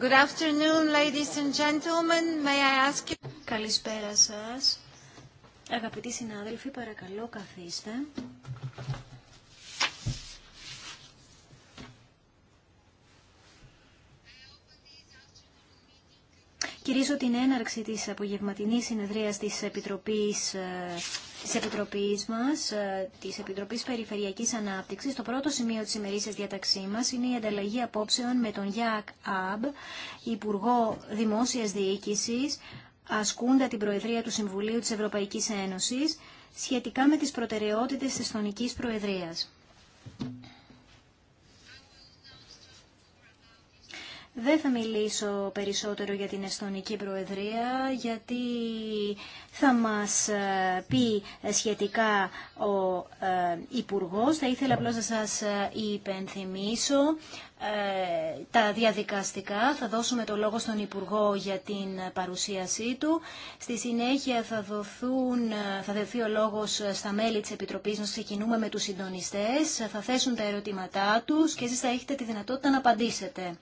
Good gentlemen. May I ask you... Καλησπέρα σας. Αγαπητοί συνάδελφοι, παρακαλώ καθίστε. Κυρίζω την έναρξη της απογευματινής συνεδρίας της Επιτροπής ε, της Επιτροπή μας, ε, της Επιτροπής Περιφερειακής Ανάπτυξης. Το πρώτο σημείο της ημερήσιας διαταξή μας είναι η ανταλλαγή απόψεων με τον Γιάκ Αμπ, Υπουργό Δημόσιας Διοίκησης, ασκούντα την Προεδρία του Συμβουλίου της Ευρωπαϊκής Ένωσης, σχετικά με τις προτεραιότητες της Θονικής Προεδρίας. Δεν θα μιλήσω περισσότερο για την Εστονική Προεδρία, γιατί θα μας ε, πει ε, σχετικά ο ε, Υπουργός. Θα ήθελα απλώς να σας υπενθυμίσω τα διαδικαστικά. Θα δώσουμε το λόγο στον Υπουργό για την παρουσίασή του. Στη συνέχεια θα, δοθούν, θα δοθεί ο λόγος στα μέλη της Επιτροπής να ξεκινούμε με τους συντονιστές. Θα θέσουν τα ερωτήματά τους και εσείς θα έχετε τη δυνατότητα να απαντήσετε.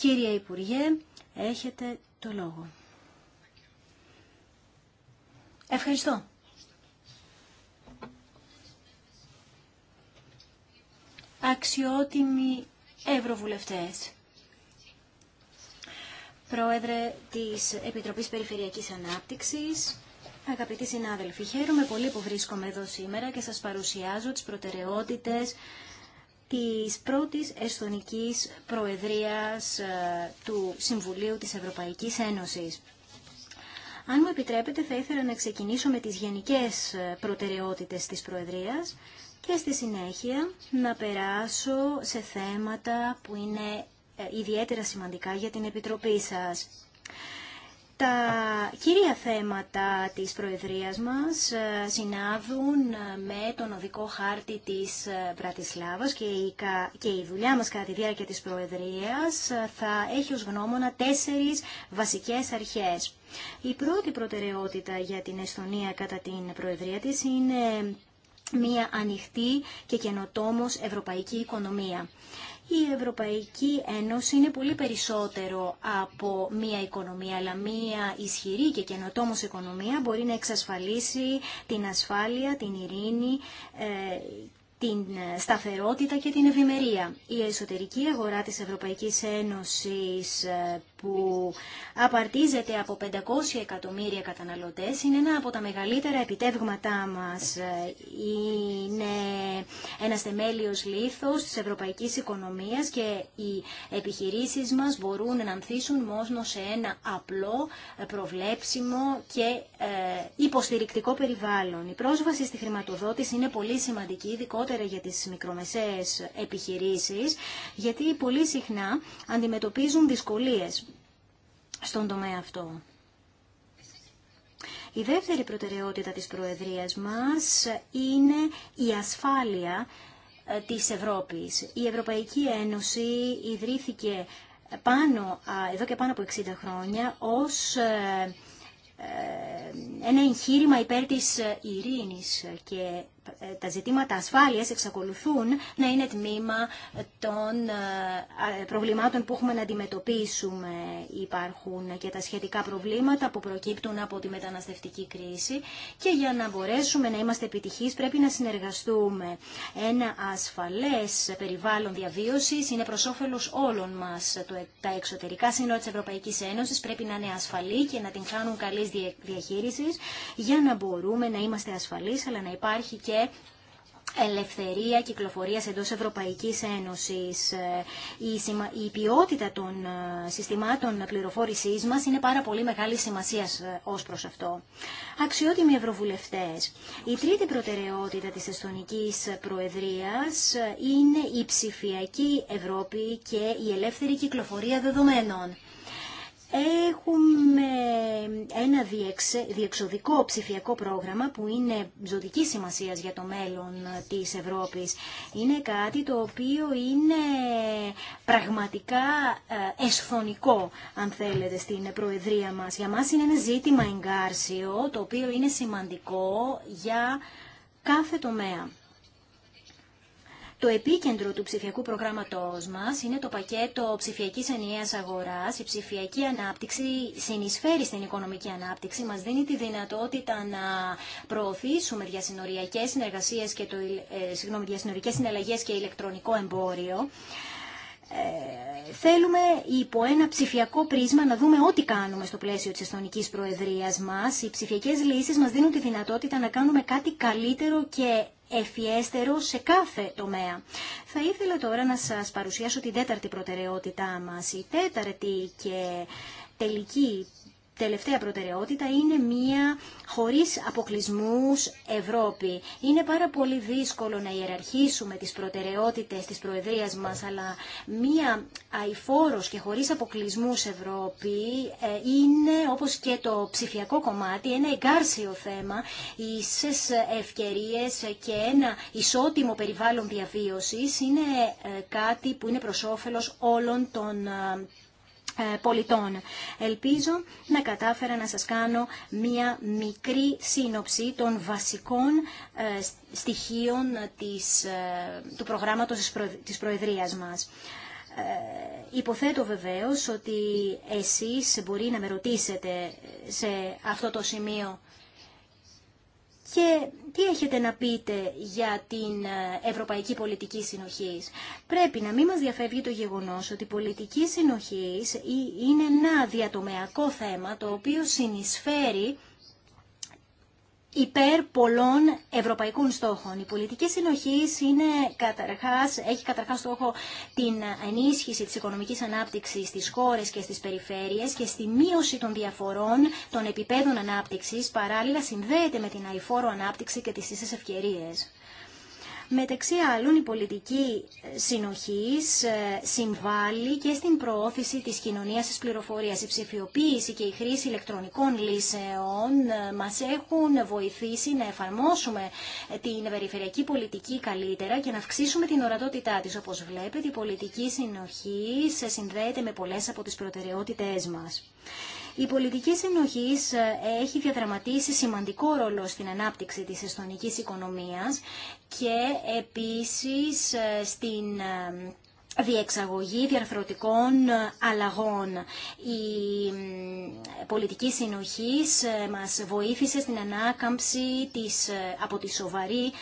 Κύριε Υπουργέ, έχετε το λόγο. Ευχαριστώ. Αξιότιμοι Ευρωβουλευτές. Πρόεδρε της Επιτροπής Περιφερειακής Ανάπτυξης, αγαπητοί συνάδελφοι, χαίρομαι πολύ που βρίσκομαι εδώ σήμερα και σας παρουσιάζω τις προτεραιότητες της πρώτης εσθονικής προεδρίας ε, του Συμβουλίου της Ευρωπαϊκής Ένωσης. Αν μου επιτρέπετε θα ήθελα να ξεκινήσω με τις γενικές ε, προτεραιότητες της Προεδρίας και στη συνέχεια να περάσω σε θέματα που είναι ε, ιδιαίτερα σημαντικά για την Επιτροπή σας. Τα κύρια θέματα της Προεδρίας μας ε, συνάδουν ε, με τον οδικό χάρτη της Πρατισλάβας ε, και η, δουλειά μας κατά τη διάρκεια της Προεδρίας θα έχει ως γνώμονα τέσσερις βασικές αρχές. Η πρώτη προτεραιότητα για την Εστονία κατά την Προεδρία της είναι μια ανοιχτή και καινοτόμως ευρωπαϊκή οικονομία. Η Ευρωπαϊκή Ένωση είναι πολύ περισσότερο από μία οικονομία, αλλά μία ισχυρή και καινοτόμως οικονομία μπορεί να εξασφαλίσει την ασφάλεια, την ειρήνη ε, την ε, σταθερότητα και την ευημερία. Η εσωτερική αγορά της Ευρωπαϊκής Ένωσης ε, που απαρτίζεται από 500 εκατομμύρια καταναλωτές είναι ένα από τα μεγαλύτερα επιτεύγματά μας. Ε, είναι ένας θεμέλιος λίθος της ευρωπαϊκής οικονομίας και οι επιχειρήσεις μας μπορούν να ανθίσουν μόνο σε ένα απλό, προβλέψιμο και υποστηρικτικό περιβάλλον. Η πρόσβαση στη χρηματοδότηση είναι πολύ σημαντική, για τις μικρομεσαίες επιχειρήσεις, γιατί πολύ συχνά αντιμετωπίζουν δυσκολίες στον τομέα αυτό. Η δεύτερη προτεραιότητα της Προεδρίας μας είναι η ασφάλεια ε, της Ευρώπης. Η Ευρωπαϊκή Ένωση ιδρύθηκε πάνω, εδώ και πάνω από 60 χρόνια ως ε, ε, ένα εγχείρημα υπέρ της ειρήνης και τα ζητήματα ασφάλειας εξακολουθούν να είναι τμήμα των ε, προβλημάτων που έχουμε να αντιμετωπίσουμε. Υπάρχουν και τα σχετικά προβλήματα που προκύπτουν από τη μεταναστευτική κρίση και για να μπορέσουμε να είμαστε επιτυχείς πρέπει να συνεργαστούμε. Ένα ασφαλές περιβάλλον διαβίωσης είναι προς όφελος όλων μας. Τα εξωτερικά σύνορα της Ευρωπαϊκής Ένωσης πρέπει να είναι ασφαλή και να την κάνουν καλής διαχείρισης για να μπορούμε να είμαστε ασφαλείς αλλά να υπάρχει και ελευθερία κυκλοφορίας εντός Ευρωπαϊκής Ένωσης. Ε, η ποιότητα των ε, συστημάτων πληροφόρησής μας είναι πάρα πολύ μεγάλη σημασία ε, ως προς αυτό. Αξιότιμοι Ευρωβουλευτές, η τρίτη προτεραιότητα της Εστονικής Προεδρίας είναι η ψηφιακή Ευρώπη και η ελεύθερη κυκλοφορία δεδομένων. Έχουμε ένα διεξοδικό ψηφιακό πρόγραμμα που είναι ζωτική σημασία για το μέλλον της Ευρώπης. Είναι κάτι το οποίο είναι πραγματικά ε, εσφωνικό, αν θέλετε, στην Προεδρία μας. Για μας είναι ένα ζήτημα εγκάρσιο, το οποίο είναι σημαντικό για κάθε τομέα. Το επίκεντρο του ψηφιακού προγράμματός μας είναι το πακέτο ψηφιακής ενιαίας αγοράς. Η ψηφιακή ανάπτυξη συνεισφέρει στην οικονομική ανάπτυξη, μας δίνει τη δυνατότητα να προωθήσουμε διασυνοριακές συνεργασίες και το, ε, συγγνώμη, συναλλαγές και ηλεκτρονικό εμπόριο. Ε, θέλουμε υπό ένα ψηφιακό πρίσμα να δούμε ό,τι κάνουμε στο πλαίσιο της Εστονικής Προεδρίας μας. Οι ψηφιακές λύσεις μας δίνουν τη δυνατότητα να κάνουμε κάτι καλύτερο και ευφιέστερο σε κάθε τομέα. Θα ήθελα τώρα να σας παρουσιάσω την τέταρτη προτεραιότητά μας. Η τέταρτη και τελική τελευταία προτεραιότητα είναι μία χωρίς αποκλεισμούς Ευρώπη. Είναι πάρα πολύ δύσκολο να ιεραρχήσουμε τις προτεραιότητες της Προεδρίας μας, αλλά μία αηφόρος και χωρίς αποκλεισμούς Ευρώπη ε, είναι, όπως και το ψηφιακό κομμάτι, ένα εγκάρσιο θέμα, ίσες ευκαιρίες και ένα ισότιμο περιβάλλον διαβίωσης είναι ε, κάτι που είναι προς όφελος όλων των ε, ε, πολιτών. Ελπίζω να κατάφερα να σας κάνω μία μικρή σύνοψη των βασικών ε, στοιχείων ε, του προγράμματος της Προεδρίας μας. υποθέτω βεβαίως ότι εσείς μπορεί να με ρωτήσετε σε αυτό το σημείο και τι έχετε να πείτε για την ε, Ευρωπαϊκή Πολιτική Συνοχής. Πρέπει να μην μας διαφεύγει το γεγονός ότι η πολιτική συνοχής είναι ένα διατομεακό θέμα το οποίο συνεισφέρει υπέρ πολλών ευρωπαϊκών στόχων. Η πολιτική συνοχή είναι καταρχάς, έχει καταρχάς στόχο την ενίσχυση της οικονομικής ανάπτυξης στις χώρες και στις περιφέρειες και στη μείωση των διαφορών των επιπέδων ανάπτυξης, παράλληλα συνδέεται με την αηφόρο ανάπτυξη και τις ίσες ευκαιρίες. Μεταξύ άλλων, η πολιτική ε, συνοχής ε, συμβάλλει και στην προώθηση της κοινωνίας της πληροφορίας. Η ψηφιοποίηση και η χρήση ηλεκτρονικών λύσεων ε, μας έχουν βοηθήσει να εφαρμόσουμε την περιφερειακή πολιτική καλύτερα και να αυξήσουμε την ορατότητά της. Όπως βλέπετε, η πολιτική συνοχή συνδέεται με πολλές από τις προτεραιότητές μας. Η πολιτική συνοχή ε, έχει διαδραματίσει σημαντικό ρόλο στην ανάπτυξη της εστονικής οικονομίας και επίσης ε, στην ε, διεξαγωγή διαρθρωτικών ε, αλλαγών. Η πολιτική συνοχής ε, μας βοήθησε στην ανάκαμψη της, ε, από τη σοβαρή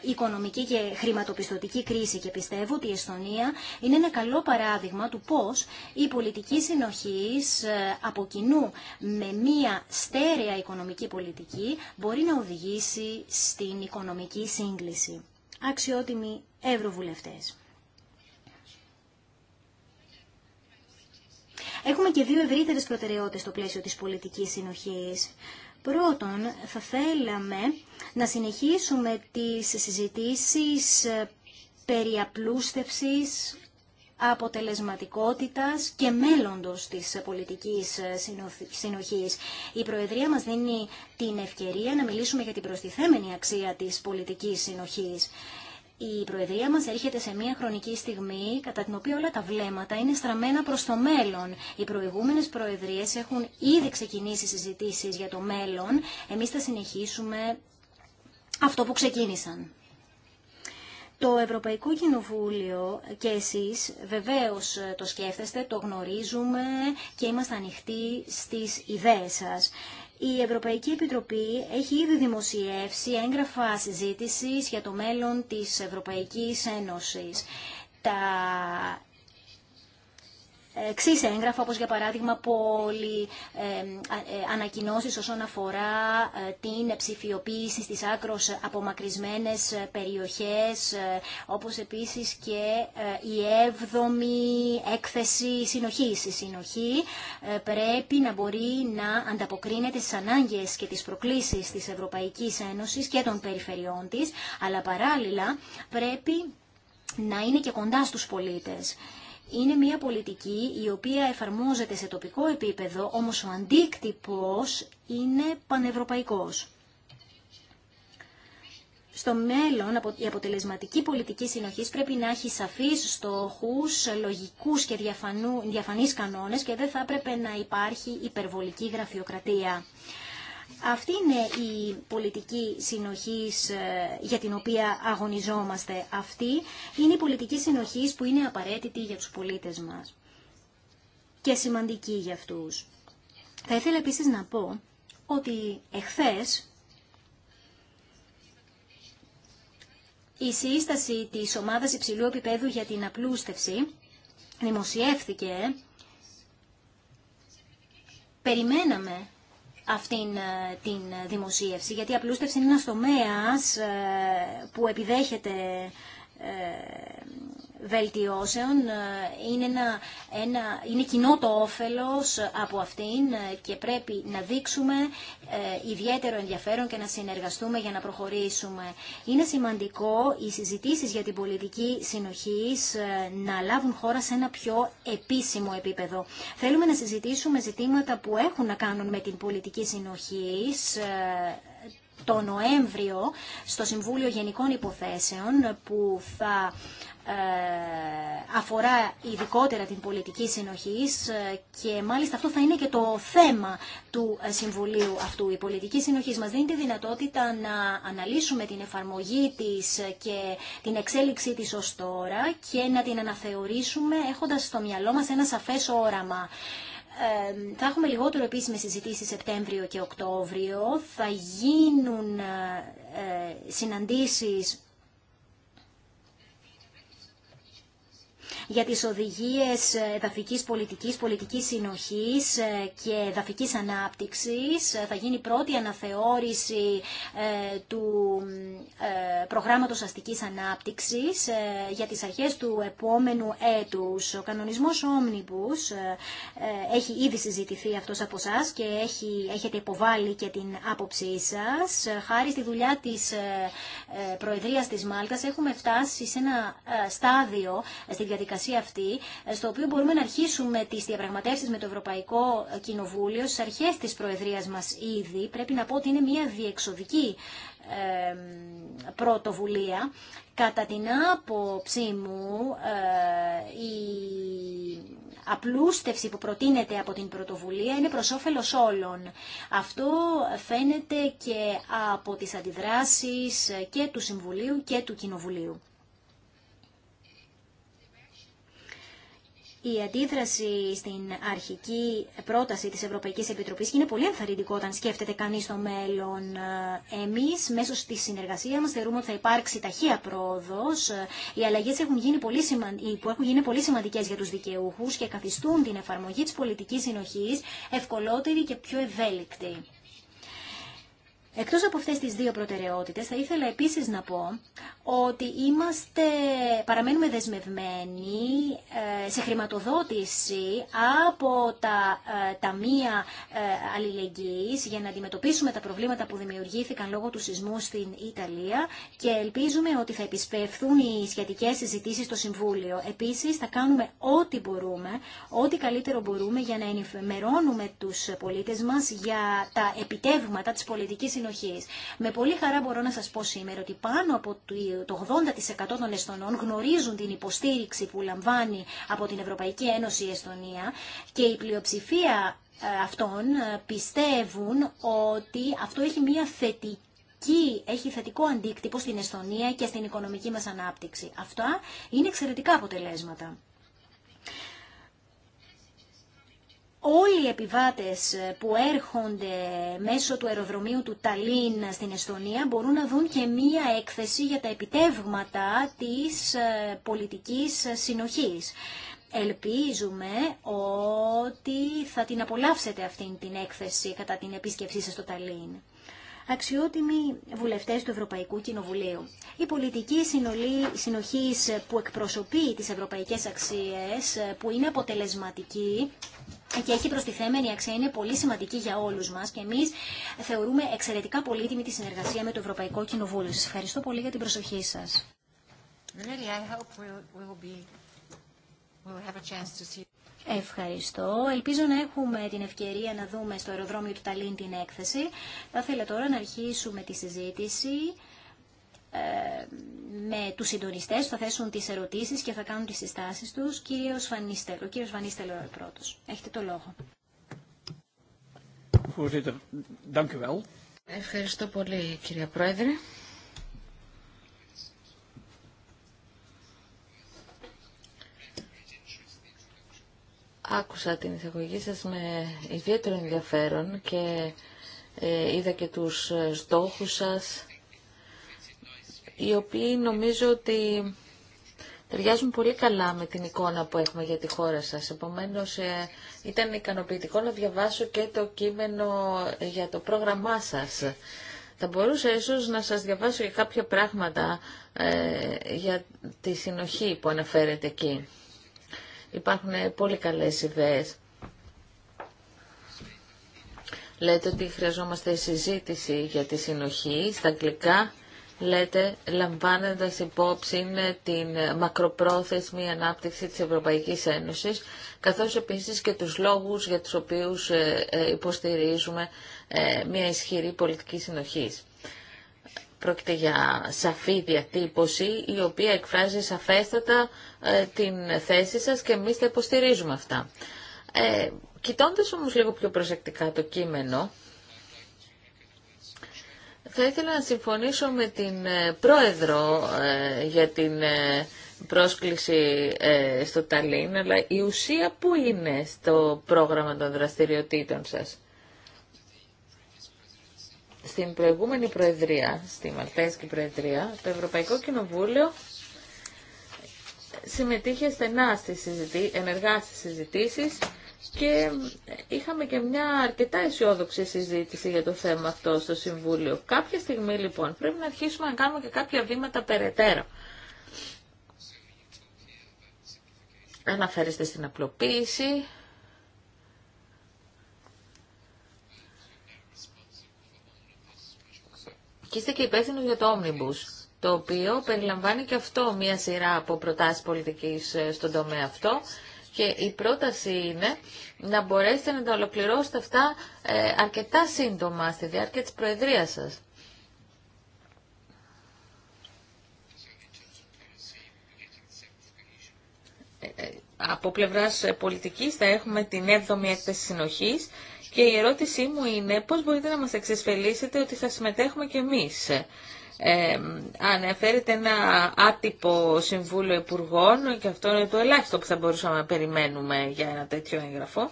οικονομική και χρηματοπιστωτική κρίση και πιστεύω ότι η Εστονία είναι ένα καλό παράδειγμα του πώς η πολιτική συνοχής από κοινού με μία στέρεα οικονομική πολιτική μπορεί να οδηγήσει στην οικονομική σύγκληση. Αξιότιμοι Ευρωβουλευτές. Έχουμε και δύο ευρύτερε προτεραιότητε στο πλαίσιο τη πολιτική συνοχή. Πρώτον, θα θέλαμε να συνεχίσουμε τις συζητήσει ε, περί απλούστευσης, αποτελεσματικότητας και μέλλοντος της ε, πολιτικής ε, συνοχής. Η Προεδρία μας δίνει την ευκαιρία να μιλήσουμε για την προστιθέμενη αξία της πολιτικής συνοχής η Προεδρία μας έρχεται σε μια χρονική στιγμή κατά την οποία όλα τα βλέμματα είναι στραμμένα προς το μέλλον. Οι προηγούμενες Προεδρίες έχουν ήδη ξεκινήσει συζητήσεις για το μέλλον. Εμείς θα συνεχίσουμε αυτό που ξεκίνησαν. Το Ευρωπαϊκό Κοινοβούλιο και εσείς βεβαίως το σκέφτεστε, το γνωρίζουμε και είμαστε ανοιχτοί στις ιδέες σας. Η Ευρωπαϊκή Επιτροπή έχει ήδη δημοσιεύσει έγγραφα συζήτησης για το μέλλον της Ευρωπαϊκής Ένωσης. Τα εξή έγγραφα, όπως για παράδειγμα πολύ ε, ε, ανακοινώσεις όσον αφορά ε, την ψηφιοποίηση στις άκρος απομακρυσμένες περιοχές, όπως επίσης και η έβδομη έκθεση συνοχής. Η συνοχή πρέπει να μπορεί να ανταποκρίνεται στις ανάγκες και τις προκλήσεις της Ευρωπαϊκής Ένωσης και των περιφερειών της, αλλά παράλληλα πρέπει να είναι και κοντά στους πολίτες είναι μια πολιτική η οποία εφαρμόζεται σε τοπικό επίπεδο, όμως ο αντίκτυπος είναι πανευρωπαϊκός. Στο μέλλον, η αποτελεσματική πολιτική συνοχής πρέπει να έχει σαφείς στόχους, λογικούς και διαφανείς κανόνες και δεν θα έπρεπε να υπάρχει υπερβολική γραφειοκρατία. Αυτή είναι η πολιτική συνοχής ε, για την οποία αγωνιζόμαστε. Αυτή είναι η πολιτική συνοχής που είναι απαραίτητη για τους πολίτες μας και σημαντική για αυτούς. Θα ήθελα επίσης να πω ότι εχθές η σύσταση της ομάδας υψηλού επίπεδου για την απλούστευση δημοσιεύθηκε. Περιμέναμε αυτήν ε, την δημοσίευση, γιατί η απλούστευση είναι ένας τομέας ε, που επιδέχεται ε, βελτιώσεων ε, είναι, ένα, ένα, είναι κοινό το όφελος από αυτήν ε, και πρέπει να δείξουμε ιδιαίτερο ενδιαφέρον και να συνεργαστούμε για να προχωρήσουμε. Είναι σημαντικό οι συζητήσεις για την πολιτική συνοχής να λάβουν χώρα σε ένα πιο επίσημο επίπεδο. Θέλουμε να συζητήσουμε ζητήματα που έχουν να κάνουν με την πολιτική συνοχής το Νοέμβριο στο Συμβούλιο Γενικών Υποθέσεων που θα ε, αφορά ειδικότερα την πολιτική συνοχής ε, και μάλιστα αυτό θα είναι και το θέμα του ε, Συμβουλίου αυτού. Η πολιτική συνοχής μας δίνει τη δυνατότητα να αναλύσουμε την εφαρμογή της και την εξέλιξή της ως τώρα και να την αναθεωρήσουμε έχοντας στο μυαλό μας ένα σαφές όραμα θα έχουμε λιγότερο επίσημες συζητήσεις Σεπτέμβριο και Οκτώβριο. Θα γίνουν ε, συναντήσεις για τις οδηγίες ε, εδαφικής πολιτικής, πολιτικής συνοχής ε, και εδαφικής ανάπτυξης. Ε, θα γίνει πρώτη αναθεώρηση του προγράμματος αστικής ανάπτυξης για τις αρχές του επόμενου έτους. Ο κανονισμός Omnibus έχει ήδη συζητηθεί αυτός από εσά και έχει, έχετε υποβάλει και την άποψή σας. Χάρη στη δουλειά της Προεδρίας της Μάλκας έχουμε φτάσει σε ένα στάδιο στη διαδικασία διαδικασία αυτή, στο οποίο μπορούμε να αρχίσουμε τις διαπραγματεύσεις με το Ευρωπαϊκό Κοινοβούλιο στι αρχές της Προεδρίας μα ήδη. Πρέπει να πω ότι είναι μια διεξοδική πρωτοβουλία. Κατά την άποψή μου, ε, η απλούστευση που προτείνεται από την πρωτοβουλία είναι προς όφελος όλων. Αυτό φαίνεται και από τις αντιδράσεις και του Συμβουλίου και του Κοινοβουλίου. η αντίδραση στην αρχική πρόταση της Ευρωπαϊκής Επιτροπής και είναι πολύ ενθαρρυντικό όταν σκέφτεται κανείς το μέλλον. Εμείς μέσω στη συνεργασία μας θεωρούμε ότι θα υπάρξει ταχεία πρόοδος. Οι αλλαγές έχουν γίνει πολύ που έχουν γίνει πολύ σημαντικές για τους δικαιούχους και καθιστούν την εφαρμογή της πολιτικής συνοχής ευκολότερη και πιο ευέλικτη. Εκτός από αυτές τις δύο προτεραιότητες, θα ήθελα επίσης να πω ότι είμαστε, παραμένουμε δεσμευμένοι ε, σε χρηματοδότηση από τα ε, ταμεία ε, αλληλεγγύης για να αντιμετωπίσουμε τα προβλήματα που δημιουργήθηκαν λόγω του σεισμού στην Ιταλία και ελπίζουμε ότι θα επισπευθούν οι σχετικές συζητήσεις στο Συμβούλιο. Επίσης θα κάνουμε ό,τι μπορούμε, ό,τι καλύτερο μπορούμε για να ενημερώνουμε τους πολίτες μας για τα επιτεύγματα της πολιτικής με πολύ χαρά μπορώ να σας πω σήμερα ότι πάνω από το 80% των Εστονών γνωρίζουν την υποστήριξη που λαμβάνει από την Ευρωπαϊκή Ένωση η Εστονία και η πλειοψηφία ε, αυτών ε, πιστεύουν ότι αυτό έχει μια θετική έχει θετικό αντίκτυπο στην Εστονία και στην οικονομική μας ανάπτυξη. Αυτά είναι εξαιρετικά αποτελέσματα. όλοι οι επιβάτες που έρχονται μέσω του αεροδρομίου του Ταλίν στην Εστονία μπορούν να δουν και μία έκθεση για τα επιτεύγματα της ε, πολιτικής συνοχής. Ελπίζουμε ότι θα την απολαύσετε αυτήν την έκθεση κατά την επίσκεψή σας στο Ταλίν αξιότιμοι βουλευτές του Ευρωπαϊκού Κοινοβουλίου. Η πολιτική συνολή, συνοχής που εκπροσωπεί τις ευρωπαϊκές αξίες, ε, που είναι αποτελεσματική, και έχει προστιθέμενη αξία, είναι πολύ σημαντική για όλους μας και εμείς θεωρούμε εξαιρετικά πολύτιμη τη συνεργασία με το Ευρωπαϊκό Κοινοβούλιο. Σας ευχαριστώ πολύ για την προσοχή σας. Ευχαριστώ. Ελπίζω να έχουμε την ευκαιρία να δούμε στο αεροδρόμιο του Ταλίν την έκθεση. Θα ήθελα τώρα να αρχίσουμε τη συζήτηση. Ε, με τους συντονιστές, θα θέσουν τις ερωτήσεις και θα κάνουν τις συστάσεις τους. Κύριος Βανίστελο κύριος Βανίστελο ο πρώτος. Έχετε το λόγο. Ευχαριστώ πολύ κυρία Πρόεδρε. Άκουσα την εισαγωγή σας με ιδιαίτερο ενδιαφέρον και ε, είδα και τους ε, στόχους σας οι οποίοι νομίζω ότι ταιριάζουν πολύ καλά με την εικόνα που έχουμε για τη χώρα σας. Επομένως, ε, ήταν ικανοποιητικό να διαβάσω και το κείμενο για το πρόγραμμά σας. Θα μπορούσα ίσως να σας διαβάσω και κάποια πράγματα ε, για τη συνοχή που αναφέρεται εκεί. Υπάρχουν πολύ καλές ιδέες. Λέτε ότι χρειαζόμαστε συζήτηση για τη συνοχή στα αγγλικά λέτε λαμβάνοντας υπόψη την μακροπρόθεσμη ανάπτυξη της Ευρωπαϊκής Ένωσης, καθώς επίσης και τους λόγους για τους οποίους ε, ε, υποστηρίζουμε ε, μια ισχυρή πολιτική συνοχής. Πρόκειται για σαφή διατύπωση, η οποία εκφράζει σαφέστατα την θέση σας και εμείς τα υποστηρίζουμε αυτά. Ε, κοιτώντας όμως λίγο πιο προσεκτικά το κείμενο, θα ήθελα να συμφωνήσω με την ε, πρόεδρο ε, για την ε, πρόσκληση στο Ταλίν, αλλά η ουσία που είναι στο πρόγραμμα των δραστηριοτήτων σας. Στην προηγούμενη Προεδρία, στη Μαλτέσκη Προεδρία, το Ευρωπαϊκό Κοινοβούλιο συμμετείχε στενά στις συζητή, ενεργά στις συζητήσεις και είχαμε και μια αρκετά αισιόδοξη συζήτηση για το θέμα αυτό στο Συμβούλιο. Κάποια στιγμή λοιπόν πρέπει να αρχίσουμε να κάνουμε και κάποια βήματα περαιτέρω. Αναφέρεστε στην απλοποίηση. Και είστε και υπεύθυνοι για το Omnibus, το οποίο περιλαμβάνει και αυτό μία σειρά από προτάσεις πολιτικής ε, στον τομέα αυτό και η πρόταση είναι να μπορέσετε να τα ολοκληρώσετε αυτά ε, αρκετά σύντομα στη διάρκεια της Προεδρίας σας. Ε, ε, από πλευράς πολιτικής θα έχουμε την 7η έκθεση συνοχής και η ερώτησή μου είναι πώς μπορείτε να μας εξασφαλίσετε ότι θα συμμετέχουμε κι εμείς ε, αναφέρεται ένα άτυπο Συμβούλιο Υπουργών και αυτό είναι το ελάχιστο που θα μπορούσαμε να περιμένουμε για ένα τέτοιο έγγραφο.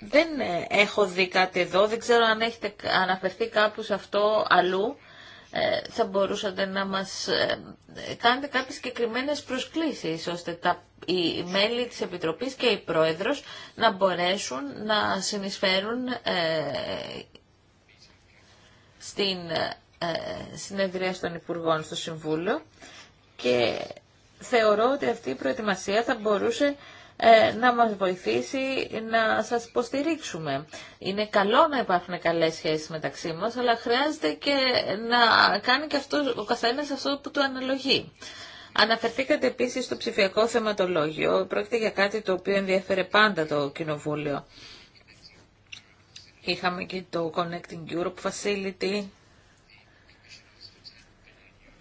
Δεν ε, έχω δει κάτι εδώ, δεν ξέρω αν έχετε αναφερθεί κάπου σε αυτό αλλού. Ε, θα μπορούσατε να μας ε, κάνετε κάποιες συγκεκριμένες προσκλήσεις, ώστε τα, οι μέλη της Επιτροπής και η Πρόεδρος να μπορέσουν να συνεισφέρουν ε, στην ε, συνεδρία των Υπουργών στο Συμβούλιο και θεωρώ ότι αυτή η προετοιμασία θα μπορούσε ε, να μας βοηθήσει να σας υποστηρίξουμε. Είναι καλό να υπάρχουν καλές σχέσεις μεταξύ μας, αλλά χρειάζεται και να κάνει και αυτό, ο καθένας αυτό που του αναλογεί. Αναφερθήκατε επίσης στο ψηφιακό θεματολόγιο. Πρόκειται για κάτι το οποίο ενδιαφέρε πάντα το Κοινοβούλιο. Είχαμε και το Connecting Europe Facility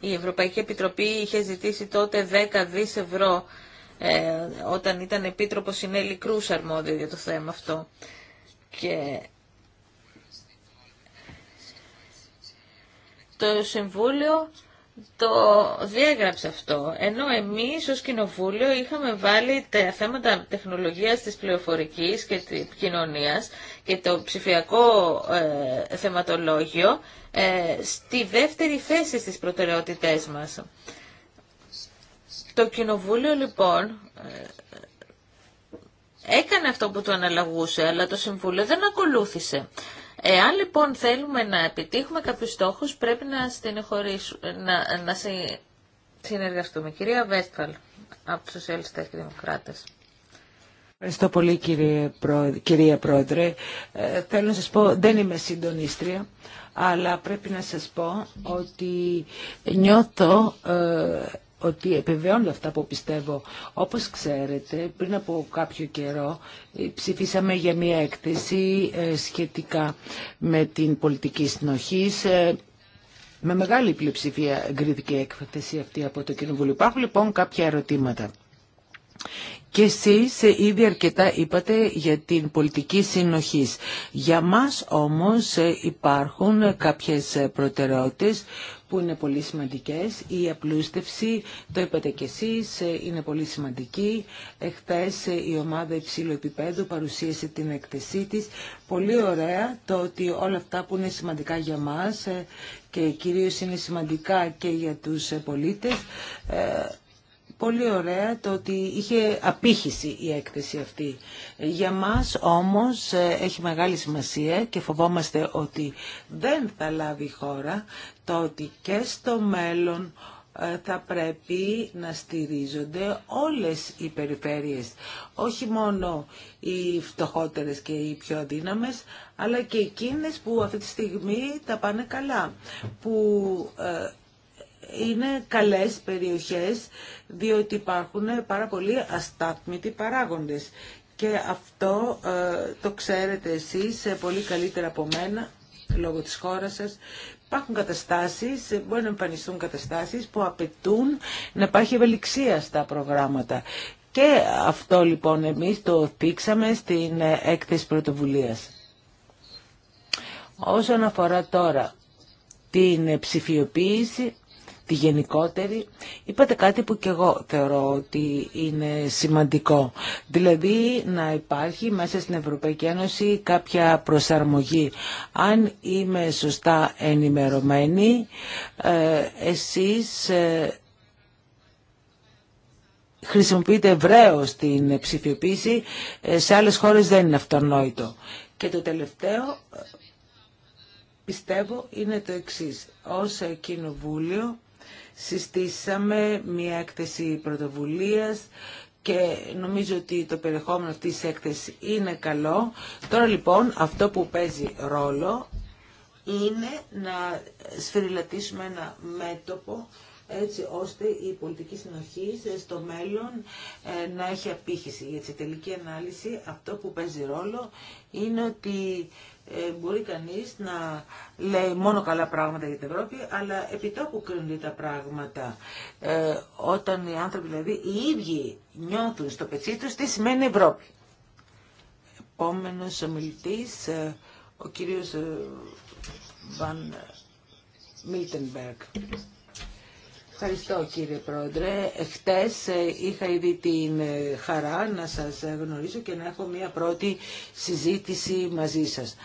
η Ευρωπαϊκή Επιτροπή είχε ζητήσει τότε 10 δις ευρώ ε, όταν ήταν επίτροπος η Νέλη Κρούς για το θέμα αυτό. Και το Συμβούλιο το διέγραψε αυτό, ενώ εμείς ως Κοινοβούλιο είχαμε βάλει τα θέματα τεχνολογίας της πληροφορικής και της κοινωνίας και το ψηφιακό ε, θεματολόγιο ε, στη δεύτερη θέση στις προτεραιότητές μας. Το Κοινοβούλιο λοιπόν ε, έκανε αυτό που το αναλαγούσε, αλλά το Συμβούλιο δεν ακολούθησε. Εάν λοιπόν θέλουμε να επιτύχουμε κάποιους στόχους, πρέπει να, να, να συνεργαστούμε. Κυρία Βέστφαλ, από τους Σοσιαλιστές και Δημοκράτες. Ευχαριστώ πολύ κύριε κυρία Πρόεδρε. Ε, θέλω να σας πω, δεν είμαι συντονίστρια, αλλά πρέπει να σας πω ότι νιώθω... Ε, ότι επιβεβαιώνω αυτά που πιστεύω. Όπως ξέρετε, πριν από κάποιο καιρό ε, ψηφίσαμε για μια έκθεση ε, σχετικά με την πολιτική συνοχή. Ε, με μεγάλη πλειοψηφία εγκρίθηκε η έκθεση αυτή από το Κοινοβούλιο. Υπάρχουν λοιπόν κάποια ερωτήματα. Και εσείς ήδη αρκετά είπατε για την πολιτική συνοχής. Για μας όμως υπάρχουν κάποιες προτεραιότητες που είναι πολύ σημαντικές. Η απλούστευση, το είπατε κι εσείς, ε, είναι πολύ σημαντική. Εχθές ε, η ομάδα υψηλού επίπεδου παρουσίασε την έκθεσή της. Πολύ ωραία το ότι όλα αυτά που είναι σημαντικά για μας ε, και κυρίως είναι σημαντικά και για τους πολίτες, πολύ ωραία το ότι είχε απήχηση η έκθεση αυτή. Για μας όμως έχει μεγάλη σημασία και φοβόμαστε ότι δεν θα λάβει χώρα το ότι και στο μέλλον ε, θα πρέπει να στηρίζονται όλες οι περιφέρειες, όχι μόνο οι φτωχότερες και οι πιο αδύναμες, αλλά και εκείνες που αυτή τη στιγμή τα πάνε καλά, που ε, είναι καλές περιοχές, διότι υπάρχουν πάρα πολλοί αστάθμητοι παράγοντες. Και αυτό ε, το ξέρετε εσείς πολύ καλύτερα από μένα, λόγω της χώρας σας, Υπάρχουν καταστάσεις, μπορεί να εμφανιστούν καταστάσεις που απαιτούν να υπάρχει ευελιξία στα προγράμματα. Και αυτό λοιπόν εμείς το πήξαμε στην έκθεση πρωτοβουλίας. Όσον αφορά τώρα την ψηφιοποίηση, τη γενικότερη, είπατε κάτι που και εγώ θεωρώ ότι είναι σημαντικό. Δηλαδή να υπάρχει μέσα στην Ευρωπαϊκή Ένωση κάποια προσαρμογή. Αν είμαι σωστά ενημερωμένη, ε, εσείς ε, χρησιμοποιείτε ευρέω την ψηφιοποίηση, ε, σε άλλες χώρες δεν είναι αυτονόητο. Και το τελευταίο, πιστεύω, είναι το εξής. Ως κοινοβούλιο συστήσαμε μια έκθεση πρωτοβουλίας και νομίζω ότι το περιεχόμενο αυτής της έκθεσης είναι καλό. Τώρα λοιπόν αυτό που παίζει ρόλο είναι να σφυριλατήσουμε ένα μέτωπο έτσι ώστε η πολιτική συνοχή στο μέλλον ε, να έχει απήχηση. Γιατί τη τελική ανάλυση αυτό που παίζει ρόλο είναι ότι ε, μπορεί κανείς να λέει μόνο καλά πράγματα για την Ευρώπη, αλλά επιτόπου κρίνονται τα πράγματα. Ε, όταν οι άνθρωποι δηλαδή οι ίδιοι νιώθουν στο πετσί τους τι σημαίνει Ευρώπη. Επόμενος ομιλητής, ε, ο κύριος Βαν Μίλτενμπεργκ. Ευχαριστώ κύριε Πρόεδρε. Χτες ε, είχα ήδη την ε, χαρά να σας ε, γνωρίσω και να έχω μια πρώτη συζήτηση μαζί σας.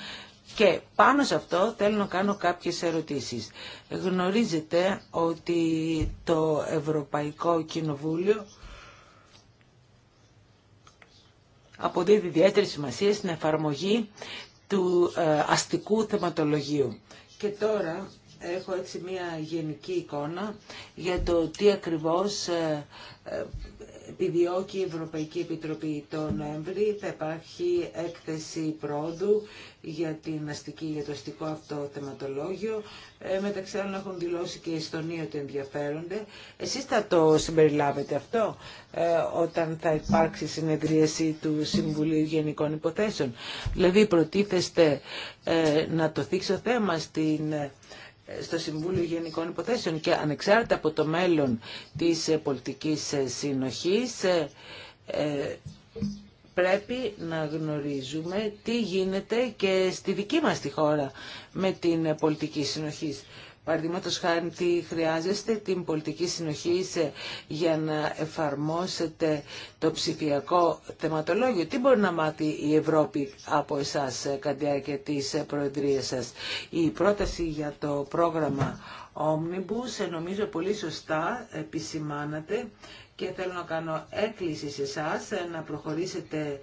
Και πάνω σε αυτό θέλω να κάνω κάποιες ερωτήσεις. Γνωρίζετε ότι το Ευρωπαϊκό Κοινοβούλιο αποδίδει ιδιαίτερη σημασία στην εφαρμογή του αστικού θεματολογίου. Και τώρα έχω έτσι μια γενική εικόνα για το τι ακριβώς ε, ε, επιδιώκει η Ευρωπαϊκή Επιτροπή το Νοέμβρη. Θα υπάρχει έκθεση πρόοδου για, την αστική, για το αστικό αυτό θεματολόγιο. Ε, μεταξύ άλλων έχουν δηλώσει και η Εστονία ότι ενδιαφέρονται. Εσείς θα το συμπεριλάβετε αυτό ε, όταν θα υπάρξει συνεδρίαση του Συμβουλίου Γενικών Υποθέσεων. Δηλαδή προτίθεστε να το θίξω θέμα στην στο Συμβούλιο Γενικών Υποθέσεων και ανεξάρτητα από το μέλλον της ε, πολιτικής ε, συνοχής ε, πρέπει να γνωρίζουμε τι γίνεται και στη δική μας τη χώρα με την πολιτική συνοχής. Παραδείγματο χάρη τι χρειάζεστε, την πολιτική συνοχή για να εφαρμόσετε το ψηφιακό θεματολόγιο. Τι μπορεί να μάθει η Ευρώπη από εσάς ε, κατά τη διάρκεια της ε, σας. Η πρόταση για το πρόγραμμα Omnibus ε, νομίζω πολύ σωστά επισημάνατε και θέλω να κάνω έκκληση σε εσά να προχωρήσετε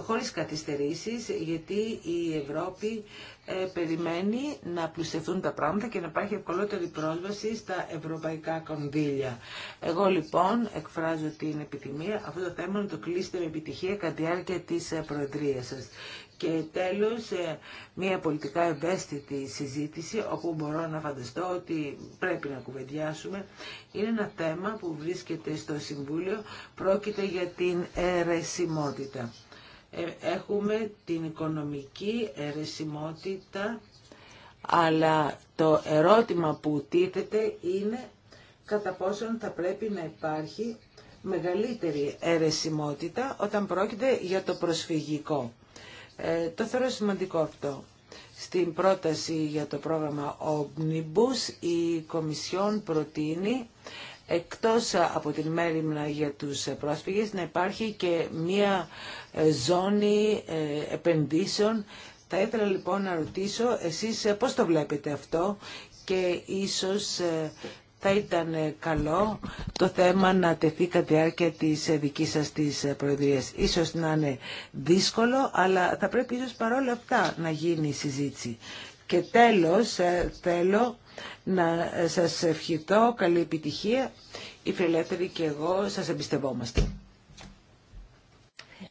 χωρίς καθυστερήσει γιατί η Ευρώπη ε, περιμένει να πλουστευτούν τα πράγματα και να υπάρχει ευκολότερη πρόσβαση στα ευρωπαϊκά κονδύλια. Εγώ λοιπόν εκφράζω την επιθυμία αυτό το θέμα να το κλείσετε με επιτυχία κατά τη διάρκεια της ε, Προεδρίας σας. Και τέλος, ε, μια πολιτικά ευαίσθητη συζήτηση, όπου μπορώ να φανταστώ ότι πρέπει να κουβεντιάσουμε, είναι ένα θέμα που βρίσκεται στο Συμβούλιο, πρόκειται για την αιρεσιμότητα. Ε, έχουμε την οικονομική αιρεσιμότητα, αλλά το ερώτημα που τίθεται είναι κατά πόσον θα πρέπει να υπάρχει μεγαλύτερη αιρεσιμότητα όταν πρόκειται για το προσφυγικό. Ε, το θεωρώ σημαντικό αυτό. Στην πρόταση για το πρόγραμμα Omnibus η Κομισιόν προτείνει εκτός από την μέρημνα για τους πρόσφυγες να υπάρχει και μία ε, ζώνη ε, επενδύσεων. Θα ήθελα λοιπόν να ρωτήσω εσείς ε, πώς το βλέπετε αυτό και ίσως θα ήταν καλό το θέμα να τεθεί κατά τη διάρκεια της δικής σας της Προεδρίας. Ίσως να είναι δύσκολο, αλλά θα πρέπει ίσως παρόλα αυτά να γίνει η συζήτηση. Και τέλος ε, θέλω να ε, σας ευχηθώ καλή επιτυχία. η φιλελεύθεροι και εγώ σας εμπιστευόμαστε.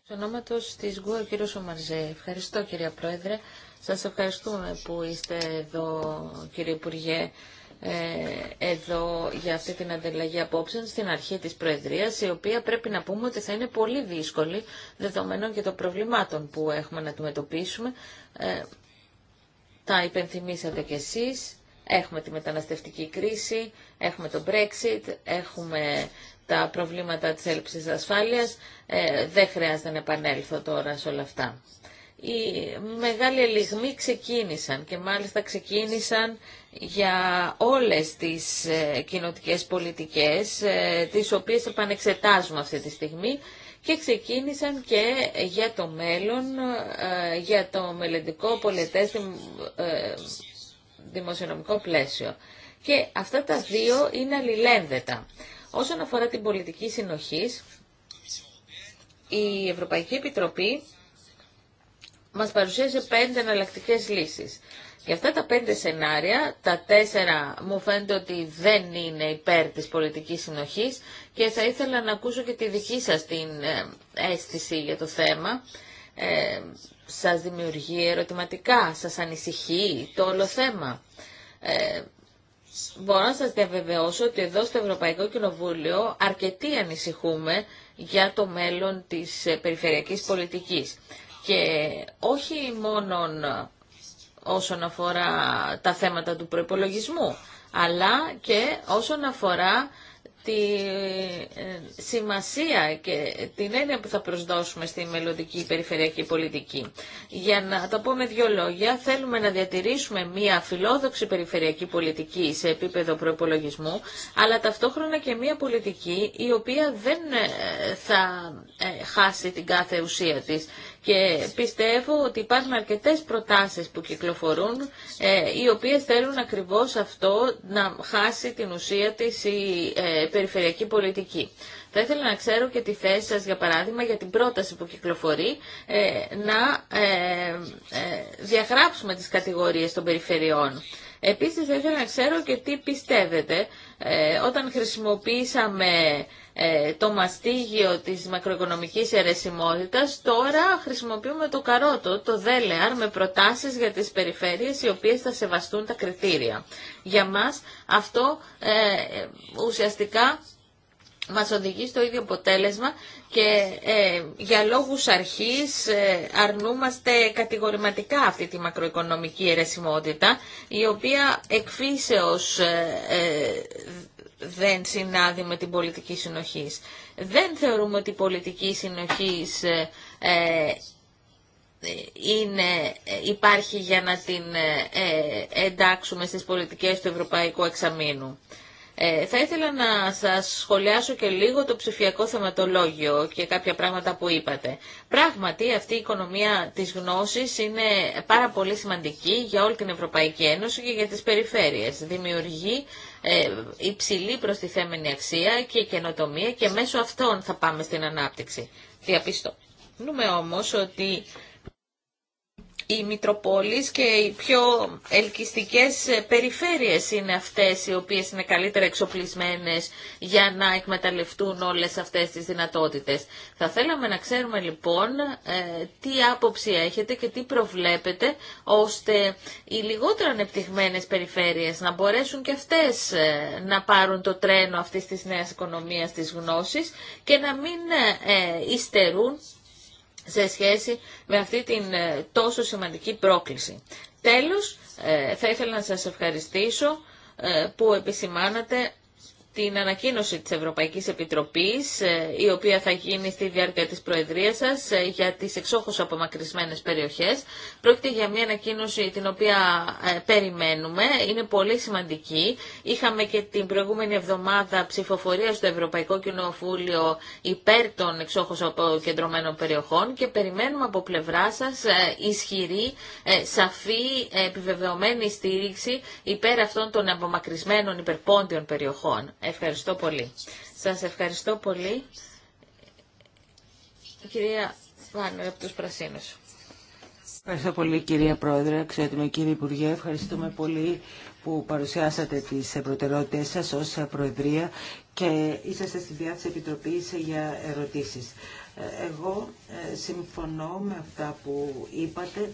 Στο ονόματος της ΓΟΥ, ο κύριος Ομαρζέ. Ευχαριστώ κύριε Πρόεδρε. Σας ευχαριστούμε που είστε εδώ κύριε Υπουργέ ε, εδώ για αυτή την ανταλλαγή απόψε στην αρχή της Προεδρίας, η οποία πρέπει να πούμε ότι θα είναι πολύ δύσκολη, δεδομένων και των προβλημάτων που έχουμε να αντιμετωπίσουμε, τα υπενθυμίσατε κι εσείς. Έχουμε τη μεταναστευτική κρίση, έχουμε το Brexit, έχουμε τα προβλήματα της έλλειψης ασφάλειας. Ε, δεν χρειάζεται να επανέλθω τώρα σε όλα αυτά. Οι μεγάλοι ελιγμοί ξεκίνησαν και μάλιστα ξεκίνησαν για όλες τις ε, κοινοτικές πολιτικές, ε, τις οποίες επανεξετάζουμε αυτή τη στιγμή και ξεκίνησαν και για το μέλλον, ε, για το μελλοντικό πολιτές ε, δημοσιονομικό πλαίσιο. Και αυτά τα δύο είναι αλληλένδετα. Όσον αφορά την πολιτική συνοχής, η Ευρωπαϊκή Επιτροπή μας παρουσίασε πέντε εναλλακτικέ λύσεις. Για αυτά τα πέντε σενάρια, τα τέσσερα μου φαίνεται ότι δεν είναι υπέρ της πολιτικής συνοχής και θα ήθελα να ακούσω και τη δική σας την ε, αίσθηση για το θέμα. Ε, σας δημιουργεί ερωτηματικά, σας ανησυχεί το όλο θέμα. Ε, μπορώ να σας διαβεβαιώσω ότι εδώ στο Ευρωπαϊκό Κοινοβούλιο αρκετοί ανησυχούμε για το μέλλον της ε, περιφερειακής πολιτικής. Και όχι μόνον όσον αφορά τα θέματα του προϋπολογισμού, αλλά και όσον αφορά τη ε, σημασία και την έννοια που θα προσδώσουμε στη μελλοντική περιφερειακή πολιτική. Για να το πω με δύο λόγια, θέλουμε να διατηρήσουμε μία φιλόδοξη περιφερειακή πολιτική σε επίπεδο προπολογισμού, αλλά ταυτόχρονα και μία πολιτική η οποία δεν ε, θα ε, χάσει την κάθε ουσία της και πιστεύω ότι υπάρχουν αρκετές προτάσεις που κυκλοφορούν ε, οι οποίες θέλουν ακριβώς αυτό να χάσει την ουσία της η ε, περιφερειακή πολιτική. Θα ήθελα να ξέρω και τη θέση σας, για παράδειγμα, για την πρόταση που κυκλοφορεί ε, να διαγράψουμε τις κατηγορίες των περιφερειών. Επίσης, θα ήθελα να ξέρω και τι πιστεύετε ε, όταν χρησιμοποίησαμε ε, το μαστίγιο της μακροοικονομικής αιρεσιμότητας, τώρα χρησιμοποιούμε το καρότο, το δέλεαρ, με προτάσεις για τις περιφέρειες οι οποίες θα σεβαστούν τα κριτήρια. Για μας αυτό ε, ουσιαστικά μας οδηγεί στο ίδιο αποτέλεσμα και ε, για λόγους αρχής ε, αρνούμαστε κατηγορηματικά αυτή τη μακροοικονομική αιρεσιμότητα η οποία εκφύσεως ε, ε, δεν συνάδει με την πολιτική συνοχής. Δεν θεωρούμε ότι η πολιτική συνοχής είναι, υπάρχει για να την εντάξουμε στις πολιτικές του Ευρωπαϊκού Εξαμήνου. Ε, θα ήθελα να σας σχολιάσω και λίγο το ψηφιακό θεματολόγιο και κάποια πράγματα που είπατε. Πράγματι, αυτή η οικονομία της γνώσης είναι πάρα πολύ σημαντική για όλη την Ευρωπαϊκή Ένωση και για τις περιφέρειες. Δημιουργεί ε, υψηλή προστιθέμενη αξία και καινοτομία και μέσω αυτών θα πάμε στην ανάπτυξη. Νούμε όμως ότι οι Μητροπόλεις και οι πιο ελκυστικές περιφέρειες είναι αυτές οι οποίες είναι καλύτερα εξοπλισμένες για να εκμεταλλευτούν όλες αυτές τις δυνατότητες. Θα θέλαμε να ξέρουμε λοιπόν ε, τι άποψη έχετε και τι προβλέπετε ώστε οι λιγότερο ανεπτυγμένες περιφέρειες να μπορέσουν και αυτές ε, να πάρουν το τρένο αυτής της νέας οικονομίας της γνώσης και να μην ε, υστερούν σε σχέση με αυτή την ε, τόσο σημαντική πρόκληση. Τέλος, ε, θα ήθελα να σας ευχαριστήσω ε, που επισημάνατε την ανακοίνωση της Ευρωπαϊκής Επιτροπής, ε, η οποία θα γίνει στη διάρκεια της Προεδρίας σας ε, για τις εξόχως απομακρυσμένες περιοχές. Πρόκειται για μια ανακοίνωση την οποία ε, περιμένουμε, είναι πολύ σημαντική. Είχαμε και την προηγούμενη εβδομάδα ψηφοφορία στο Ευρωπαϊκό Κοινοβούλιο υπέρ των εξόχως αποκεντρωμένων περιοχών και περιμένουμε από πλευρά σας ισχυρή, σαφή, επιβεβαιωμένη στήριξη υπέρ αυτών των απομακρυσμένων υπερπόντιων περιοχών. Ευχαριστώ πολύ. Σας ευχαριστώ πολύ, κυρία Βάνο, από τους Πρασίνους. Ευχαριστώ πολύ κυρία Πρόεδρε, με, κύριε Υπουργέ. Ευχαριστούμε πολύ που παρουσιάσατε τις προτεραιότητες σας ως Προεδρία και είσαστε στη διάθεση Επιτροπής για ερωτήσεις. Ε, εγώ ε, συμφωνώ με αυτά που είπατε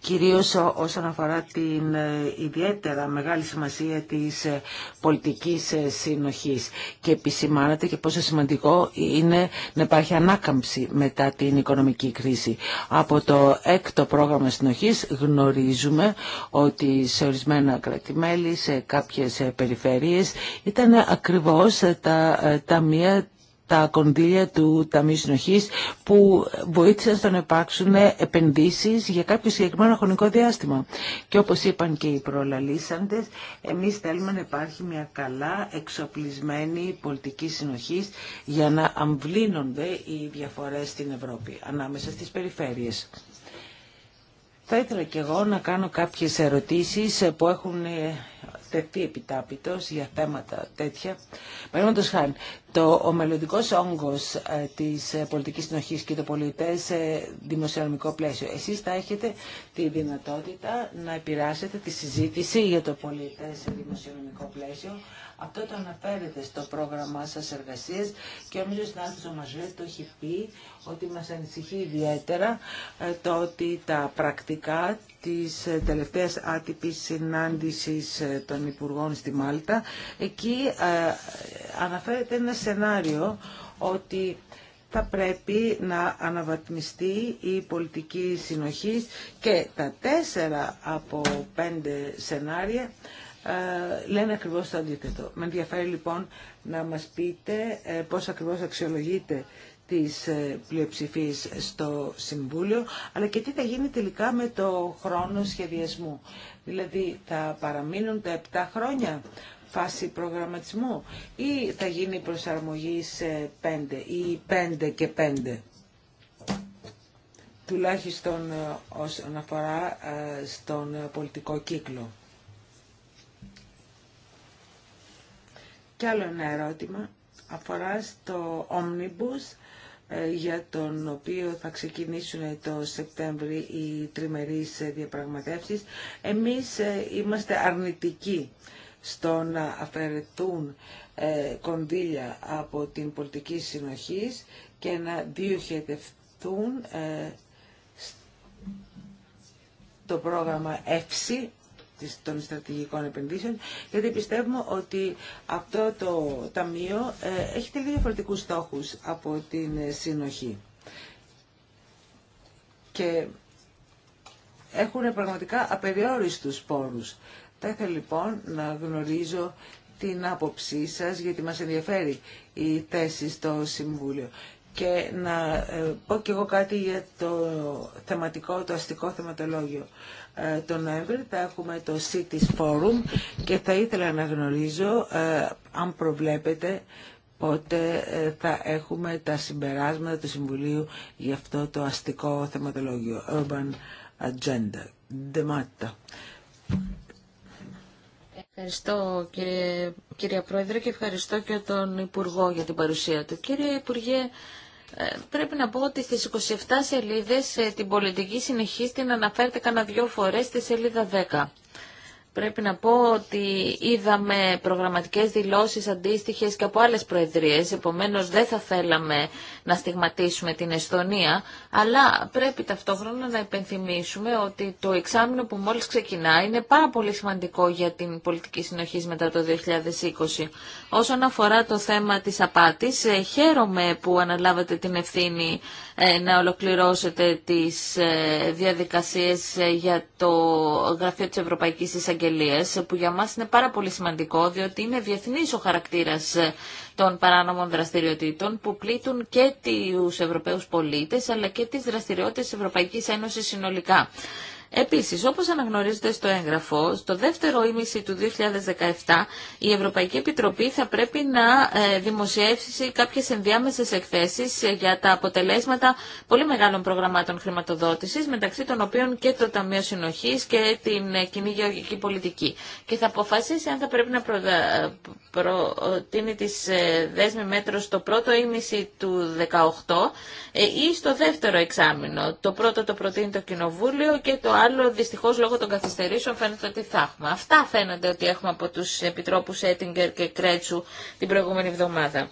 κυρίως όσον αφορά την ε, ιδιαίτερα μεγάλη σημασία της ε, πολιτικής ε, συνοχής και επισημάνατε και πόσο σημαντικό είναι να υπάρχει ανάκαμψη μετά την οικονομική κρίση. Από το έκτο πρόγραμμα συνοχής γνωρίζουμε ότι σε ορισμένα κρατημέλη, σε κάποιες περιφέρειες ήταν ακριβώς τα ταμεία τα κονδύλια του Ταμείου συνοχή που βοήθησαν στο να υπάρξουν επενδύσεις για κάποιο συγκεκριμένο χρονικό διάστημα. Και όπως είπαν και οι προλαλήσαντες, εμείς θέλουμε να υπάρχει μια καλά εξοπλισμένη πολιτική συνοχής για να αμβλύνονται οι διαφορέ στην Ευρώπη ανάμεσα στις περιφέρειες. Θα ήθελα και εγώ να κάνω κάποιες ερωτήσεις που έχουν τεθεί επιτάπητο για θέματα τέτοια. Παραδείγματο χάρη, το, ο μελλοντικό όγκο ε, τη ε, πολιτική συνοχή και το πολιτέ σε δημοσιονομικό πλαίσιο. Εσεί θα έχετε τη δυνατότητα να επηρεάσετε τη συζήτηση για το πολιτέ σε δημοσιονομικό πλαίσιο. Αυτό το αναφέρετε στο πρόγραμμά σα εργασία και νομίζω ο συνάδελφο ο το έχει πει ότι μα ανησυχεί ιδιαίτερα ε, το ότι τα πρακτικά της ε, τελευταίας άτυπης συνάντησης ε, των Υπουργών στη Μάλτα. Εκεί ε, αναφέρεται ένα σενάριο ότι θα πρέπει να αναβαθμιστεί η πολιτική συνοχής και τα τέσσερα από πέντε σενάρια λένε ακριβώς το αντίθετο. Με ενδιαφέρει λοιπόν να μας πείτε πώς ακριβώς αξιολογείται της ε, πλειοψηφής στο Συμβούλιο, αλλά και τι θα γίνει τελικά με το χρόνο σχεδιασμού. Δηλαδή θα παραμείνουν τα 7 χρόνια φάση προγραμματισμού ή θα γίνει προσαρμογή σε 5 ή 5 και 5 τουλάχιστον ε, όσον αφορά ε, στον πολιτικό κύκλο. Κι άλλο ένα ερώτημα αφορά στο Omnibus ε, για τον οποίο θα ξεκινήσουν το Σεπτέμβρη οι τριμερείς διαπραγματεύσεις. Εμείς ε, είμαστε αρνητικοί στο να αφαιρεθούν ε, κονδύλια από την πολιτική συνοχής και να διοχετευτούν το πρόγραμμα ΕΦΣΗ των στρατηγικών επενδύσεων, γιατί πιστεύουμε ότι αυτό το ταμείο ε, έχει τελείως διαφορετικού στόχους από την ε, συνοχή. Και έχουν πραγματικά απεριόριστους πόρους. Θα ήθελα λοιπόν να γνωρίζω την άποψή σας, γιατί μας ενδιαφέρει η θέση στο Συμβούλιο. Και να ε, πω και εγώ κάτι για το θεματικό, το αστικό θεματολόγιο. Ε, τον Νοέμβρη θα έχουμε το Cities Forum και θα ήθελα να γνωρίζω ε, αν προβλέπετε πότε ε, θα έχουμε τα συμπεράσματα του Συμβουλίου για αυτό το αστικό θεματολόγιο Urban Agenda. Δεμάτα. Ευχαριστώ κύριε, κύριε Πρόεδρε και ευχαριστώ και τον Υπουργό για την παρουσία του. Κύριε Υπουργέ, ε, πρέπει να πω ότι στις 27 σελίδες ε, την πολιτική συνεχίστη την αναφέρεται κανένα δυο φορές στη σελίδα 10. Πρέπει να πω ότι είδαμε προγραμματικές δηλώσεις αντίστοιχες και από άλλες προεδρίες, επομένως δεν θα θέλαμε να στιγματίσουμε την Εστονία, αλλά πρέπει ταυτόχρονα να υπενθυμίσουμε ότι το εξάμεινο που μόλις ξεκινά είναι πάρα πολύ σημαντικό για την πολιτική συνοχή μετά το 2020. Όσον αφορά το θέμα της απάτης, ε, χαίρομαι που αναλάβατε την ευθύνη ε, να ολοκληρώσετε τις ε, διαδικασίες για το Γραφείο της Ευρωπαϊκής Εισαγγελίας που για μα είναι πάρα πολύ σημαντικό διότι είναι διεθνή ο χαρακτήρας ε, των παράνομων δραστηριοτήτων που πλήττουν και τους Ευρωπαίους πολίτες αλλά και τις δραστηριότητες τη Ευρωπαϊκής Ένωση συνολικά. Επίσης, όπως αναγνωρίζεται στο έγγραφο, στο δεύτερο ήμιση του 2017 η Ευρωπαϊκή Επιτροπή θα πρέπει να ε, δημοσιεύσει κάποιες ενδιάμεσες εκθέσεις ε, για τα αποτελέσματα πολύ μεγάλων προγραμμάτων χρηματοδότησης, μεταξύ των οποίων και το Ταμείο Συνοχής και την ε, Κοινή Γεωργική Πολιτική. Και θα αποφασίσει αν θα πρέπει να προτείνει τις δέσμε μέτρο στο πρώτο ήμιση του 2018 ή στο δεύτερο εξάμεινο. Το πρώτο το προτείνει το Κοινοβούλιο και το άλλο δυστυχώ λόγω των καθυστερήσεων φαίνεται ότι θα έχουμε. Αυτά φαίνονται ότι έχουμε από του επιτρόπους Έτιγκερ και Κρέτσου την προηγούμενη εβδομάδα.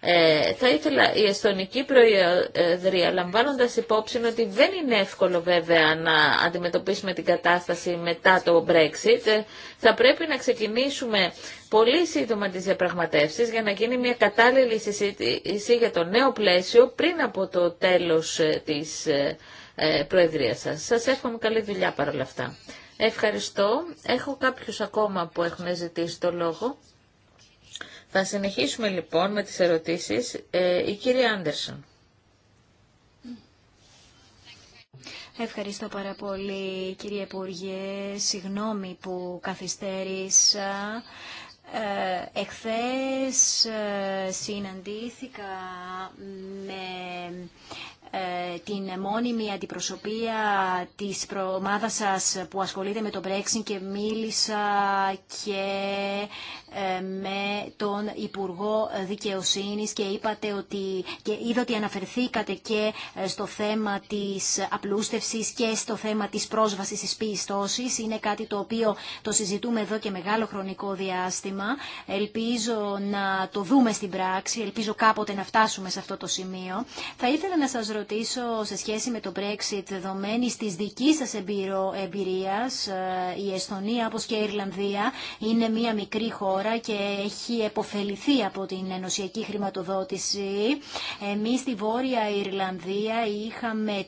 Ε, θα ήθελα η Εστονική Προεδρία, λαμβάνοντας υπόψη ότι δεν είναι εύκολο βέβαια να αντιμετωπίσουμε την κατάσταση μετά το Brexit, ε, θα πρέπει να ξεκινήσουμε πολύ σύντομα τις διαπραγματεύσεις για να γίνει μια κατάλληλη συζήτηση για το νέο πλαίσιο πριν από το τέλος ε, της ε, ε, προεδρία σας. Σας εύχομαι καλή δουλειά παρόλα αυτά. Ευχαριστώ. Έχω κάποιους ακόμα που έχουν ζητήσει το λόγο. Θα συνεχίσουμε λοιπόν με τις ερωτήσεις. Ε, η κυρία Άντερσον. Ευχαριστώ πάρα πολύ κύριε Υπουργέ. Συγγνώμη που καθυστέρησα. Ε, εχθές ε, συναντήθηκα με ε, την μόνιμη αντιπροσωπεία της προομάδας σας που ασχολείται με το Brexit και μίλησα και ε, με τον Υπουργό Δικαιοσύνης και είπατε ότι και είδα ότι αναφερθήκατε και ε, στο θέμα της απλούστευσης και στο θέμα της πρόσβασης της πιστώσης. Είναι κάτι το οποίο το συζητούμε εδώ και μεγάλο χρονικό διάστημα. Ελπίζω να το δούμε στην πράξη, ελπίζω κάποτε να φτάσουμε σε αυτό το σημείο. Θα ήθελα να σας ρωτήσω σε σχέση με το Brexit, δεδομένη της δικής σας εμπειρία, ε, η Εσθονία, όπω και η Ιρλανδία είναι μια μικρή χώρα και έχει επωφεληθεί από την ενωσιακή χρηματοδότηση. Εμείς στη Βόρεια Ιρλανδία είχαμε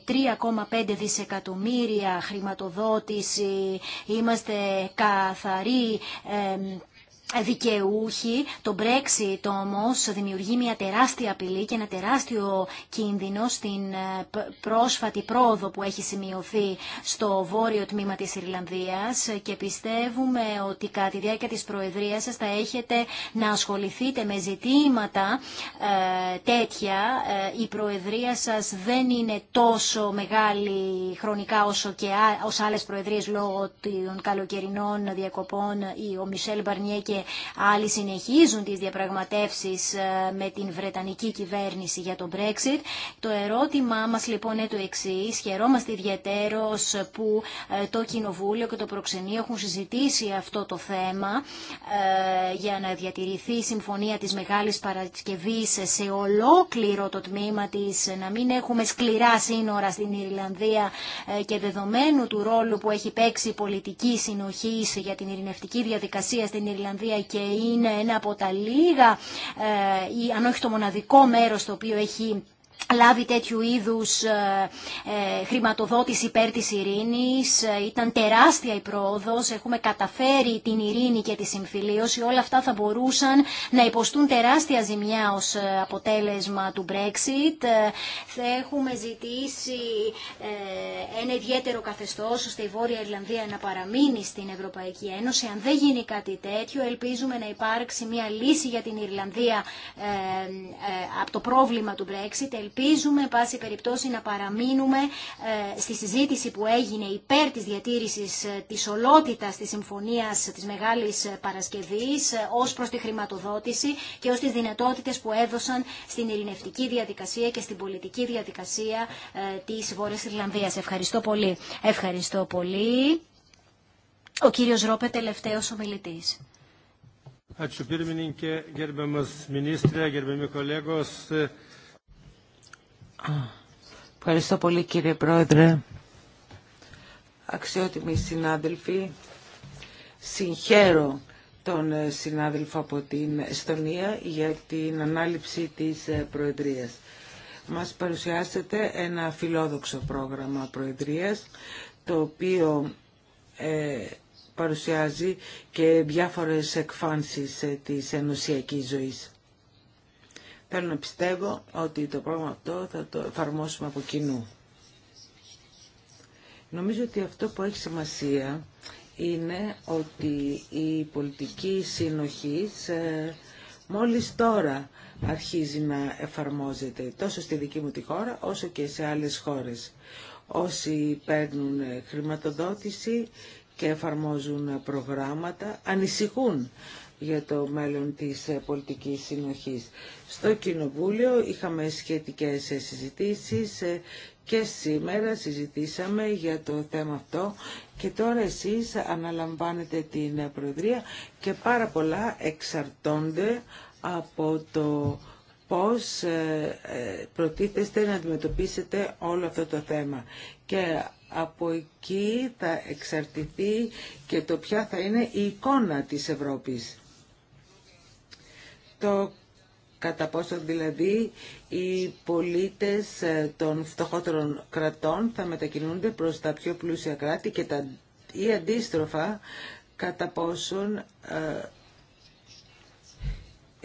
3,5 δισεκατομμύρια χρηματοδότηση, είμαστε καθαροί ε, δικαιούχοι. Το Brexit όμως δημιουργεί μια τεράστια απειλή και ένα τεράστιο κίνδυνο στην ε, πρόσφατη πρόοδο που έχει σημειωθεί στο βόρειο τμήμα της Ιρλανδίας και πιστεύουμε ότι κατά τη διάρκεια της Προεδρίας σας θα έχετε να ασχοληθείτε με ζητήματα ε, τέτοια. Ε, η Προεδρία σας δεν είναι τόσο μεγάλη χρονικά όσο και ως άλλες Προεδρίες λόγω των καλοκαιρινών διακοπών. Ο Μισελ Μπαρνιέ άλλοι συνεχίζουν τις διαπραγματεύσεις ε, με την Βρετανική κυβέρνηση για το Brexit. Το ερώτημά μας λοιπόν είναι το εξή. Χαιρόμαστε ιδιαίτερος που ε, το Κοινοβούλιο και το Προξενείο έχουν συζητήσει αυτό το θέμα ε, για να διατηρηθεί η συμφωνία της Μεγάλης Παρασκευής σε ολόκληρο το τμήμα της, να μην έχουμε σκληρά σύνορα στην Ιρλανδία και δεδομένου του ρόλου που έχει παίξει η πολιτική συνοχή για την ειρηνευτική διαδικασία στην Ιρλανδία και είναι ένα από τα λίγα, ε, ή αν όχι το μοναδικό μέρος το οποίο έχει λάβει τέτοιου είδους ε, ε, χρηματοδότηση υπέρ της ειρήνης. Ε, ήταν τεράστια η πρόοδος, έχουμε καταφέρει την ειρήνη και τη συμφιλίωση. Όλα αυτά θα μπορούσαν να υποστούν τεράστια ζημιά ως αποτέλεσμα του Brexit. Θα έχουμε ζητήσει ένα ιδιαίτερο καθεστώς ώστε η Βόρεια Ιρλανδία να παραμείνει στην Ευρωπαϊκή Ένωση. Αν δεν γίνει κάτι τέτοιο, ελπίζουμε να υπάρξει μια λύση για την Ιρλανδία από το πρόβλημα του Brexit ελπίζουμε πάση περιπτώσει να παραμείνουμε ε, στη συζήτηση που έγινε υπέρ της διατήρησης ε, της ολότητας της συμφωνίας της Μεγάλης Παρασκευής ε, ως προς τη χρηματοδότηση και ως τις δυνατότητες που έδωσαν στην ειρηνευτική διαδικασία και στην πολιτική διαδικασία της Βόρειας Ιρλανδίας. Ευχαριστώ πολύ. Ευχαριστώ πολύ. Ο κύριος Ρόπε, τελευταίος ομιλητής. Ačiū ministrė, Ευχαριστώ πολύ κύριε Πρόεδρε. Αξιότιμοι συνάδελφοι, συγχαίρω τον συνάδελφο από την Εστονία για την ανάληψη της Προεδρίας. Μας παρουσιάσετε ένα φιλόδοξο πρόγραμμα Προεδρίας, το οποίο ε, παρουσιάζει και διάφορες εκφάνσεις της ενωσιακής ζωής. Θέλω να πιστεύω ότι το πρόγραμμα αυτό θα το εφαρμόσουμε από κοινού. Νομίζω ότι αυτό που έχει σημασία είναι ότι η πολιτική συνοχή ε, μόλις τώρα αρχίζει να εφαρμόζεται τόσο στη δική μου τη χώρα όσο και σε άλλες χώρες. Όσοι παίρνουν χρηματοδότηση και εφαρμόζουν προγράμματα ανησυχούν για το μέλλον της ε, πολιτικής συνοχής. Στο Κοινοβούλιο είχαμε σχετικές ε, συζητήσεις ε, και σήμερα συζητήσαμε για το θέμα αυτό και τώρα εσείς αναλαμβάνετε την Προεδρία και πάρα πολλά εξαρτώνται από το πώς προτίθεστε να αντιμετωπίσετε όλο αυτό το θέμα. Και από εκεί θα εξαρτηθεί και το ποια θα είναι η εικόνα της Ευρώπης το κατά πόσο δηλαδή οι πολίτες ε, των φτωχότερων κρατών θα μετακινούνται προς τα πιο πλούσια κράτη και τα, ή αντίστροφα κατά ε,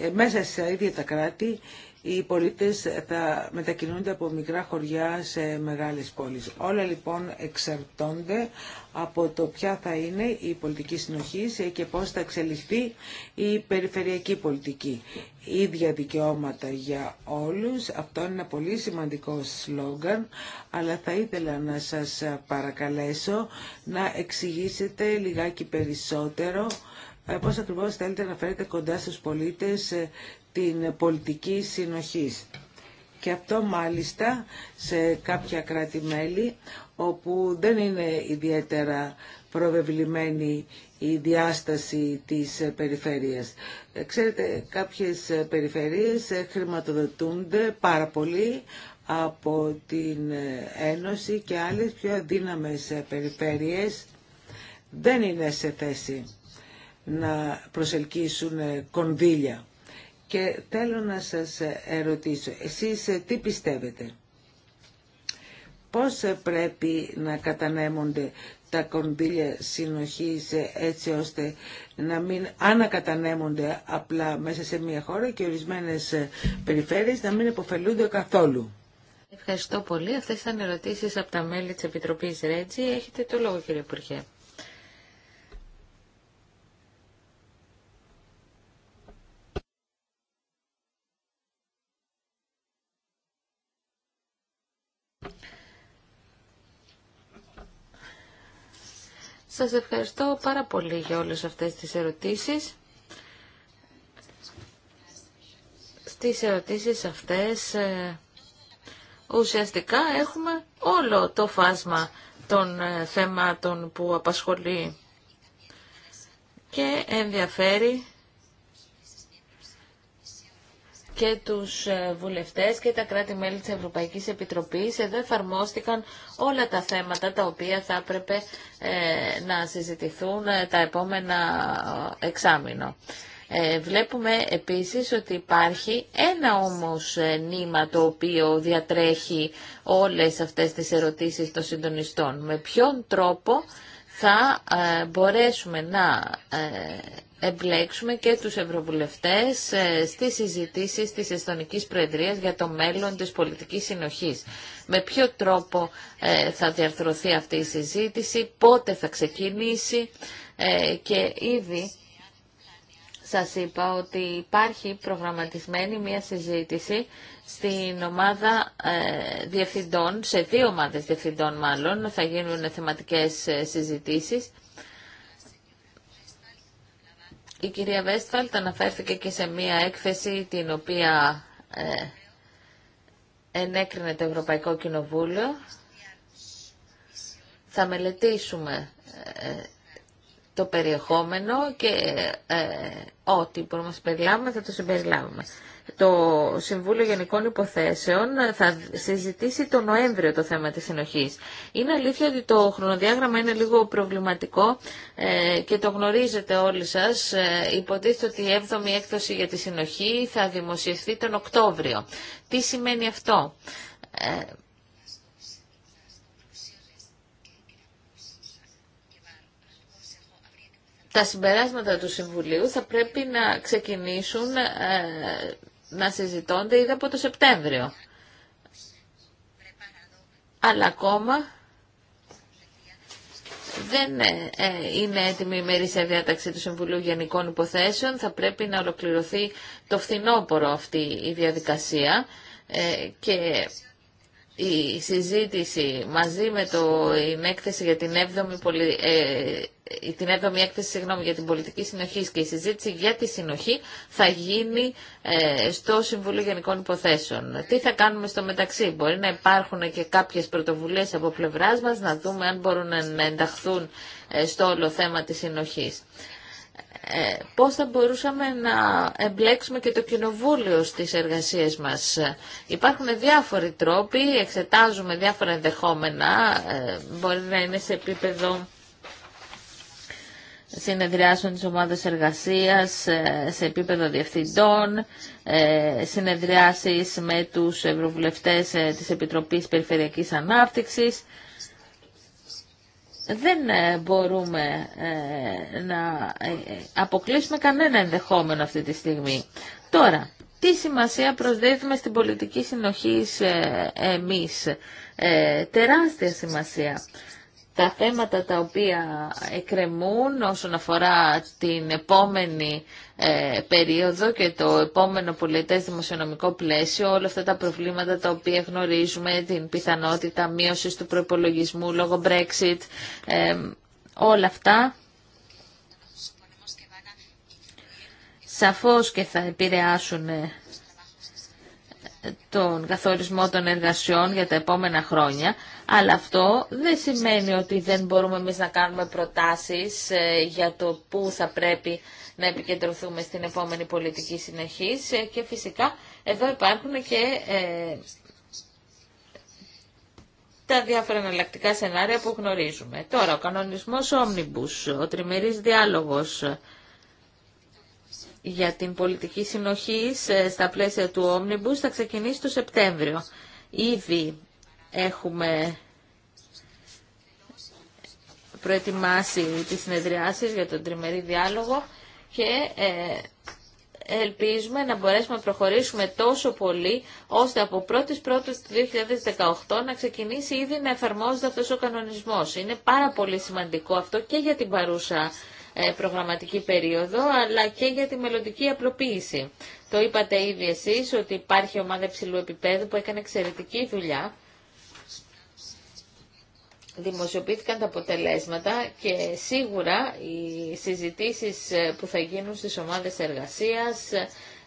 ε, μέσα σε ίδια τα κράτη οι πολίτες θα μετακινούνται από μικρά χωριά σε μεγάλες πόλεις. Όλα λοιπόν εξαρτώνται από το ποια θα είναι η πολιτική συνοχή και πώς θα εξελιχθεί η περιφερειακή πολιτική. Ίδια δικαιώματα για όλους, αυτό είναι ένα πολύ σημαντικό σλόγγαν, αλλά θα ήθελα να σας παρακαλέσω να εξηγήσετε λιγάκι περισσότερο ε, πώς ακριβώς θέλετε να φέρετε κοντά στους πολίτες ε, την πολιτική συνοχής. Και αυτό μάλιστα σε κάποια κράτη-μέλη όπου δεν είναι ιδιαίτερα προβεβλημένη η διάσταση της περιφέρειας. Ε, ξέρετε, κάποιες περιφέρειες χρηματοδοτούνται πάρα πολύ από την Ένωση και άλλες πιο αδύναμες περιφέρειες δεν είναι σε θέση να προσελκύσουν κονδύλια. Και θέλω να σας ερωτήσω, εσείς τι πιστεύετε, πώς πρέπει να κατανέμονται τα κονδύλια συνοχής έτσι ώστε να μην ανακατανέμονται απλά μέσα σε μια χώρα και ορισμένες περιφέρειες να μην υποφελούνται καθόλου. Ευχαριστώ πολύ. Αυτές ήταν ερωτήσεις από τα μέλη της Επιτροπής Ρέτζη. Έχετε το λόγο κύριε Υπουργέ. Σας ευχαριστώ πάρα πολύ για όλες αυτές τις ερωτήσεις. Στις ερωτήσεις αυτές ε, ουσιαστικά έχουμε όλο το φάσμα των ε, θεμάτων που απασχολεί και ενδιαφέρει και τους ε, βουλευτές και τα κράτη-μέλη της Ευρωπαϊκής Επιτροπής. Εδώ εφαρμόστηκαν όλα τα θέματα τα οποία θα έπρεπε ε, να συζητηθούν ε, τα επόμενα εξάμεινο. Βλέπουμε επίσης ότι υπάρχει ένα όμως νήμα το οποίο διατρέχει όλες αυτές τις ερωτήσεις των συντονιστών. Με ποιον τρόπο θα μπορέσουμε να εμπλέξουμε και τους ευρωβουλευτές ε, στις συζητήσεις της Εστονικής Προεδρίας για το μέλλον της πολιτικής συνοχής. Με ποιο τρόπο ε, θα διαρθρωθεί αυτή η συζήτηση, πότε θα ξεκινήσει ε, και ήδη σας είπα ότι υπάρχει προγραμματισμένη μία συζήτηση στην ομάδα διευθυντών, σε δύο ομάδες διευθυντών μάλλον, θα γίνουν θεματικές συζητήσεις η κυρία Βέστφαλτ αναφέρθηκε και σε μία έκθεση την οποία ε, ενέκρινε το Ευρωπαϊκό Κοινοβούλιο. Θα μελετήσουμε ε, το περιεχόμενο και ε, ε, ό,τι μπορούμε να συμπεριλάβουμε θα το συμπεριλάβουμε το Συμβούλιο Γενικών Υποθέσεων θα συζητήσει το Νοέμβριο το θέμα της συνοχής. Είναι αλήθεια ότι το χρονοδιάγραμμα είναι λίγο προβληματικό ε, και το γνωρίζετε όλοι σας. Ε, υποτίθεται ότι η 7η έκδοση για τη συνοχή θα δημοσιευθεί τον Οκτώβριο. Τι σημαίνει αυτό. Ε, τα συμπεράσματα του Συμβουλίου θα πρέπει να ξεκινήσουν να συζητώνται ήδη από το Σεπτέμβριο. Αλλά ακόμα δεν ε, ε, είναι έτοιμη η ημερήσια διάταξη του Συμβουλίου Γενικών Υποθέσεων. Θα πρέπει να ολοκληρωθεί το φθινόπωρο αυτή η διαδικασία ε, και η συζήτηση μαζί με το, την έκθεση για την 7η, πολι... Ε, ε, την έκθεση συγγνώμη, για την πολιτική συνοχή και η συζήτηση για τη συνοχή θα γίνει ε, στο Συμβούλιο Γενικών Υποθέσεων. Τι θα κάνουμε στο μεταξύ. Μπορεί να υπάρχουν και κάποιες πρωτοβουλίες από πλευρά μα να δούμε αν μπορούν να ενταχθούν στο όλο θέμα τη συνοχή. Ε, πώς θα μπορούσαμε να εμπλέξουμε και το κοινοβούλιο στις εργασίες μας. Ε, υπάρχουν διάφοροι τρόποι, εξετάζουμε διάφορα ενδεχόμενα, ε, μπορεί να είναι σε επίπεδο συνεδριάσεων της ομάδας εργασίας, σε επίπεδο διευθυντών, συνεδριάσεις με τους ευρωβουλευτές της Επιτροπής Περιφερειακής Ανάπτυξης δεν ε, μπορούμε ε, να ε, αποκλείσουμε κανένα ενδεχόμενο αυτή τη στιγμή. Τώρα, τι σημασία προσδίδουμε στην πολιτική συνοχή εμείς. τεράστια σημασία τα θέματα τα οποία εκκρεμούν όσον αφορά την επόμενη ε, περίοδο και το επόμενο πολιτές δημοσιονομικό πλαίσιο, όλα αυτά τα προβλήματα τα οποία γνωρίζουμε, την πιθανότητα μείωσης του προϋπολογισμού λόγω Brexit, ε, όλα αυτά σαφώς και θα επηρεάσουν ε, τον καθορισμό των εργασιών για τα επόμενα χρόνια, αλλά αυτό δεν σημαίνει ότι δεν μπορούμε εμείς να κάνουμε προτάσεις ε, για το πού θα πρέπει να επικεντρωθούμε στην επόμενη πολιτική συνεχή ε, και φυσικά εδώ υπάρχουν και ε, τα διάφορα εναλλακτικά σενάρια που γνωρίζουμε. Τώρα, ο κανονισμός Omnibus, ο τριμερής διάλογος για την πολιτική συνοχή στα πλαίσια του Omnibus θα ξεκινήσει το Σεπτέμβριο. Ήδη έχουμε προετοιμάσει τις συνεδριάσεις για τον τριμερή διάλογο και ε, ελπίζουμε να μπορέσουμε να προχωρήσουμε τόσο πολύ ώστε από 1η πρώτης του 2018 να ξεκινήσει ήδη να εφαρμόζεται αυτός ο κανονισμός. Είναι πάρα πολύ σημαντικό αυτό και για την παρούσα ε, προγραμματική περίοδο αλλά και για τη μελλοντική απλοποίηση. Το είπατε ήδη εσείς ότι υπάρχει ομάδα υψηλού επίπεδου που έκανε εξαιρετική δουλειά δημοσιοποιήθηκαν τα αποτελέσματα και σίγουρα οι συζητήσεις ε, που θα γίνουν στις ομάδες εργασίας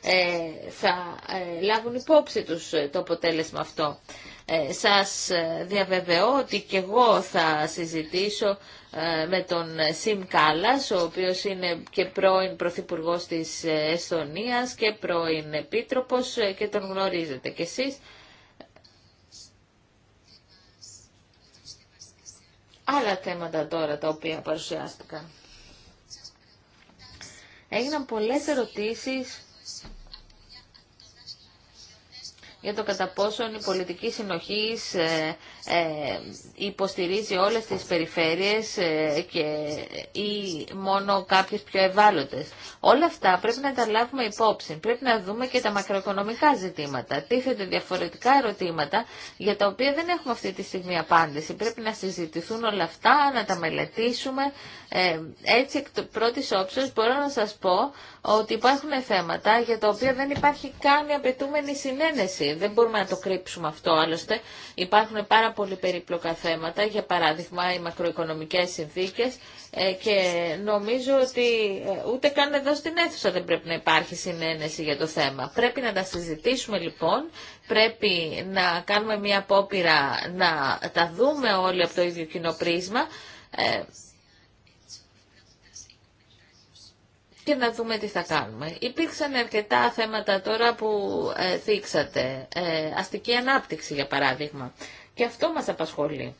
ε, θα ε, λάβουν υπόψη τους το αποτέλεσμα αυτό. Σας διαβεβαιώ ότι και εγώ θα συζητήσω με τον Σιμ Κάλλας, ο οποίος είναι και πρώην Πρωθυπουργός της Εστονίας και πρώην Επίτροπος και τον γνωρίζετε κι εσείς. άλλα θέματα τώρα τα οποία παρουσιάστηκαν. Έγιναν πολλές ερωτήσεις για το κατά πόσον η πολιτική συνοχής ε, ε, υποστηρίζει όλες τις περιφέρειες ε, και ή μόνο κάποιες πιο ευάλωτες. Όλα αυτά πρέπει να τα λάβουμε υπόψη. Πρέπει να δούμε και τα μακροοικονομικά ζητήματα. Τίθεται διαφορετικά ερωτήματα για τα οποία δεν έχουμε αυτή τη στιγμή απάντηση. Πρέπει να συζητηθούν όλα αυτά, να τα μελετήσουμε. Ε, έτσι, εκ πρώτης όψεως μπορώ να σας πω ότι υπάρχουν θέματα για τα οποία δεν υπάρχει καν η απαιτούμενη συνένεση. Δεν μπορούμε να το κρύψουμε αυτό. Άλλωστε υπάρχουν πάρα πολύ περίπλοκα θέματα, για παράδειγμα οι μακροοικονομικές συνθήκες ε, και νομίζω ότι ε, ούτε καν εδώ στην αίθουσα δεν πρέπει να υπάρχει συνένεση για το θέμα. Πρέπει να τα συζητήσουμε λοιπόν, πρέπει να κάνουμε μια απόπειρα να τα δούμε όλοι από το ίδιο κοινό πρίσμα ε, και να δούμε τι θα κάνουμε. Υπήρξαν αρκετά θέματα τώρα που ε, αστική ανάπτυξη, για παράδειγμα. Και αυτό μας απασχολεί.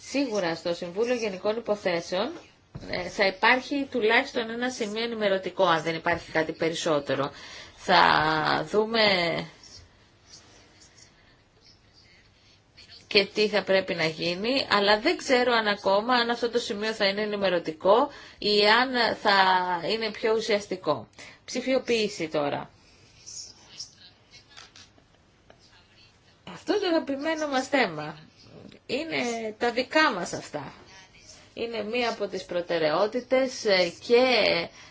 Σίγουρα στο Συμβούλιο Γενικών Υποθέσεων ε, θα υπάρχει τουλάχιστον ένα σημείο ενημερωτικό, αν δεν υπάρχει κάτι περισσότερο. Θα δούμε και τι θα πρέπει να γίνει, αλλά δεν ξέρω αν ακόμα αν αυτό το σημείο θα είναι ενημερωτικό ή αν θα είναι πιο ουσιαστικό. Ψηφιοποίηση τώρα. Αυτό το αγαπημένο μας θέμα είναι τα δικά μας αυτά. Είναι μία από τις προτεραιότητες ε, και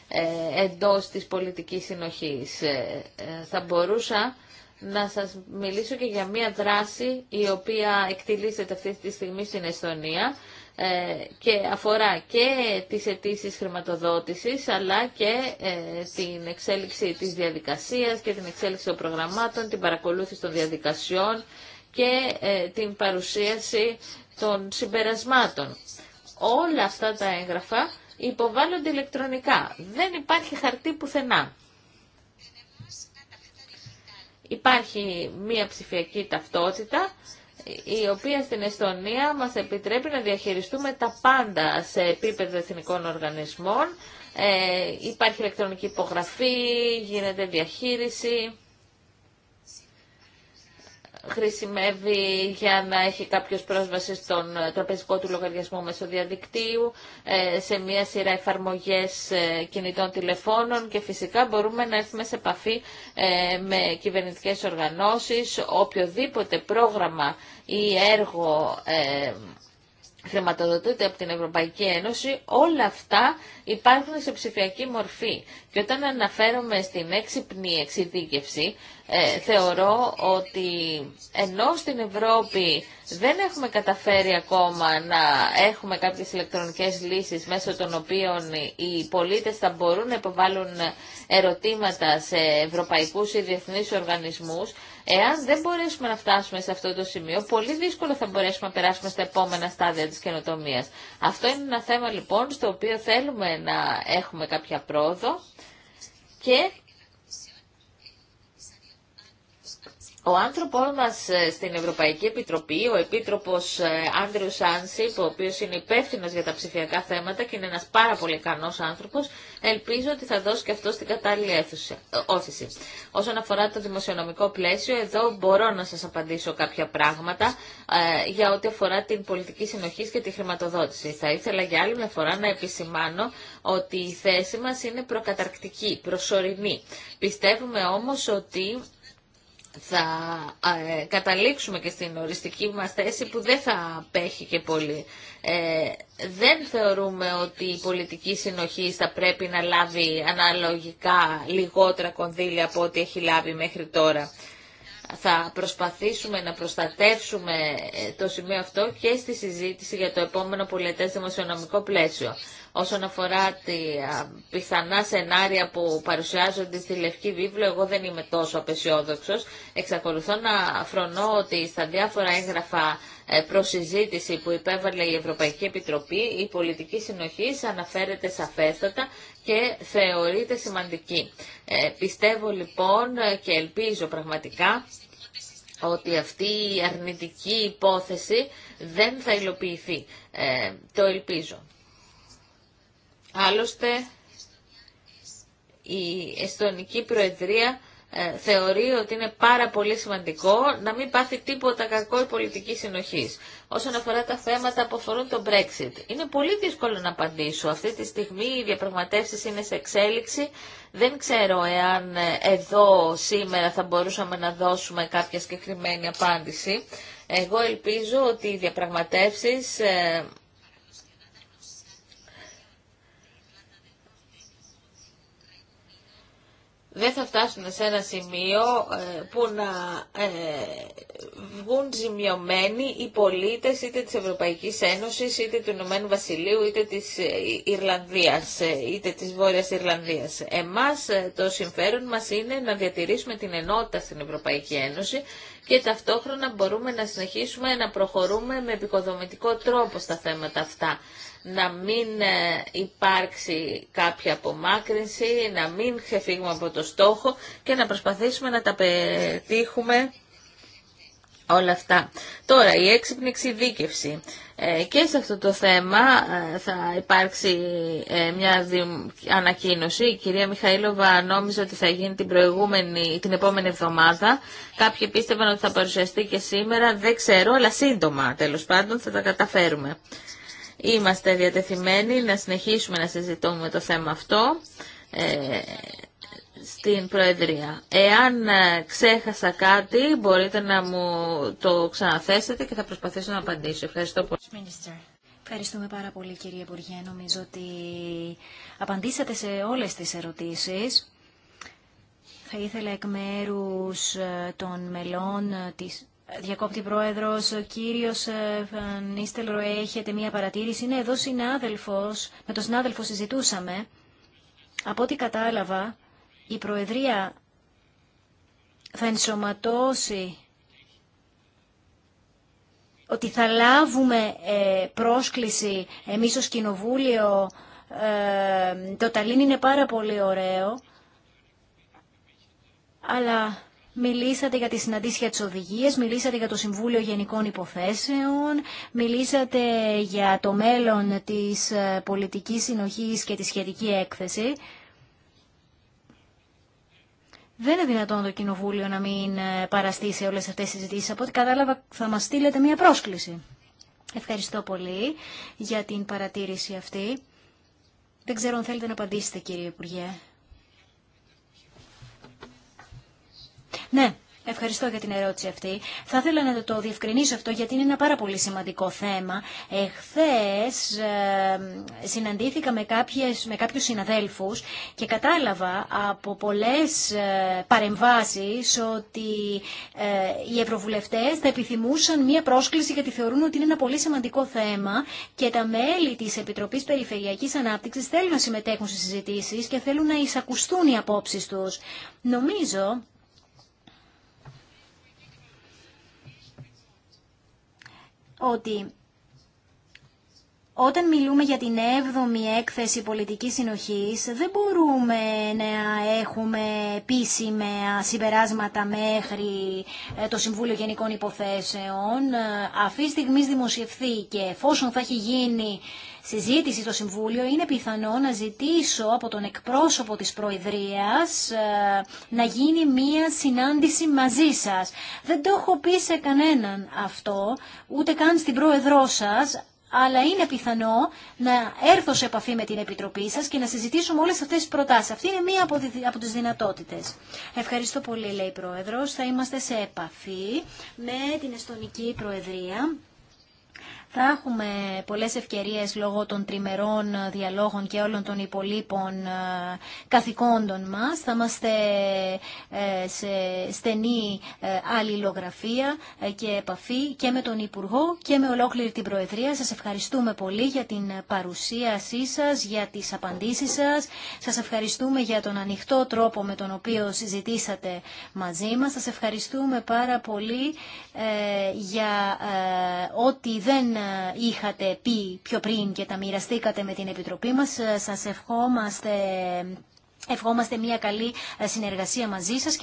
ε, εντός της πολιτικής συνοχής. Ε, θα μπορούσα να σας μιλήσω και για μία δράση η οποία εκτελήσεται αυτή τη στιγμή στην Εστονία ε, και αφορά και τις αιτήσει χρηματοδότησης αλλά και ε, την εξέλιξη της διαδικασίας και την εξέλιξη των προγραμμάτων, την παρακολούθηση των διαδικασιών και ε, την παρουσίαση των συμπερασμάτων. Όλα αυτά τα έγγραφα υποβάλλονται ηλεκτρονικά. Δεν υπάρχει χαρτί πουθενά. Υπάρχει μία ψηφιακή ταυτότητα η οποία στην Εστονία μας επιτρέπει να διαχειριστούμε τα πάντα σε επίπεδο εθνικών οργανισμών. Ε, υπάρχει ηλεκτρονική υπογραφή, γίνεται διαχείριση χρησιμεύει για να έχει κάποιο πρόσβαση στον τραπεζικό του λογαριασμό μέσω διαδικτύου, ε, σε μία σειρά εφαρμογές ε, κινητών τηλεφώνων και φυσικά μπορούμε να έρθουμε σε επαφή ε, με κυβερνητικές οργανώσεις, οποιοδήποτε πρόγραμμα ή έργο χρηματοδοτείται από την Ευρωπαϊκή Ένωση, όλα αυτά υπάρχουν σε ψηφιακή μορφή. Και όταν αναφέρομαι στην έξυπνη εξειδίκευση, ε, θεωρώ ότι ενώ στην Ευρώπη δεν έχουμε καταφέρει ακόμα να έχουμε κάποιες ηλεκτρονικές λύσεις μέσω των οποίων οι πολίτες θα μπορούν να υποβάλουν ερωτήματα σε ευρωπαϊκούς ή διεθνείς οργανισμούς, Εάν δεν μπορέσουμε να φτάσουμε σε αυτό το σημείο, πολύ δύσκολο θα μπορέσουμε να περάσουμε στα επόμενα στάδια της καινοτομίας. Αυτό είναι ένα θέμα λοιπόν στο οποίο θέλουμε να έχουμε κάποια πρόοδο και Ο άνθρωπο μα ε, στην Ευρωπαϊκή Επιτροπή, ο επίτροπο ε, Άντριου Σάνσιπ, ο οποίο είναι υπεύθυνο για τα ψηφιακά θέματα και είναι ένα πάρα πολύ ικανό άνθρωπο, ελπίζω ότι θα δώσει και αυτό στην κατάλληλη ε, όθηση. Όσον αφορά το δημοσιονομικό πλαίσιο, εδώ μπορώ να σα απαντήσω κάποια πράγματα για ό,τι αφορά την πολιτική συνοχή και τη χρηματοδότηση. Θα ήθελα για άλλη μια φορά να επισημάνω ότι η θέση μα είναι προκαταρκτική, προσωρινή. Πιστεύουμε όμω ότι θα ε, καταλήξουμε και στην οριστική μας θέση που δεν θα απέχει και πολύ. Ε, δεν θεωρούμε ότι η πολιτική συνοχή θα πρέπει να λάβει αναλογικά λιγότερα κονδύλια από ό,τι έχει λάβει μέχρι τώρα. Θα προσπαθήσουμε να προστατεύσουμε ε, το σημείο αυτό και στη συζήτηση για το επόμενο πολιτές δημοσιονομικό πλαίσιο. Όσον αφορά τη πιθανά σενάρια που παρουσιάζονται στη Λευκή Βίβλο, εγώ δεν είμαι τόσο απεσιόδοξος. Εξακολουθώ να φρονώ ότι στα διάφορα έγγραφα ε, προσυζήτηση που υπέβαλε η Ευρωπαϊκή Επιτροπή, η πολιτική συνοχή αναφέρεται σαφέστατα και θεωρείται σημαντική. Ε, πιστεύω λοιπόν ε, και ελπίζω πραγματικά ότι αυτή η αρνητική υπόθεση δεν θα υλοποιηθεί. το ελπίζω. Άλλωστε, η Εστονική Προεδρία ε, θεωρεί ότι είναι πάρα πολύ σημαντικό να μην πάθει τίποτα κακό η πολιτική συνοχή. Όσον αφορά τα θέματα που αφορούν το Brexit, είναι πολύ δύσκολο να απαντήσω. Αυτή τη στιγμή οι διαπραγματεύσει είναι σε εξέλιξη. Δεν ξέρω εάν ε, εδώ σήμερα θα μπορούσαμε να δώσουμε κάποια συγκεκριμένη απάντηση. Εγώ ελπίζω ότι οι διαπραγματεύσεις ε, δεν θα φτάσουν σε ένα σημείο ε, που να ε, βγουν ζημιωμένοι οι πολίτες είτε της Ευρωπαϊκής Ένωσης, είτε του Ηνωμένου Βασιλείου, είτε της ε, Ιρλανδίας, είτε της Βόρειας Ιρλανδίας. Εμάς το συμφέρον μας είναι να διατηρήσουμε την ενότητα στην Ευρωπαϊκή Ένωση και ταυτόχρονα μπορούμε να συνεχίσουμε να προχωρούμε με επικοδομητικό τρόπο στα θέματα αυτά. Να μην ε, υπάρξει κάποια απομάκρυνση, να μην ξεφύγουμε από το στόχο και να προσπαθήσουμε να τα πετύχουμε όλα αυτά. Τώρα, η έξυπνη εξειδίκευση. Ε, και σε αυτό το θέμα ε, θα υπάρξει ε, μια ανακοίνωση. Η κυρία Μιχαήλοβα νόμιζε ότι θα γίνει την, την επόμενη εβδομάδα. Κάποιοι πίστευαν ότι θα παρουσιαστεί και σήμερα. Δεν ξέρω, αλλά σύντομα τέλος πάντων θα τα καταφέρουμε. Είμαστε διατεθειμένοι να συνεχίσουμε να συζητούμε το θέμα αυτό στην Προεδρία. Εάν ε, ξέχασα κάτι, μπορείτε να μου το ξαναθέσετε και θα προσπαθήσω να απαντήσω. Ευχαριστώ πολύ. Ευχαριστούμε πάρα πολύ κύριε Υπουργέ. Νομίζω ότι απαντήσατε σε όλες τις ερωτήσεις. Θα ήθελα εκ μέρου ε, των μελών ε, της... Διακόπτη Πρόεδρος, ο κύριος Νίστελρο έχετε μία παρατήρηση. Είναι εδώ συνάδελφος, με τον συνάδελφο συζητούσαμε. Από ό,τι κατάλαβα, η Προεδρία θα ενσωματώσει ότι θα λάβουμε ε, πρόσκληση εμείς ως Κοινοβούλιο. Ε, το Ταλίν είναι πάρα πολύ ωραίο, αλλά μιλήσατε για τη συναντήση για τις μιλήσατε για το Συμβούλιο Γενικών Υποθέσεων, μιλήσατε για το μέλλον της ε, πολιτικής συνοχής και τη σχετική έκθεση. Δεν είναι δυνατόν το Κοινοβούλιο να μην ε, παραστήσει όλες αυτές τις συζητήσεις. Από ό,τι κατάλαβα θα μας στείλετε μία πρόσκληση. Ευχαριστώ πολύ για την παρατήρηση αυτή. Δεν ξέρω αν θέλετε να απαντήσετε κύριε Υπουργέ. Ναι, Ευχαριστώ για την ερώτηση αυτή. Θα ήθελα να το διευκρινίσω αυτό γιατί είναι ένα πάρα πολύ σημαντικό θέμα. Εχθές συναντήθηκα με, κάποιες, με κάποιους συναδέλφους και κατάλαβα από πολλές ε, παρεμβάσεις ότι ε, οι ευρωβουλευτές θα επιθυμούσαν μία πρόσκληση γιατί θεωρούν ότι είναι ένα πολύ σημαντικό θέμα και τα μέλη της Επιτροπής Περιφερειακής Ανάπτυξης θέλουν να συμμετέχουν στις συζητήσεις και θέλουν να εισακουστούν οι απόψεις τους. Νομίζω ότι όταν μιλούμε για την 7η έκθεση πολιτικής συνοχής, δεν μπορούμε να έχουμε επίσημα συμπεράσματα μέχρι ε, το Συμβούλιο Γενικών Υποθέσεων. Ε, αυτή τη στιγμή δημοσιευθεί και εφόσον θα έχει γίνει συζήτηση στο Συμβούλιο είναι πιθανό να ζητήσω από τον εκπρόσωπο της Προεδρίας ε, να γίνει μία συνάντηση μαζί σας. Δεν το έχω πει σε κανέναν αυτό, ούτε καν στην Πρόεδρό σας, αλλά είναι πιθανό να έρθω σε επαφή με την Επιτροπή σας και να συζητήσουμε όλες αυτές τις προτάσεις. Αυτή είναι μία από τις δυνατότητες. Ευχαριστώ πολύ, λέει η Πρόεδρος. Θα είμαστε σε επαφή με την Εστονική Προεδρία θα έχουμε πολλές ευκαιρίες λόγω των τριμερών διαλόγων και όλων των υπολείπων ε, καθηκόντων μας. Θα είμαστε ε, σε στενή ε, αλληλογραφία και επαφή και με τον Υπουργό και με ολόκληρη την Προεδρία. Σας ευχαριστούμε πολύ για την παρουσίασή σας, για τις απαντήσεις σας. Σας ευχαριστούμε για τον ανοιχτό τρόπο με τον οποίο συζητήσατε μαζί μας. Σας ευχαριστούμε πάρα πολύ για ό,τι δεν ε, είχατε πει πιο πριν και τα μοιραστήκατε με την Επιτροπή μας. Ε, σας ευχόμαστε, ευχόμαστε μια καλή ε, συνεργασία μαζί σας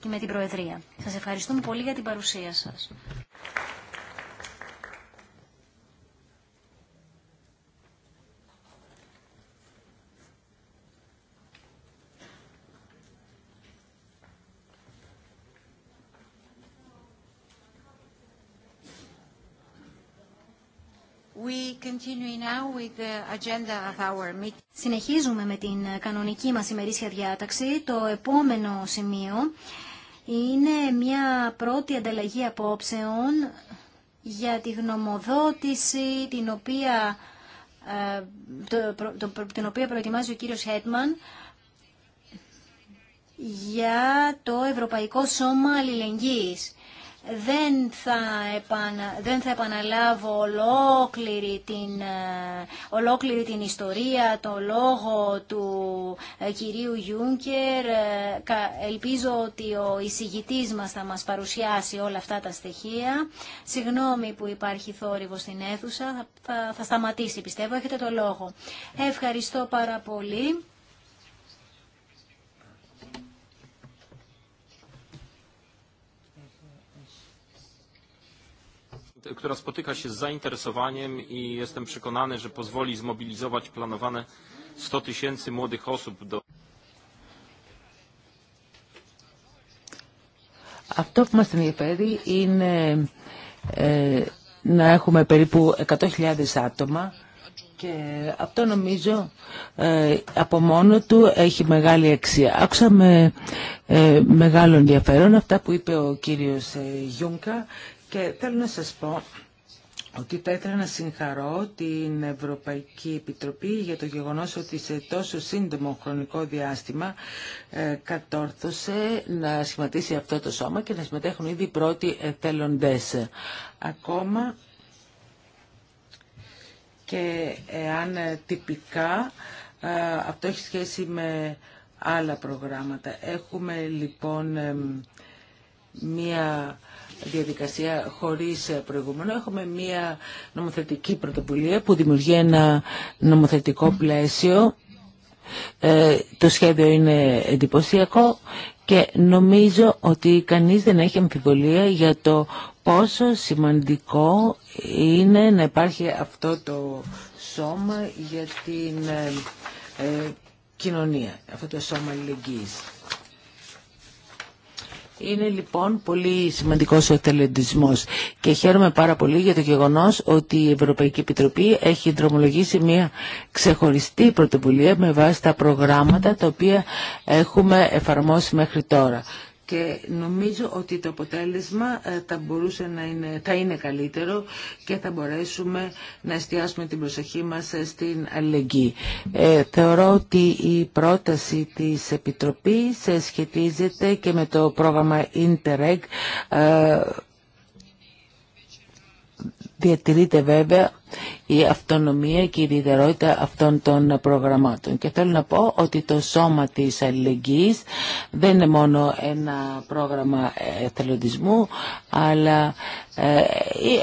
και με την Προεδρία. Σας ευχαριστούμε πολύ για την παρουσία σας. Συνεχίζουμε με την κανονική μας ημερήσια διάταξη. Το επόμενο σημείο είναι μια πρώτη ανταλλαγή απόψεων για τη γνωμοδότηση την οποία, ε, την οποία προετοιμάζει ο κύριος Χέτμαν για το Ευρωπαϊκό Σώμα Αλληλεγγύης. Δεν θα, δεν θα επαναλάβω ολόκληρη την, ε, ολόκληρη την ιστορία, το λόγο του ε, κυρίου Γιούνκερ. Ε, ελπίζω ότι ο εισηγητής μας θα μας παρουσιάσει όλα αυτά τα στοιχεία. Συγγνώμη που υπάρχει θόρυβο στην αίθουσα. Θα, θα, θα σταματήσει πιστεύω. Έχετε το λόγο. Ευχαριστώ πάρα πολύ. która spotyka się z zainteresowaniem i jestem przekonany, że pozwoli zmobilizować planowane 100 tysięcy młodych osób do... Αυτό που μας ενδιαφέρει είναι ε, να έχουμε περίπου 100.000 άτομα και αυτό νομίζω ε, από μόνο του έχει μεγάλη αξία. Άκουσα με ε, μεγάλο ενδιαφέρον αυτά που είπε ο κύριος ε, Γιούνκα και θέλω να σας πω ότι θα ήθελα να συγχαρώ την Ευρωπαϊκή Επιτροπή για το γεγονός ότι σε τόσο σύντομο χρονικό διάστημα ε, κατόρθωσε να σχηματίσει αυτό το σώμα και να συμμετέχουν ήδη οι πρώτοι εθελοντές. Ακόμα και εάν τυπικά ε, αυτό έχει σχέση με άλλα προγράμματα. Έχουμε λοιπόν ε, μία διαδικασία χωρίς ε, προηγούμενο. Έχουμε μία νομοθετική πρωτοβουλία που δημιουργεί ένα νομοθετικό πλαίσιο. Ε, το σχέδιο είναι εντυπωσιακό και νομίζω ότι κανείς δεν έχει αμφιβολία για το πόσο σημαντικό είναι να υπάρχει αυτό το σώμα για την ε, κοινωνία, αυτό το σώμα αλληλεγγύης. Είναι λοιπόν πολύ σημαντικός ο εθελοντισμός και χαίρομαι πάρα πολύ για το γεγονός ότι η Ευρωπαϊκή Επιτροπή έχει δρομολογήσει μια ξεχωριστή πρωτοβουλία με βάση τα προγράμματα τα οποία έχουμε εφαρμόσει μέχρι τώρα και νομίζω ότι το αποτέλεσμα ε, θα, μπορούσε να είναι, θα είναι καλύτερο και θα μπορέσουμε να εστιάσουμε την προσοχή μας ε, στην αλληλεγγύη. Ε, θεωρώ ότι η πρόταση της Επιτροπής σχετίζεται και με το πρόγραμμα Interreg διατηρείται βέβαια η αυτονομία και η ιδιαιτερότητα αυτών των προγραμμάτων. Και θέλω να πω ότι το σώμα της αλληλεγγύης δεν είναι μόνο ένα πρόγραμμα εθελοντισμού, αλλά ε,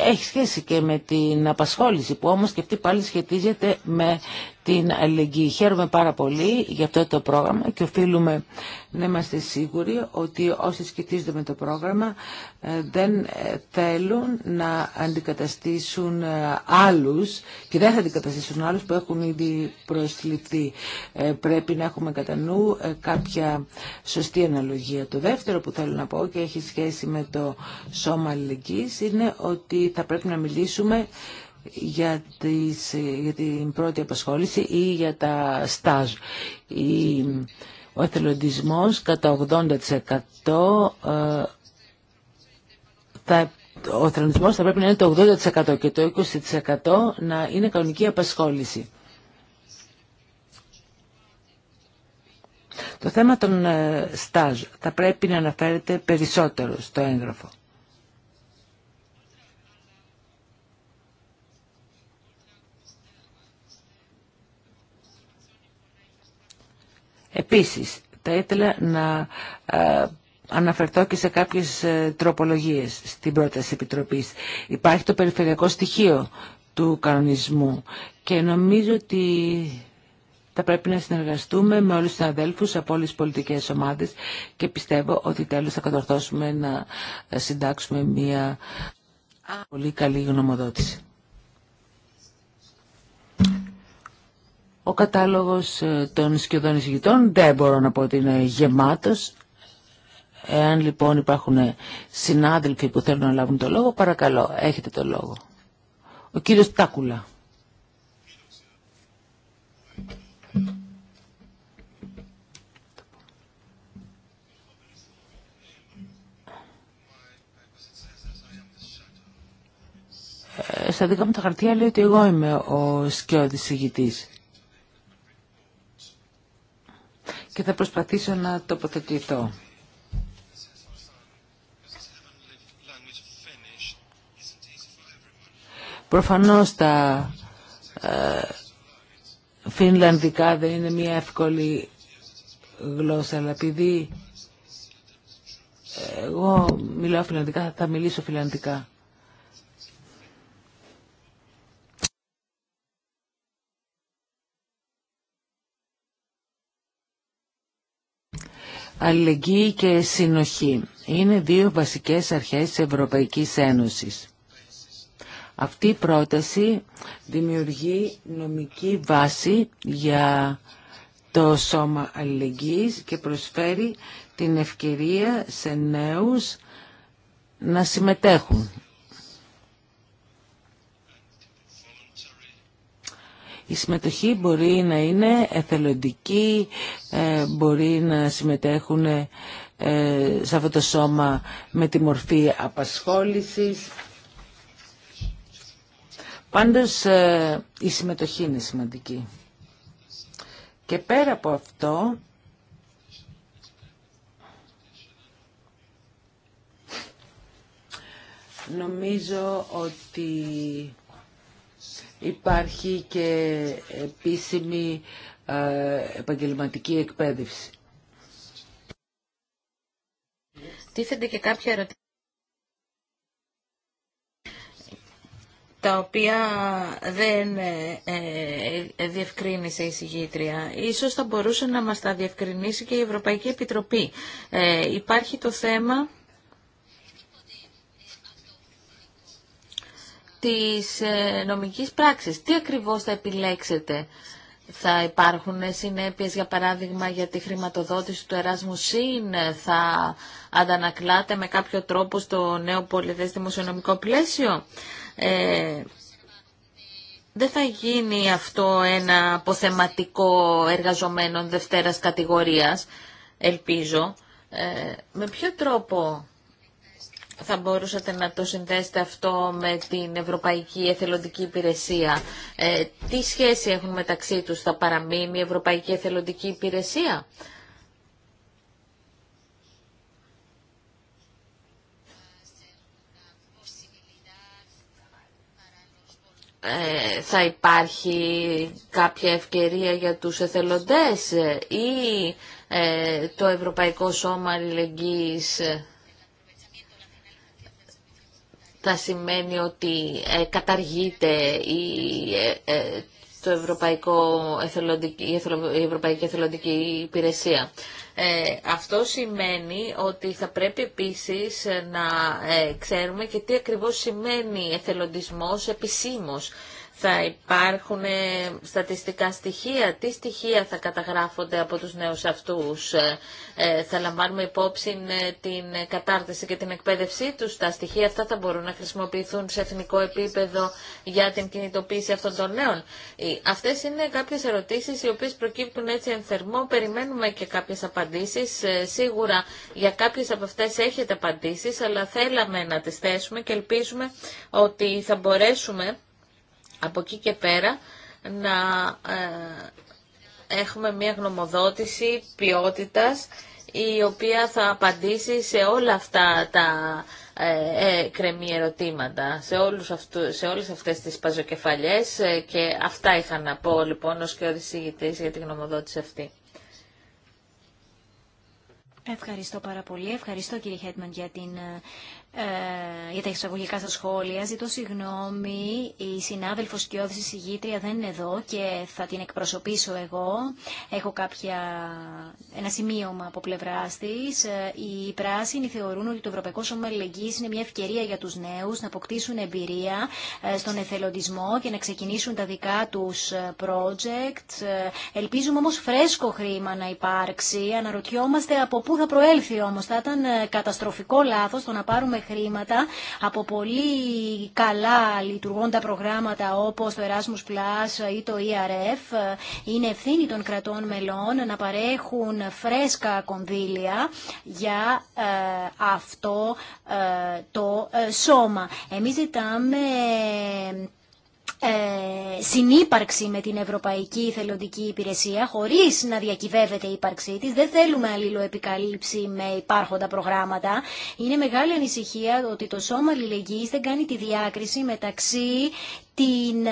έχει σχέση και με την απασχόληση, που όμως και αυτή πάλι σχετίζεται με την αλληλεγγύη. Χαίρομαι πάρα πολύ για αυτό το πρόγραμμα και οφείλουμε να είμαστε σίγουροι ότι όσοι σχετίζονται με το πρόγραμμα ε, δεν ε, θέλουν να αντικαταστήσουν ε, άλλους και δεν θα αντικαταστήσουν άλλους που έχουν ήδη προσληφθεί. Πρέπει να έχουμε κατά νου κάποια σωστή αναλογία. Το δεύτερο που θέλω να πω και έχει σχέση με το σώμα αλληλεγγύης είναι ότι θα πρέπει να μιλήσουμε για, για την πρώτη απασχόληση ή για τα στάζ. Η, ο εθελοντισμός κατά 80% ε, θα ο θα πρέπει να είναι το 80% και το 20% να είναι κανονική απασχόληση. Το θέμα των ε, στάζ θα πρέπει να αναφέρεται περισσότερο στο έγγραφο. Επίσης, θα ήθελα να ε, αναφερθώ και σε κάποιες ε, τροπολογίες στην πρόταση Επιτροπής. Υπάρχει το περιφερειακό στοιχείο του κανονισμού και νομίζω ότι θα πρέπει να συνεργαστούμε με όλους τους αδέλφους από όλες τις πολιτικές ομάδες και πιστεύω ότι τέλος θα κατορθώσουμε να ε, συντάξουμε μια πολύ καλή γνωμοδότηση. Ο κατάλογος ε, των σκιωδών εισηγητών δεν μπορώ να πω ότι είναι γεμάτος. Εάν λοιπόν υπάρχουν συνάδελφοι που θέλουν να λάβουν το λόγο, παρακαλώ, έχετε το λόγο. Ο κύριος Τάκουλα. Ε, στα δικά μου τα χαρτιά λέει ότι εγώ είμαι ο σκιώδης ηγητής. και θα προσπαθήσω να τοποθετηθώ. Προφανώς τα ε, φινλανδικά δεν είναι μια εύκολη γλώσσα, αλλά επειδή εγώ μιλάω φιλανδικά, θα μιλήσω φιλανδικά. Αλληλεγγύη και συνοχή είναι δύο βασικές αρχές της Ευρωπαϊκής Ένωσης. Αυτή η πρόταση δημιουργεί νομική βάση για το σώμα αλληλεγγύης και προσφέρει την ευκαιρία σε νέους να συμμετέχουν Η συμμετοχή μπορεί να είναι εθελοντική, ε, μπορεί να συμμετέχουν ε, σε αυτό το σώμα με τη μορφή απασχόλησης. Πάντως ε, η συμμετοχή είναι σημαντική. Και πέρα από αυτό, νομίζω ότι υπάρχει και επίσημη ε, επαγγελματική εκπαίδευση. Τίθενται και κάποια ερωτήματα τα οποία δεν ε, ε, ε, διευκρίνησε η συγγήτρια. Ίσως θα μπορούσε να μας τα διευκρινίσει και η Ευρωπαϊκή Επιτροπή. Ε, υπάρχει το θέμα της ε, νομικής πράξης. Τι ακριβώς θα επιλέξετε. Θα υπάρχουν συνέπειες, για παράδειγμα, για τη χρηματοδότηση του Εράσμου ΣΥΝ, θα αντανακλάτε με κάποιο τρόπο στο νέο πολυδές δημοσιονομικό πλαίσιο. Ε, δεν θα γίνει αυτό ένα αποθεματικό εργαζομένων δευτέρας κατηγορίας, ελπίζω. Ε, με ποιο τρόπο θα μπορούσατε να το συνδέσετε αυτό με την Ευρωπαϊκή Εθελοντική Υπηρεσία. Ε, τι σχέση έχουν μεταξύ τους, θα παραμείνει η Ευρωπαϊκή Εθελοντική Υπηρεσία. Ε, θα υπάρχει κάποια ευκαιρία για τους εθελοντές ή ε, το Ευρωπαϊκό Σώμα Αλληλεγγύης θα σημαίνει ότι ε, καταργείται η, ε, ε, το ευρωπαϊκό εθελοντική, η Ευρωπαϊκή Εθελοντική Υπηρεσία. αυτό σημαίνει ότι θα πρέπει επίσης να ξέρουμε και τι ακριβώς σημαίνει εθελοντισμός επισήμως θα υπάρχουν ε, στατιστικά στοιχεία, τι στοιχεία θα καταγράφονται από τους νέους αυτούς, ε, ε, θα λαμβάνουμε υπόψη την κατάρτιση και την εκπαίδευσή τους, τα στοιχεία αυτά θα μπορούν να χρησιμοποιηθούν σε εθνικό επίπεδο για την κινητοποίηση αυτών των νέων. Αυτές είναι κάποιες ερωτήσεις οι οποίες προκύπτουν έτσι εν θερμό, περιμένουμε και κάποιες απαντήσεις, σίγουρα για κάποιες από αυτές έχετε απαντήσεις, αλλά θέλαμε να τις θέσουμε και ελπίζουμε ότι θα μπορέσουμε από εκεί και πέρα να ε, έχουμε μια γνωμοδότηση ποιότητας η οποία θα απαντήσει σε όλα αυτά τα ε, ε κρεμή ερωτήματα, σε, όλους αυτού, σε όλες αυτές τις παζοκεφαλιές ε, και αυτά είχα να πω λοιπόν ως και ο για την γνωμοδότηση αυτή. Ευχαριστώ πάρα πολύ. Ευχαριστώ κύριε Χέτμαν για την ε, για τα εισαγωγικά σας σχόλια. Ζητώ συγγνώμη, η συνάδελφος και η συγγήτρια δεν είναι εδώ και θα την εκπροσωπήσω εγώ. Έχω κάποια, ένα σημείωμα από πλευρά τη. Ε, οι πράσινοι θεωρούν ότι το Ευρωπαϊκό Σώμα Αλληλεγγύης είναι μια ευκαιρία για τους νέους να αποκτήσουν εμπειρία ε, στον εθελοντισμό και να ξεκινήσουν τα δικά τους ε, project. Ελπίζουμε όμως φρέσκο χρήμα να υπάρξει. Αναρωτιόμαστε από πού θα προέλθει όμω. Θα ήταν καταστροφικό λάθος το να πάρουμε χρήματα από πολύ καλά λειτουργώντα προγράμματα όπως το Erasmus Plus ή το ERF. Είναι ευθύνη των κρατών μελών να παρέχουν φρέσκα κονδύλια για ε, αυτό ε, το ε, σώμα. Εμείς ζητάμε ε, συνύπαρξη με την Ευρωπαϊκή Θελοντική Υπηρεσία χωρίς να διακυβεύεται η ύπαρξή της. Δεν θέλουμε αλληλοεπικαλύψη με υπάρχοντα προγράμματα. Είναι μεγάλη ανησυχία ότι το Σώμα Αλληλεγγύης δεν κάνει τη διάκριση μεταξύ την ε,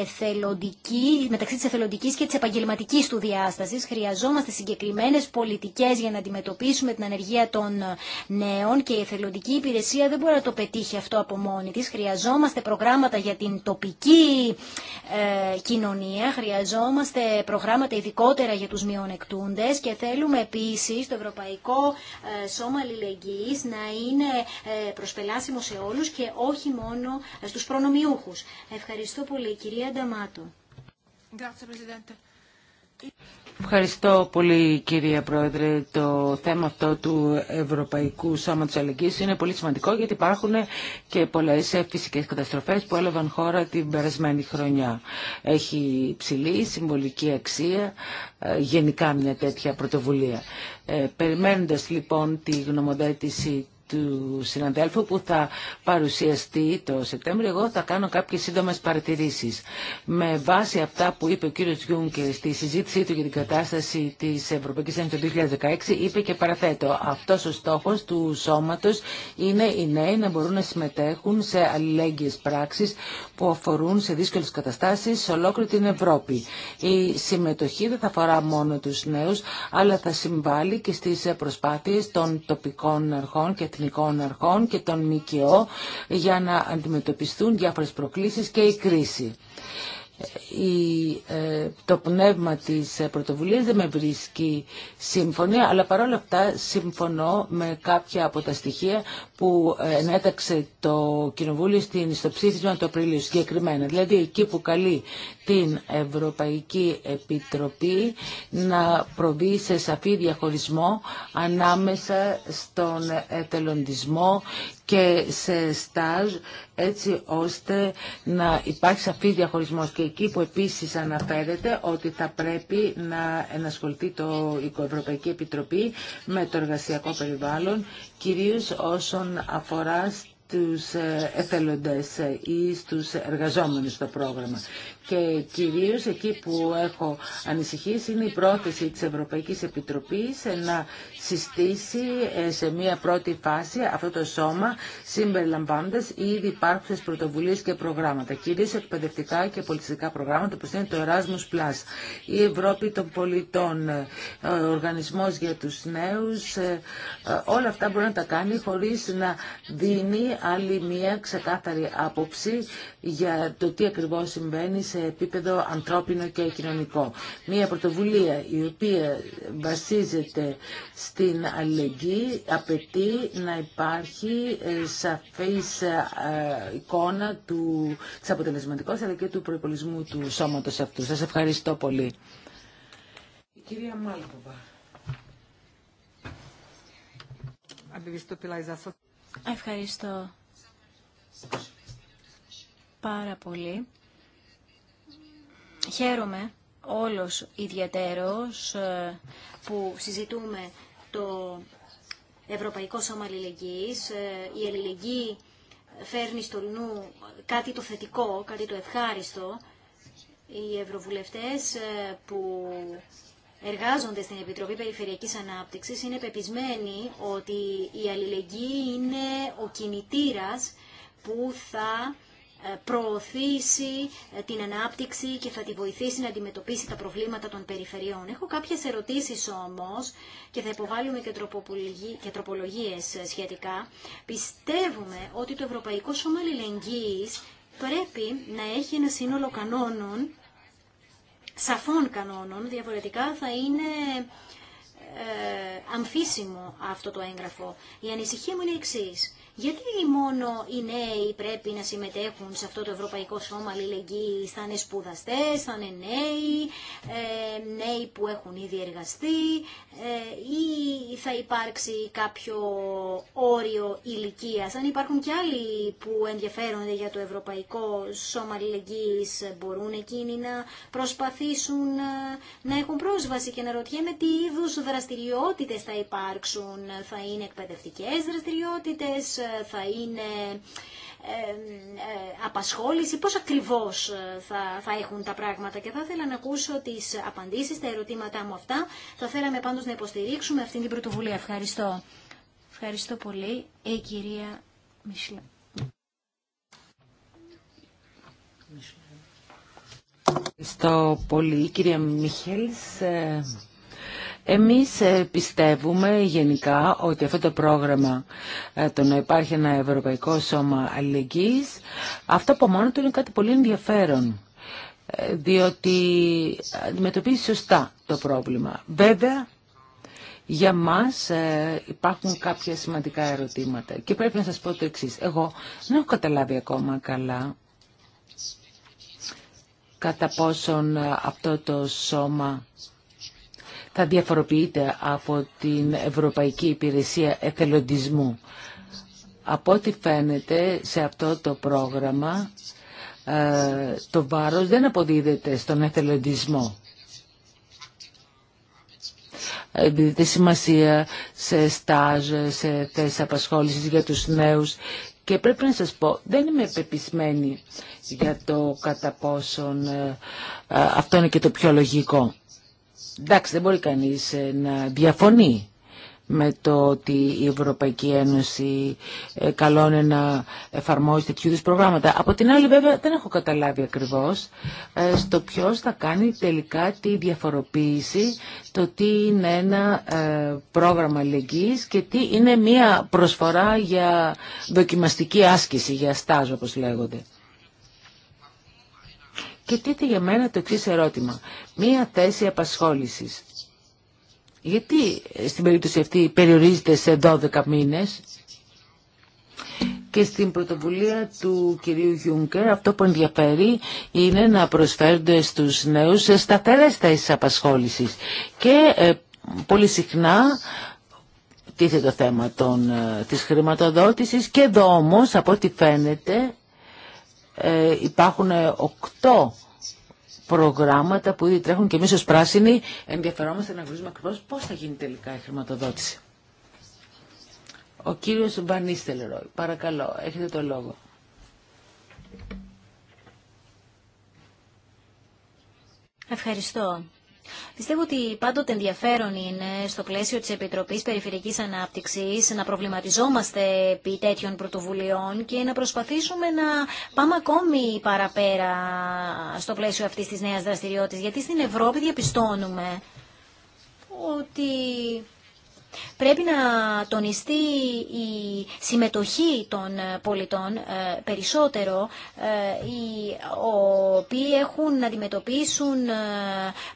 εθελοντική, μεταξύ της εθελοντικής και της επαγγελματικής του διάστασης. Χρειαζόμαστε συγκεκριμένες πολιτικές για να αντιμετωπίσουμε την ανεργία των νέων και η εθελοντική υπηρεσία δεν μπορεί να το πετύχει αυτό από μόνη της. Χρειαζόμαστε προγράμματα για την τοπική ε, κοινωνία, χρειαζόμαστε προγράμματα ειδικότερα για τους μειονεκτούντες και θέλουμε επίσης το Ευρωπαϊκό ε, Σώμα Αλληλεγγύης να είναι ε, προσπελάσιμο σε όλους και όχι μόνο ε, στους προνομιούχους. Ε, Ευχαριστώ πολύ, κυρία Νταμάτο. Ευχαριστώ πολύ κυρία Πρόεδρε. Το θέμα αυτό του Ευρωπαϊκού Σώματος Αλληλεγγύης είναι πολύ σημαντικό γιατί υπάρχουν και πολλές φυσικές καταστροφές που έλαβαν χώρα την περασμένη χρονιά. Έχει ψηλή συμβολική αξία ε, γενικά μια τέτοια πρωτοβουλία. Ε, Περιμένοντα λοιπόν τη γνωμοδέτηση του συναδέλφου που θα παρουσιαστεί το Σεπτέμβριο. Εγώ θα κάνω κάποιες σύντομες παρατηρήσεις. Με βάση αυτά που είπε ο κύριος Γιούνκερ στη συζήτησή του για την κατάσταση της Ευρωπαϊκής Ένωσης το 2016, είπε και παραθέτω, αυτός ο στόχος του σώματος είναι οι νέοι να μπορούν να συμμετέχουν σε αλληλέγγυες πράξεις που αφορούν σε δύσκολες καταστάσεις σε ολόκληρη την Ευρώπη. Η συμμετοχή δεν θα αφορά μόνο τους νέους, αλλά θα συμβάλλει και στις προσπάθειες των τοπικών αρχών και εθνικών αρχών και των ΜΚΟ για να αντιμετωπιστούν διάφορες προκλήσεις και η κρίση. Ε, το πνεύμα της ε, πρωτοβουλίας δεν με βρίσκει σύμφωνη, αλλά παρόλα αυτά συμφωνώ με κάποια από τα στοιχεία που ε, ενέταξε το Κοινοβούλιο στην, στο ψήφισμα του Απριλίου συγκεκριμένα. Δηλαδή εκεί που καλεί την Ευρωπαϊκή Επιτροπή να προβεί σε σαφή διαχωρισμό ανάμεσα στον εθελοντισμό και σε στάζ έτσι ώστε να υπάρχει σαφή διαχωρισμός και εκεί που επίσης αναφέρεται ότι θα πρέπει να ενασχοληθεί το η Ευρωπαϊκή Επιτροπή με το εργασιακό περιβάλλον κυρίως όσον αφορά στους ε, εθελοντές ε, ή στους εργαζόμενους στο πρόγραμμα και κυρίως εκεί που έχω ανησυχήσει είναι η πρόθεση της Ευρωπαϊκής Επιτροπής να συστήσει ε, σε μία πρώτη φάση αυτό το σώμα συμπεριλαμβάνοντας ήδη υπάρχουσες πρωτοβουλίες και προγράμματα, κυρίως εκπαιδευτικά και πολιτιστικά προγράμματα όπως είναι το Erasmus Plus, η Ευρώπη των πολιτών, ε, ο Οργανισμός για τους Νέους, ε, όλα αυτά μπορεί να τα κάνει χωρίς να δίνει άλλη μία ξεκάθαρη άποψη για το τι ακριβώς συμβαίνει σε επίπεδο ανθρώπινο και κοινωνικό. Μία πρωτοβουλία η οποία βασίζεται στην αλληλεγγύη απαιτεί να υπάρχει ε, σαφής ε, εικόνα του, της αλλά και του προϋπολισμού του σώματος αυτού. Σας ευχαριστώ πολύ. Η κυρία Μάλκοβα. Ευχαριστώ πάρα πολύ. Χαίρομαι όλος ιδιαίτερος ε, που συζητούμε το Ευρωπαϊκό Σώμα Αλληλεγγύης. Ε, η αλληλεγγύη φέρνει στο νου κάτι το θετικό, κάτι το ευχάριστο. Οι ευρωβουλευτές ε, που εργάζονται στην Επιτροπή Περιφερειακής Ανάπτυξης είναι πεπισμένοι ότι η αλληλεγγύη είναι ο κινητήρας που θα ε, προωθήσει ε, την ανάπτυξη και θα τη βοηθήσει να αντιμετωπίσει τα προβλήματα των περιφερειών. Έχω κάποιες ερωτήσεις όμως και θα υποβάλουμε και τροπολογίες ε, σχετικά. Πιστεύουμε ότι το Ευρωπαϊκό Σώμα Αλληλεγγύης πρέπει να έχει ένα σύνολο κανόνων, σαφών κανόνων, διαφορετικά θα είναι αμφίσιμο αυτό το έγγραφο. Η ανησυχία μου είναι η εξής. Γιατί μόνο οι νέοι πρέπει να συμμετέχουν σε αυτό το Ευρωπαϊκό Σώμα Αλληλεγγύης, θα είναι σπουδαστές, θα είναι νέοι, ε, νέοι που έχουν ήδη εργαστεί ε, ή θα υπάρξει κάποιο όριο ηλικίας. Αν υπάρχουν και άλλοι που ενδιαφέρονται για το Ευρωπαϊκό Σώμα Αλληλεγγύης, μπορούν εκείνοι να προσπαθήσουν ε, να έχουν πρόσβαση και να ρωτιέμαι τι είδους δραστηριότητες θα υπάρξουν. Θα είναι εκπαιδευτικές δραστηριότητες, ε, θα είναι ε, ε, απασχόληση, πώς ακριβώς θα, θα έχουν τα πράγματα και θα ήθελα να ακούσω τις απαντήσεις, τα ερωτήματά μου αυτά. Θα θέλαμε πάντως να υποστηρίξουμε αυτή την πρωτοβουλία. Ευχαριστώ. Ευχαριστώ πολύ. Η κυρία Μισλέ. Ευχαριστώ πολύ. κυρία Μιχέλης εμείς ε, πιστεύουμε γενικά ότι αυτό το πρόγραμμα ε, το να υπάρχει ένα Ευρωπαϊκό Σώμα Αλληλεγγύης αυτό από μόνο του είναι κάτι πολύ ενδιαφέρον ε, διότι αντιμετωπίζει σωστά το πρόβλημα. Βέβαια, για μας υπάρχουν κάποια σημαντικά ερωτήματα και πρέπει να σας πω το εξής. Εγώ δεν έχω καταλάβει ακόμα καλά κατά πόσον αυτό το σώμα θα διαφοροποιείται από την Ευρωπαϊκή Υπηρεσία Εθελοντισμού. Από ό,τι φαίνεται σε αυτό το πρόγραμμα ε, το βάρος δεν αποδίδεται στον εθελοντισμό. Δίδεται σημασία σε στάζ, σε θέσεις απασχόλησης για τους νέους και πρέπει να σας πω, δεν είμαι πεπισμένη για το κατά πόσον ε, ε, αυτό είναι και το πιο λογικό εντάξει δεν μπορεί κανείς ε, να διαφωνεί με το ότι η Ευρωπαϊκή Ένωση ε, καλώνει να εφαρμόζει τέτοιου είδου προγράμματα. Από την άλλη βέβαια δεν έχω καταλάβει ακριβώς ε, στο ποιος θα κάνει τελικά τη διαφοροποίηση το τι είναι ένα πρόγραμμα αλληλεγγύης και τι είναι μια προσφορά για δοκιμαστική άσκηση, για στάζ όπως λέγονται. Και τίθε για μένα το εξή ερώτημα. Μία θέση απασχόλησης. Γιατί ε, στην περίπτωση αυτή περιορίζεται σε 12 μήνες και στην πρωτοβουλία του κυρίου Γιούγκερ αυτό που ενδιαφέρει είναι να προσφέρονται στους νέους σταθερές θέσεις απασχόλησης και ε, πολύ συχνά τίθεται το θέμα των, ε, της χρηματοδότησης και εδώ όμως από ό,τι φαίνεται ε, υπάρχουν οκτώ προγράμματα που ήδη τρέχουν και εμείς ως πράσινοι ενδιαφερόμαστε να γνωρίζουμε ακριβώς πώς θα γίνει τελικά η χρηματοδότηση. Ο κύριος Βανίστελρο παρακαλώ, έχετε το λόγο. Ευχαριστώ. Πιστεύω ότι πάντοτε ενδιαφέρον είναι στο πλαίσιο της Επιτροπής Περιφερικής Ανάπτυξης να προβληματιζόμαστε επί τέτοιων πρωτοβουλειών και να προσπαθήσουμε να πάμε ακόμη παραπέρα στο πλαίσιο αυτής της νέας δραστηριότητας. Γιατί στην Ευρώπη διαπιστώνουμε ότι Πρέπει να τονιστεί η συμμετοχή των ε, πολιτών ε, περισσότερο, ε, οι οποίοι έχουν να αντιμετωπίσουν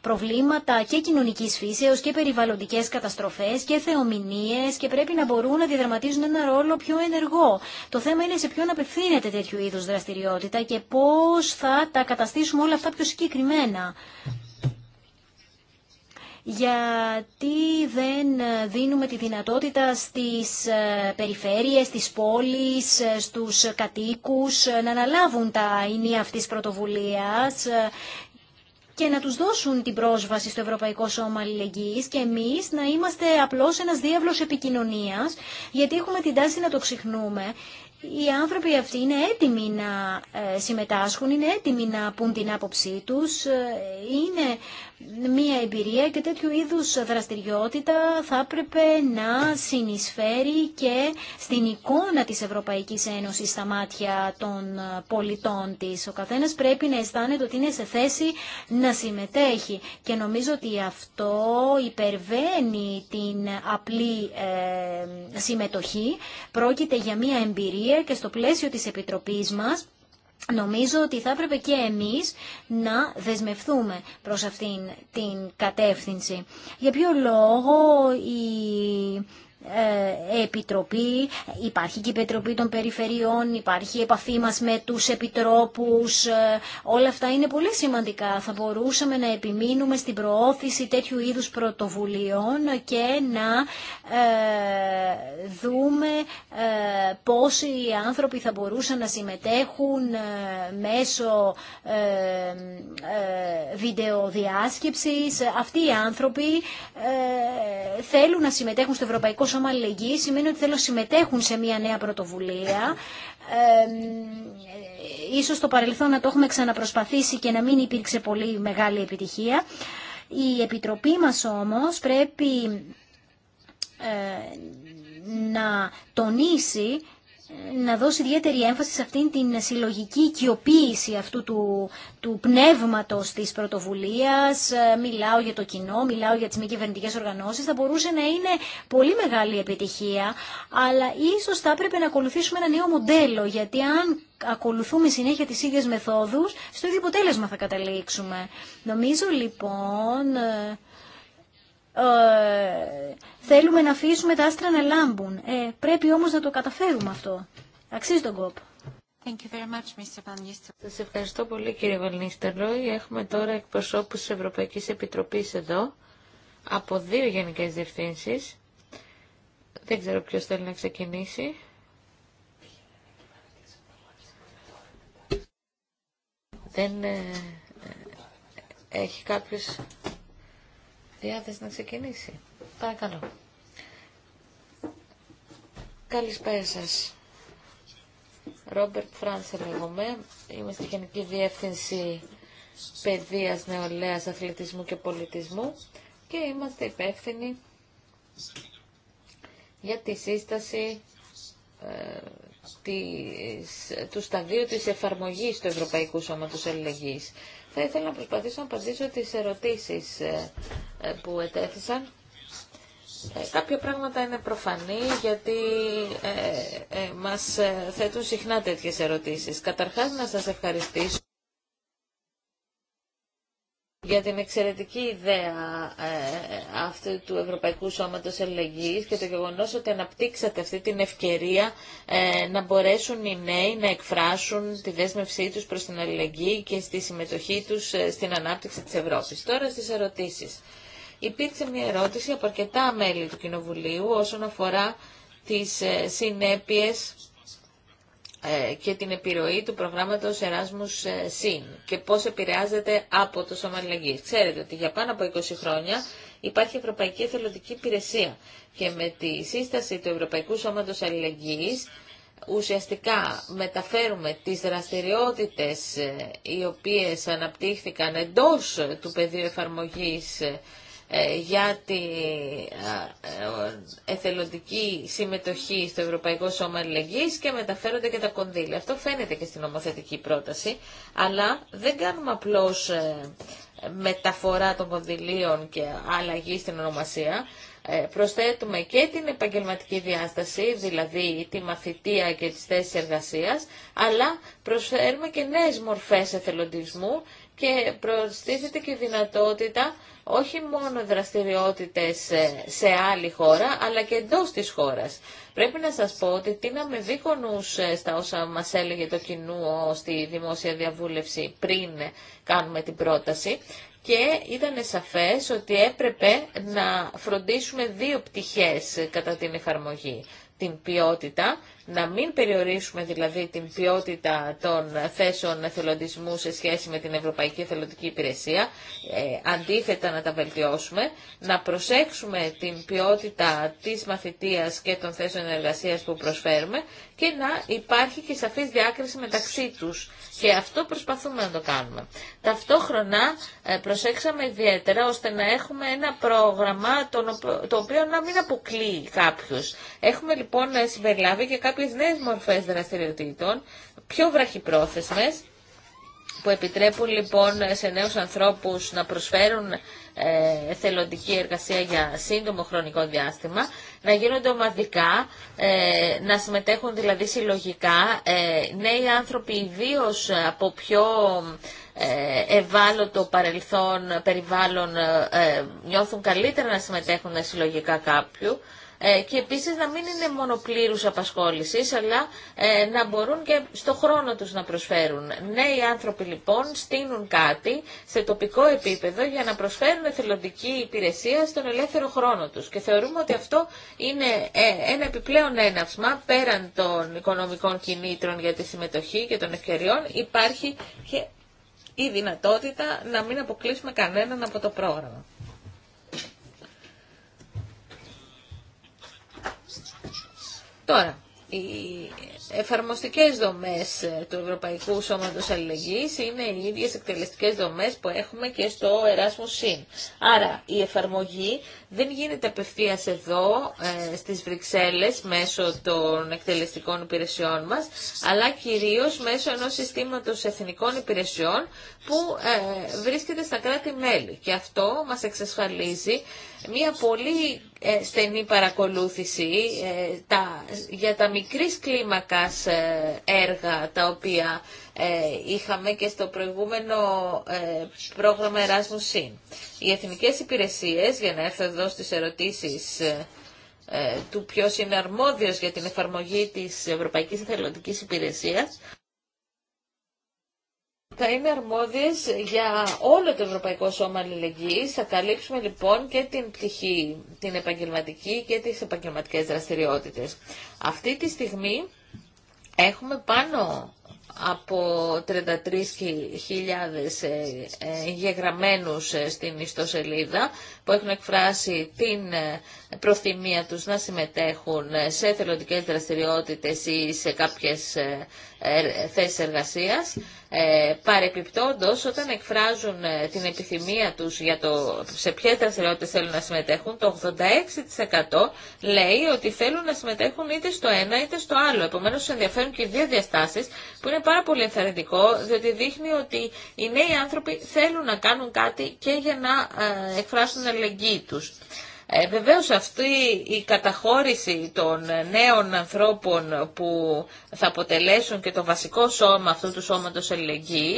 προβλήματα και κοινωνικής φύσεως και περιβαλλοντικές καταστροφές και θεομηνίες και πρέπει να μπορούν να διαδραματίζουν ένα ρόλο πιο ενεργό. Το θέμα είναι σε ποιον απευθύνεται τέτοιου είδους δραστηριότητα και πώς θα τα καταστήσουμε όλα αυτά πιο συγκεκριμένα γιατί δεν δίνουμε τη δυνατότητα στις ε, περιφέρειες, στις πόλεις, ε, στους κατοίκους ε, να αναλάβουν τα ενία αυτής πρωτοβουλίας και να τους δώσουν την πρόσβαση στο Ευρωπαϊκό Σώμα Αλληλεγγύης και εμείς να είμαστε απλώς ένας διάβλος επικοινωνίας, γιατί έχουμε την τάση να το ξεχνούμε οι άνθρωποι αυτοί είναι έτοιμοι να ε, συμμετάσχουν, είναι έτοιμοι να πούν την άποψή τους, ε, είναι μία εμπειρία και τέτοιου είδους δραστηριότητα θα έπρεπε να συνεισφέρει και στην εικόνα της Ευρωπαϊκής Ένωσης στα μάτια των ε, πολιτών της. Ο καθένας πρέπει να αισθάνεται ότι είναι σε θέση να συμμετέχει και νομίζω ότι αυτό υπερβαίνει την απλή συμμετοχή. Πρόκειται για μία εμπειρία και στο πλαίσιο της Επιτροπής μας Νομίζω ότι θα έπρεπε και εμείς να δεσμευθούμε προς αυτήν την κατεύθυνση. Για ποιο λόγο η ε, επιτροπή, υπάρχει και η επιτροπή των περιφερειών, υπάρχει η επαφή μας με τους επιτρόπους, ε, όλα αυτά είναι πολύ σημαντικά. Θα μπορούσαμε να επιμείνουμε στην προώθηση τέτοιου είδους πρωτοβουλειών και να ε, δούμε πώς οι άνθρωποι θα μπορούσαν να συμμετέχουν μέσω βιντεοδιάσκεψης. Αυτοί οι άνθρωποι θέλουν να συμμετέχουν στο Ευρωπαϊκό σώμα σημαίνει ότι θέλω να συμμετέχουν σε μια νέα πρωτοβουλία. Ε, ίσως στο παρελθόν να το έχουμε ξαναπροσπαθήσει και να μην υπήρξε πολύ μεγάλη επιτυχία. Η Επιτροπή μας όμως πρέπει ε, να τονίσει να δώσει ιδιαίτερη έμφαση σε αυτήν την συλλογική οικειοποίηση αυτού του, του πνεύματος της πρωτοβουλίας. Ε, μιλάω για το κοινό, μιλάω για τις μη κυβερνητικές οργανώσεις. Θα μπορούσε να είναι πολύ μεγάλη επιτυχία, αλλά ίσως θα έπρεπε να ακολουθήσουμε ένα νέο μοντέλο, γιατί αν ακολουθούμε συνέχεια τις ίδιες μεθόδους, στο ίδιο αποτέλεσμα θα καταλήξουμε. Νομίζω λοιπόν ε, ε, θέλουμε να αφήσουμε τα άστρα να λάμπουν. Ε, πρέπει όμως να το καταφέρουμε αυτό. Αξίζει τον κόπο. Σα Σας ευχαριστώ πολύ κύριε Βαλνίστερλόι. Έχουμε τώρα εκπροσώπους της Ευρωπαϊκής Επιτροπής εδώ από δύο γενικές διευθύνσεις. Δεν ξέρω ποιος θέλει να ξεκινήσει. Δεν ε, έχει κάποιος διάθεση να ξεκινήσει. Παρακαλώ. Καλησπέρα σας. Ρόμπερτ Φράνσερ εγώ Είμαι στη Γενική Διεύθυνση Παιδείας, Νεολαίας, Αθλητισμού και Πολιτισμού και είμαστε υπεύθυνοι για τη σύσταση ε, του σταδίου της εφαρμογής του Ευρωπαϊκού Σώματος Ελληνικής. Θα ήθελα να προσπαθήσω να απαντήσω τις ερωτήσεις ε, ε, που ετέθησαν. Ε, κάποια πράγματα είναι προφανή γιατί μας θέτουν συχνά τέτοιες ερωτήσεις. Καταρχάς να σας ευχαριστήσω για την εξαιρετική ιδέα ε, αυτού του Ευρωπαϊκού Σώματος Ελεγγύης και το γεγονός ότι αναπτύξατε αυτή την ευκαιρία ε, να μπορέσουν οι νέοι να εκφράσουν τη δέσμευσή τους προς την αλληλεγγύη και στη συμμετοχή τους ε, στην ανάπτυξη της Ευρώπης. Τώρα στις ερωτήσεις. Υπήρξε μια ερώτηση από αρκετά μέλη του Κοινοβουλίου όσον αφορά τις ε, συνέπειες ε, και την επιρροή του προγράμματος Erasmus ε, Συν και πώς επηρεάζεται από το σώμα αλληλεγγύης. Ξέρετε ότι για πάνω από 20 χρόνια υπάρχει Ευρωπαϊκή Εθελοντική Υπηρεσία και με τη σύσταση του Ευρωπαϊκού Σώματος Αλληλεγγύης ουσιαστικά μεταφέρουμε τις δραστηριότητες ε, οι οποίες αναπτύχθηκαν εντός του πεδίου εφαρμογής ε, για τη ε, ε, εθελοντική συμμετοχή στο Ευρωπαϊκό Σώμα Αλληλεγγύης και μεταφέρονται και τα κονδύλια. Αυτό φαίνεται και στην νομοθετική πρόταση, αλλά δεν κάνουμε απλώς μεταφορά των κονδυλίων και αλλαγή στην ονομασία. Προσθέτουμε και την επαγγελματική διάσταση, δηλαδή τη μαθητεία και τις θέσεις εργασίας, αλλά προσφέρουμε και νέες μορφές εθελοντισμού και προστίθεται και δυνατότητα όχι μόνο δραστηριότητες σε άλλη χώρα, αλλά και εντό της χώρας. Πρέπει να σας πω ότι τίναμε δίκονους ε, στα όσα μας έλεγε το κοινού στη δημόσια διαβούλευση πριν κάνουμε την πρόταση και ήταν σαφές ότι έπρεπε να φροντίσουμε δύο πτυχές κατά την εφαρμογή. Την ποιότητα να μην περιορίσουμε δηλαδή την ποιότητα των θέσεων εθελοντισμού σε σχέση με την Ευρωπαϊκή Εθελοντική Υπηρεσία, ε, αντίθετα να τα βελτιώσουμε, να προσέξουμε την ποιότητα της μαθητείας και των θέσεων εργασίας που προσφέρουμε και να υπάρχει και σαφής διάκριση μεταξύ τους. Και αυτό προσπαθούμε να το κάνουμε. Ταυτόχρονα ε, προσέξαμε ιδιαίτερα ώστε να έχουμε ένα πρόγραμμα το οποίο να μην αποκλείει κάποιους. Έχουμε λοιπόν συμπεριλάβει και κάποιες νέες μορφές δραστηριοτήτων, πιο βραχυπρόθεσμες, που επιτρέπουν λοιπόν σε νέους ανθρώπους να προσφέρουν ε, θελοντική εργασία για σύντομο χρονικό διάστημα, να γίνονται ομαδικά, ε, να συμμετέχουν δηλαδή συλλογικά ε, νέοι άνθρωποι ιδίω από πιο ε, ευάλωτο παρελθόν περιβάλλον νιώθουν καλύτερα να συμμετέχουν συλλογικά κάποιου ε, και επίσης να μην είναι μόνο μονοπλήρους απασχόλησης, αλλά ε, να μπορούν και στο χρόνο τους να προσφέρουν. Νέοι άνθρωποι λοιπόν στείνουν κάτι σε τοπικό επίπεδο για να προσφέρουν εθελοντική υπηρεσία στον ελεύθερο χρόνο τους. Και θεωρούμε ότι αυτό είναι ε, ένα επιπλέον έναυσμα πέραν των οικονομικών κινήτρων για τη συμμετοχή και των ευκαιριών. Υπάρχει και η δυνατότητα να μην αποκλείσουμε κανέναν από το πρόγραμμα. Τώρα, οι εφαρμοστικές δομές του Ευρωπαϊκού Σώματος Αλληλεγγύης είναι οι ίδιες εκτελεστικές δομές που έχουμε και στο Erasmus Sin. Άρα η εφαρμογή δεν γίνεται απευθεία εδώ ε, στις Βρυξέλλες μέσω των εκτελεστικών υπηρεσιών μας, αλλά κυρίως μέσω ενός συστήματος εθνικών υπηρεσιών που ε, βρίσκεται στα κράτη-μέλη. Και αυτό μας εξασφαλίζει μια πολύ ε, στενή παρακολούθηση ε, τα, για τα μικρής κλίμακας ε, έργα τα οποία είχαμε και στο προηγούμενο πρόγραμμα Erasmus η Οι εθνικές υπηρεσίες, για να έρθω εδώ στις ερωτήσεις του ποιος είναι αρμόδιος για την εφαρμογή της Ευρωπαϊκής Εθελοντικής Υπηρεσίας, θα είναι αρμόδιες για όλο το Ευρωπαϊκό Σώμα Αλληλεγγύης. Θα καλύψουμε λοιπόν και την πτυχή, την επαγγελματική και τις επαγγελματικές δραστηριότητες. Αυτή τη στιγμή έχουμε πάνω από 33.000 ε, εγγεγραμμένους ε, στην ιστοσελίδα που έχουν εκφράσει την ε, προθυμία τους να συμμετέχουν σε θελοντικές δραστηριότητες ή σε κάποιες θέσεις εργασίας. Ε, παρεπιπτόντως, όταν εκφράζουν ε, την επιθυμία τους για το σε ποιες δραστηριότητε θέλουν να συμμετέχουν, το 86% λέει ότι θέλουν να συμμετέχουν είτε στο ένα είτε στο άλλο. Επομένως, τους ενδιαφέρουν και οι δύο διαστάσεις, που είναι πάρα πολύ ενθαρρυντικό, διότι δείχνει ότι οι νέοι άνθρωποι θέλουν να κάνουν κάτι και για να ε, εκφράσουν αλληλεγγύη τους. Ε, βεβαίως αυτή η καταχώρηση των νέων ανθρώπων που θα αποτελέσουν και το βασικό σώμα αυτού του σώματος ελληνική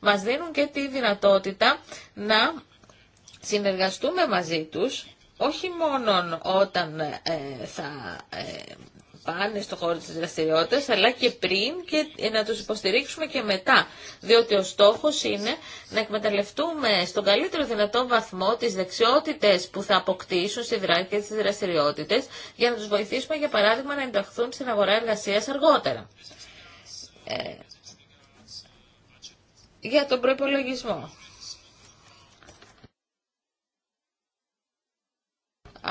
μας δίνουν και τη δυνατότητα να συνεργαστούμε μαζί τους όχι μόνο όταν ε, θα ε, πάνε στο χώρο της δραστηριότητας, αλλά και πριν και να τους υποστηρίξουμε και μετά. Διότι ο στόχος είναι να εκμεταλλευτούμε στον καλύτερο δυνατό βαθμό τις δεξιότητες που θα αποκτήσουν στη δράση της δραστηριότητες, για να τους βοηθήσουμε, για παράδειγμα, να ενταχθούν στην αγορά εργασίας αργότερα. Ε, για τον προϋπολογισμό.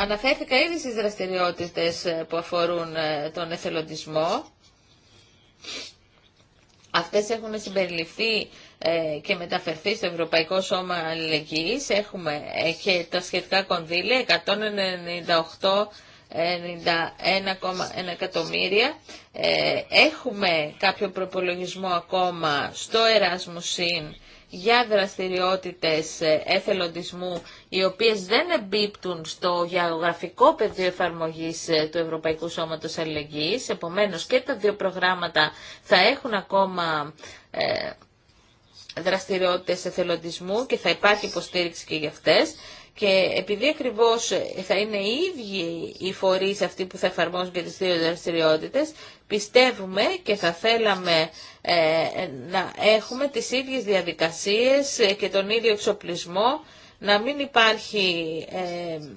Αναφέρθηκα ήδη στις δραστηριότητες ε, που αφορούν ε, τον εθελοντισμό. Αυτές έχουν συμπεριληφθεί ε, και μεταφερθεί στο Ευρωπαϊκό Σώμα Αλληλεγγύης. Έχουμε και τα σχετικά κονδύλια, 198 91,1 εκατομμύρια. Έχουμε κάποιο προπολογισμό ακόμα στο Erasmus για δραστηριότητες εθελοντισμού οι οποίες δεν εμπίπτουν στο γεωγραφικό πεδίο εφαρμογής του Ευρωπαϊκού Σώματος Αλληλεγγύης. Επομένως και τα δύο προγράμματα θα έχουν ακόμα ε, δραστηριότητες εθελοντισμού και θα υπάρχει υποστήριξη και για αυτές. Και επειδή ακριβώ θα είναι οι ίδιοι οι φορεί αυτοί που θα εφαρμόσουν και τι δύο δραστηριότητε, πιστεύουμε και θα θέλαμε ε, να έχουμε τις ίδιες διαδικασίες και τον ίδιο εξοπλισμό, να μην υπάρχει ε,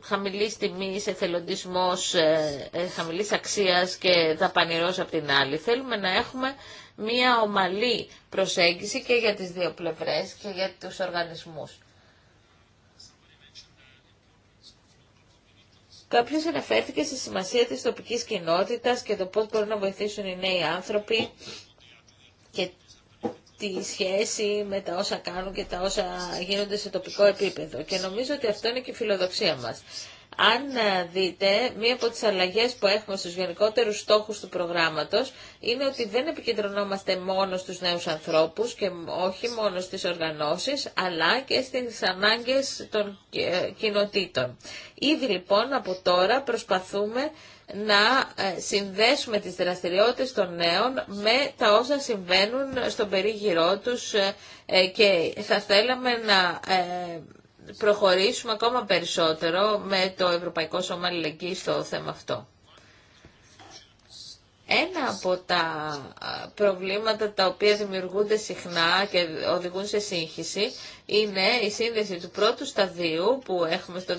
χαμηλής τιμής, εθελοντισμός, ε, ε χαμηλής αξίας και δαπανηρός από την άλλη. Θέλουμε να έχουμε μία ομαλή προσέγγιση και για τις δύο πλευρές και για τους οργανισμούς. Κάποιος αναφέρθηκε στη σημασία της τοπικής κοινότητας και το πώς μπορούν να βοηθήσουν οι νέοι άνθρωποι και τη σχέση με τα όσα κάνουν και τα όσα γίνονται σε τοπικό επίπεδο. Και νομίζω ότι αυτό είναι και η φιλοδοξία μας. Αν ε, δείτε, μία από τις αλλαγές που έχουμε στους γενικότερους στόχους του προγράμματος είναι ότι δεν επικεντρωνόμαστε μόνο στους νέους ανθρώπους και όχι μόνο στις οργανώσεις, αλλά και στις ανάγκες των ε, κοινοτήτων. Ήδη λοιπόν από τώρα προσπαθούμε να ε, συνδέσουμε τις δραστηριότητες των νέων με τα όσα συμβαίνουν στον περίγυρό τους και θα θέλαμε να προχωρήσουμε ακόμα περισσότερο με το Ευρωπαϊκό Σώμα Αλληλεγγύης στο θέμα αυτό. Ένα από τα προβλήματα τα οποία δημιουργούνται συχνά και οδηγούν σε σύγχυση είναι η σύνδεση του πρώτου σταδίου που έχουμε στο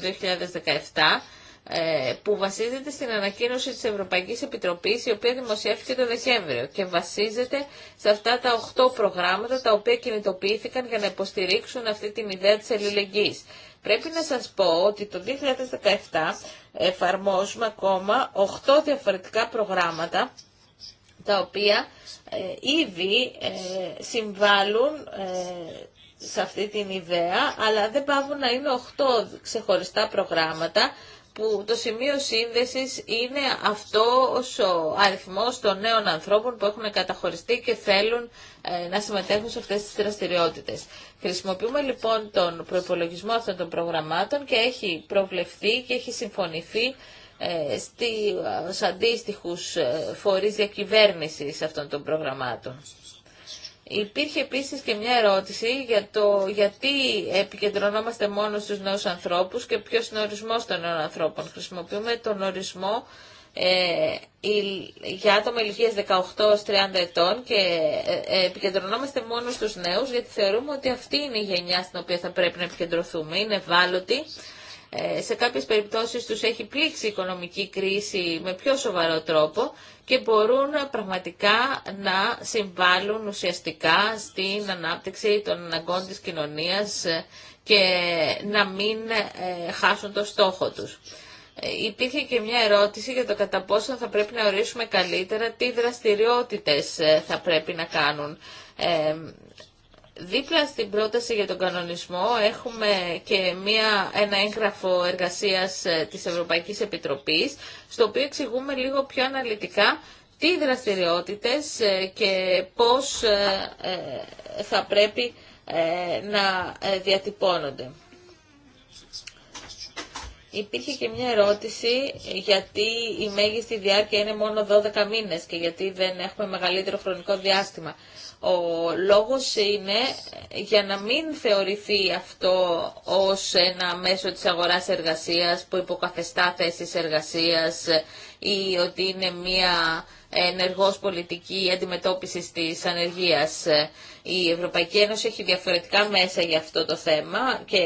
2017 ε, που βασίζεται στην ανακοίνωση της Ευρωπαϊκής Επιτροπής η οποία δημοσιεύτηκε το Δεκέμβριο και βασίζεται σε αυτά τα 8 προγράμματα τα οποία κινητοποιήθηκαν για να υποστηρίξουν αυτή την ιδέα της ελληνικής. Πρέπει να σας πω ότι το 2017 εφαρμόζουμε ακόμα 8 διαφορετικά προγράμματα τα οποία ε, ήδη ε, συμβάλλουν σε αυτή την ιδέα αλλά δεν πάβουν να είναι 8 ξεχωριστά προγράμματα που το σημείο σύνδεσης είναι αυτό ο αριθμός των νέων ανθρώπων που έχουν καταχωριστεί και θέλουν ε, να συμμετέχουν σε αυτές τις δραστηριότητες. Χρησιμοποιούμε λοιπόν τον προπολογισμό αυτών των προγραμμάτων και έχει προβλεφθεί και έχει συμφωνηθεί ε, ε, στους αντίστοιχους φορείς διακυβέρνησης αυτών των προγραμμάτων. Υπήρχε επίσης και μια ερώτηση για το γιατί επικεντρωνόμαστε μόνο στους νέους ανθρώπους και ποιος είναι ο ορισμός των νέων ανθρώπων. Χρησιμοποιούμε τον ορισμό ε, για άτομα ηλικίας 18-30 ετών και ε, ε, επικεντρωνόμαστε μόνο στους νέους γιατί θεωρούμε ότι αυτή είναι η γενιά στην οποία θα πρέπει να επικεντρωθούμε. Είναι ευάλωτη, ε, σε κάποιες περιπτώσεις τους έχει πλήξει η οικονομική κρίση με πιο σοβαρό τρόπο και μπορούν πραγματικά να συμβάλλουν ουσιαστικά στην ανάπτυξη των αναγκών της κοινωνίας ε, και να μην ε, χάσουν το στόχο τους. Υπήρχε και μια ερώτηση για το κατά πόσο θα πρέπει να ορίσουμε καλύτερα τι δραστηριότητες θα πρέπει να κάνουν Δίπλα στην πρόταση για τον κανονισμό έχουμε και μια, ένα έγγραφο εργασίας ε, της Ευρωπαϊκής Επιτροπής, στο οποίο εξηγούμε λίγο πιο αναλυτικά τι δραστηριότητες ε, και πώς ε, θα πρέπει να διατυπώνονται. Υπήρχε και μια ερώτηση γιατί η μέγιστη διάρκεια είναι μόνο 12 μήνες και γιατί δεν έχουμε μεγαλύτερο χρονικό διάστημα. Ο λόγος είναι για να μην θεωρηθεί αυτό ως ένα μέσο της αγοράς εργασίας που υποκαθεστά θέσεις εργασίας ή ότι είναι μια ενεργός πολιτική αντιμετώπισης της ανεργίας. Ε, η Ευρωπαϊκή Ένωση έχει διαφορετικά μέσα για αυτό το θέμα και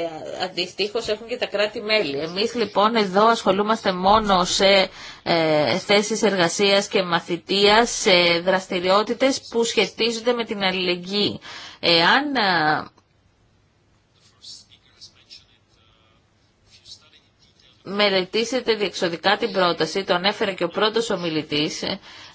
αντιστοίχως έχουν και τα κράτη-μέλη. Εμείς λοιπόν εδώ ασχολούμαστε μόνο σε ε, θέσεις εργασίας και μαθητείας, σε δραστηριότητες που σχετίζονται με την αλληλεγγύη. Εάν ε, μελετήσετε διεξοδικά την πρόταση, τον έφερε και ο πρώτος ομιλητής,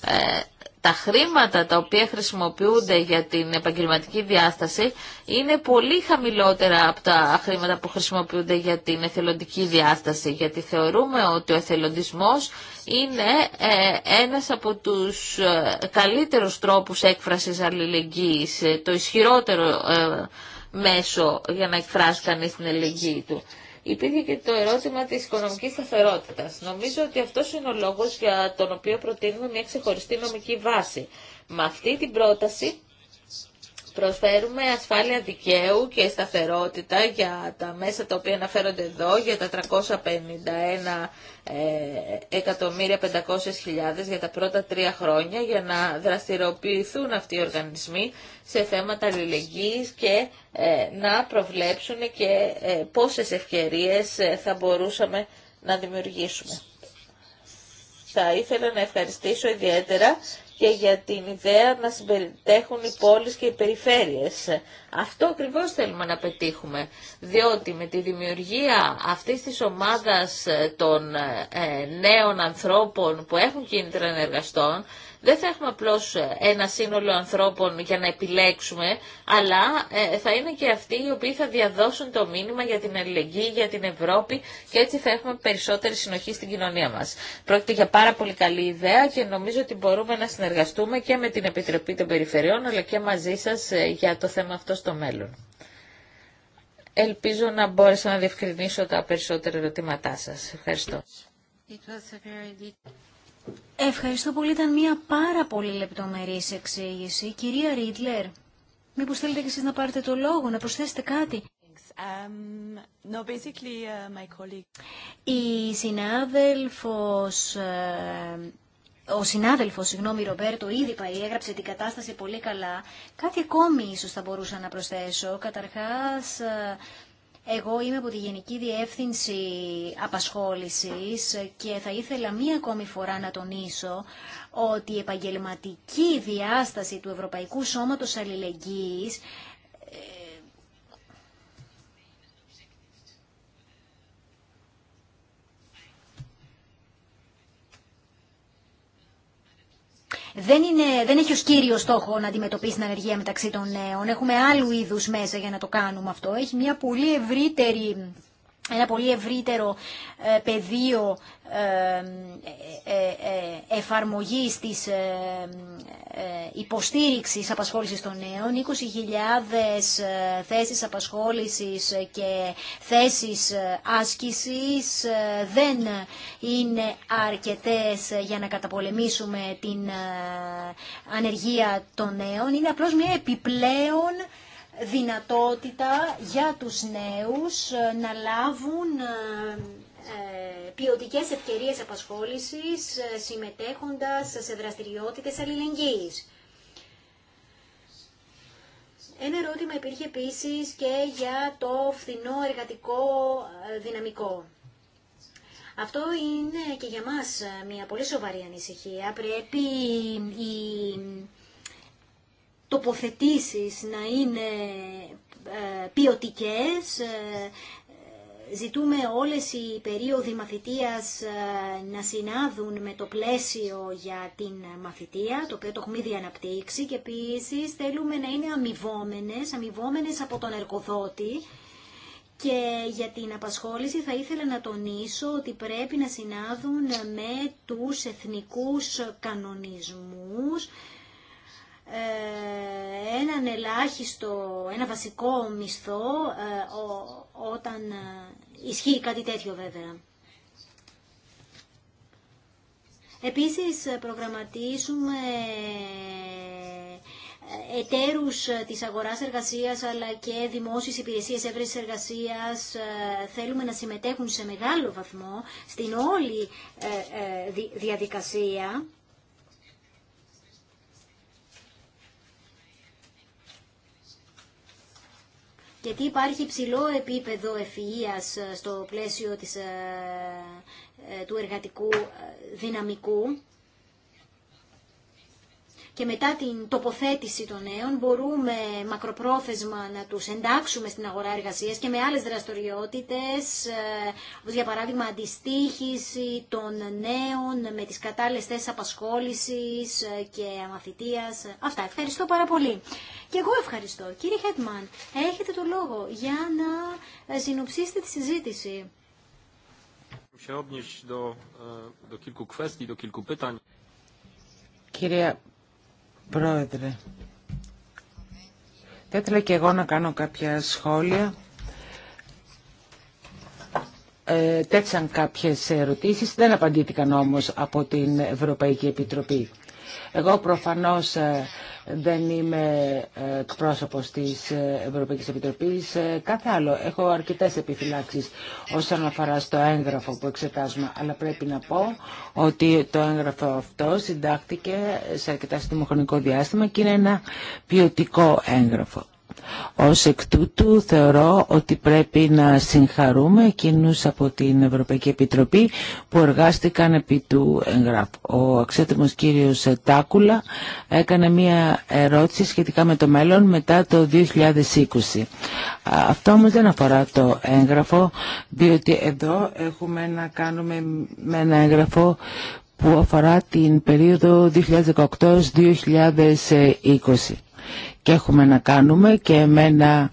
ε, τα χρήματα τα οποία χρησιμοποιούνται για την επαγγελματική διάσταση είναι πολύ χαμηλότερα από τα χρήματα που χρησιμοποιούνται για την εθελοντική διάσταση, γιατί θεωρούμε ότι ο εθελοντισμός είναι ε, ένας από τους ε, καλύτερους τρόπους έκφρασης αλληλεγγύης, το ισχυρότερο μέσο για να εκφράσει κανείς την αλληλεγγύη του υπήρχε και το ερώτημα της οικονομικής σταθερότητας. Νομίζω ότι αυτός είναι ο λόγος για τον οποίο προτείνουμε μια ξεχωριστή νομική βάση. Με αυτή την πρόταση Προσφέρουμε ασφάλεια δικαίου και σταθερότητα για τα μέσα τα οποία αναφέρονται εδώ, για τα 351 ε, εκατομμύρια 500.000 για τα πρώτα τρία χρόνια για να δραστηριοποιηθούν αυτοί οι οργανισμοί σε θέματα αλληλεγγύης και ε, να προβλέψουν και ε, πόσες ευκαιρίες θα μπορούσαμε να δημιουργήσουμε. Θα ήθελα να ευχαριστήσω ιδιαίτερα και για την ιδέα να συμπεριτέχουν οι πόλεις και οι περιφέρειες. Αυτό ακριβώ θέλουμε να πετύχουμε, διότι με τη δημιουργία αυτής της ομάδας των ε, νέων ανθρώπων που έχουν κίνητρα ενεργαστών, δεν θα έχουμε απλώ ε, ένα σύνολο ανθρώπων για να επιλέξουμε, αλλά ε, θα είναι και αυτοί οι οποίοι θα διαδώσουν το μήνυμα για την αλληλεγγύη, για την Ευρώπη και έτσι θα έχουμε περισσότερη συνοχή στην κοινωνία μα. Πρόκειται για πάρα πολύ καλή ιδέα και νομίζω ότι μπορούμε να συνεργαστούμε και με την Επιτροπή των Περιφερειών, αλλά και μαζί σα ε, για το θέμα αυτό στο μέλλον. Ελπίζω να μπόρεσα να διευκρινίσω τα περισσότερα ερωτήματά σας. Ευχαριστώ. Ευχαριστώ πολύ. Ήταν μια πάρα πολύ λεπτομερής εξήγηση. Κυρία Ρίτλερ, μήπως θέλετε και εσείς να πάρετε το λόγο, να προσθέσετε κάτι. Um, no, uh, my colleague. Η συνάδελφος... Ε, ο συνάδελφο, συγγνώμη, Ρομπέρτο, ήδη έγραψε την κατάσταση πολύ καλά. Κάτι ακόμη ίσω θα μπορούσα να προσθέσω. Καταρχά, ε, εγώ είμαι από τη Γενική Διεύθυνση Απασχόλησης και θα ήθελα μία ακόμη φορά να τονίσω ότι η επαγγελματική διάσταση του Ευρωπαϊκού Σώματος Αλληλεγγύης δεν, είναι, δεν έχει ως κύριο στόχο να αντιμετωπίσει την ανεργία μεταξύ των νέων. Έχουμε άλλου είδους μέσα για να το κάνουμε αυτό. Έχει μια πολύ ευρύτερη ένα πολύ ευρύτερο ε, πεδίο ε, ε, εφαρμογής της υποστήριξης απασχόλησης των νέων, 20.000 θέσεις απασχόλησης και θέσεις άσκησης δεν είναι αρκετές για να καταπολεμήσουμε την ανεργία των νέων. Είναι απλώς μια επιπλέον δυνατότητα για τους νέους ε, να λάβουν ε, ε, ποιοτικές ευκαιρίες απασχόλησης συμμετέχοντας σε δραστηριότητες αλληλεγγύης. Ένα ερώτημα υπήρχε επίσης και για το φθηνό εργατικό δυναμικό. Αυτό είναι και για μας μια πολύ σοβαρή ανησυχία. Πρέπει η τοποθετήσεις να είναι ε, ποιοτικές, ε, Ζητούμε όλες οι περίοδοι μαθητείας ε, να συνάδουν με το πλαίσιο για την μαθητεία, το οποίο το έχουμε ήδη αναπτύξει και επίση θέλουμε να είναι αμοιβόμενες, αμοιβόμενες από τον εργοδότη και για την απασχόληση θα ήθελα να τονίσω ότι πρέπει να συνάδουν με τους εθνικούς κανονισμούς ε, έναν ελάχιστο, ένα βασικό μισθό ε, όταν ε, ισχύει κάτι τέτοιο βέβαια. Επίσης προγραμματίζουμε εταίρους της αγοράς εργασίας αλλά και δημόσιες υπηρεσίες εύρεσης εργασίας θέλουμε να συμμετέχουν σε μεγάλο βαθμό στην όλη διαδικασία γιατί υπάρχει ψηλό επίπεδο ευφυΐας ε, στο πλαίσιο της, ε, ε, του εργατικού δυναμικού και μετά την τοποθέτηση των νέων μπορούμε μακροπρόθεσμα να τους εντάξουμε στην αγορά εργασίας και με άλλες δραστηριότητες, όπως ε, για παράδειγμα αντιστήχηση των νέων με τις κατάλληλες θέσεις απασχόλησης ε, και αμαθητίας. Αυτά. Ευχαριστώ πάρα πολύ. Και εγώ ευχαριστώ. Κύριε Χέτμαν, έχετε το λόγο για να ε, συνοψίσετε τη συζήτηση. Πρόεδρε, θα ήθελα και εγώ να κάνω κάποια σχόλια. Ε, τέτσαν κάποιες ερωτήσεις, δεν απαντήθηκαν όμως από την Ευρωπαϊκή Επιτροπή. Εγώ προφανώς ε, δεν είμαι ε, εκπρόσωπος της ε, Ευρωπαϊκής Επιτροπής. Κάθε άλλο, έχω αρκετές επιφυλάξεις όσον αφορά στο έγγραφο που εξετάζουμε. Αλλά πρέπει να πω ότι το έγγραφο αυτό συντάχθηκε σε αρκετά σύντομο χρονικό διάστημα και είναι ένα ποιοτικό έγγραφο. Ως εκ τούτου θεωρώ ότι πρέπει να συγχαρούμε εκείνους από την Ευρωπαϊκή Επιτροπή που εργάστηκαν επί του εγγράφου. Ο αξιότιμος κύριος Τάκουλα έκανε μία ερώτηση σχετικά με το μέλλον μετά το 2020. Αυτό όμως δεν αφορά το έγγραφο, διότι εδώ έχουμε να κάνουμε με ένα έγγραφο που αφορά την περίοδο 2018-2020 και έχουμε να κάνουμε και με ένα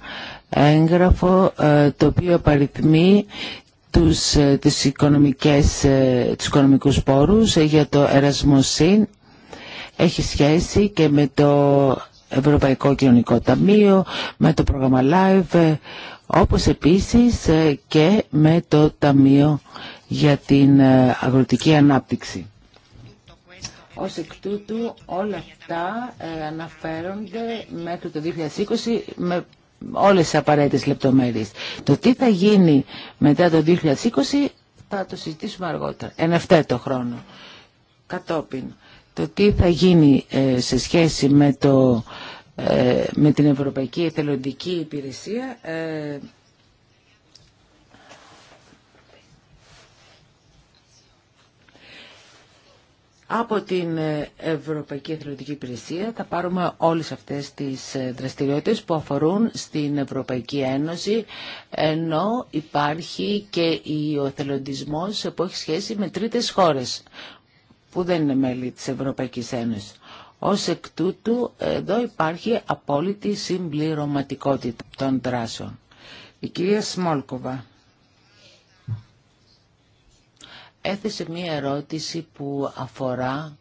έγγραφο ε, το οποίο απαριθμεί τους, ε, τις οικονομικές, ε, τους οικονομικούς πόρους για το ΕΡΑΣΜΟΣΥΝ. έχει σχέση και με το Ευρωπαϊκό Κοινωνικό Ταμείο, με το πρόγραμμα Live, όπως επίσης και με το Ταμείο για την Αγροτική Ανάπτυξη. Ως εκ τούτου όλα αυτά ε, αναφέρονται μέχρι το 2020 με όλες τις απαραίτητες λεπτομέρειες. Το τι θα γίνει μετά το 2020 θα το συζητήσουμε αργότερα, εν το χρόνο. Κατόπιν, το τι θα γίνει ε, σε σχέση με, το, ε, με την Ευρωπαϊκή Εθελοντική Υπηρεσία Από την ε, Ευρωπαϊκή Εθελοντική Υπηρεσία θα πάρουμε όλες αυτές τις ε, δραστηριότητες που αφορούν στην Ευρωπαϊκή Ένωση ενώ υπάρχει και ο εθελοντισμός που έχει σχέση με τρίτες χώρες που δεν είναι μέλη της Ευρωπαϊκής Ένωσης. Ως εκ τούτου εδώ υπάρχει απόλυτη συμπληρωματικότητα των δράσεων. Η κυρία Σμόλκοβα. έθεσε μία ερώτηση που αφορά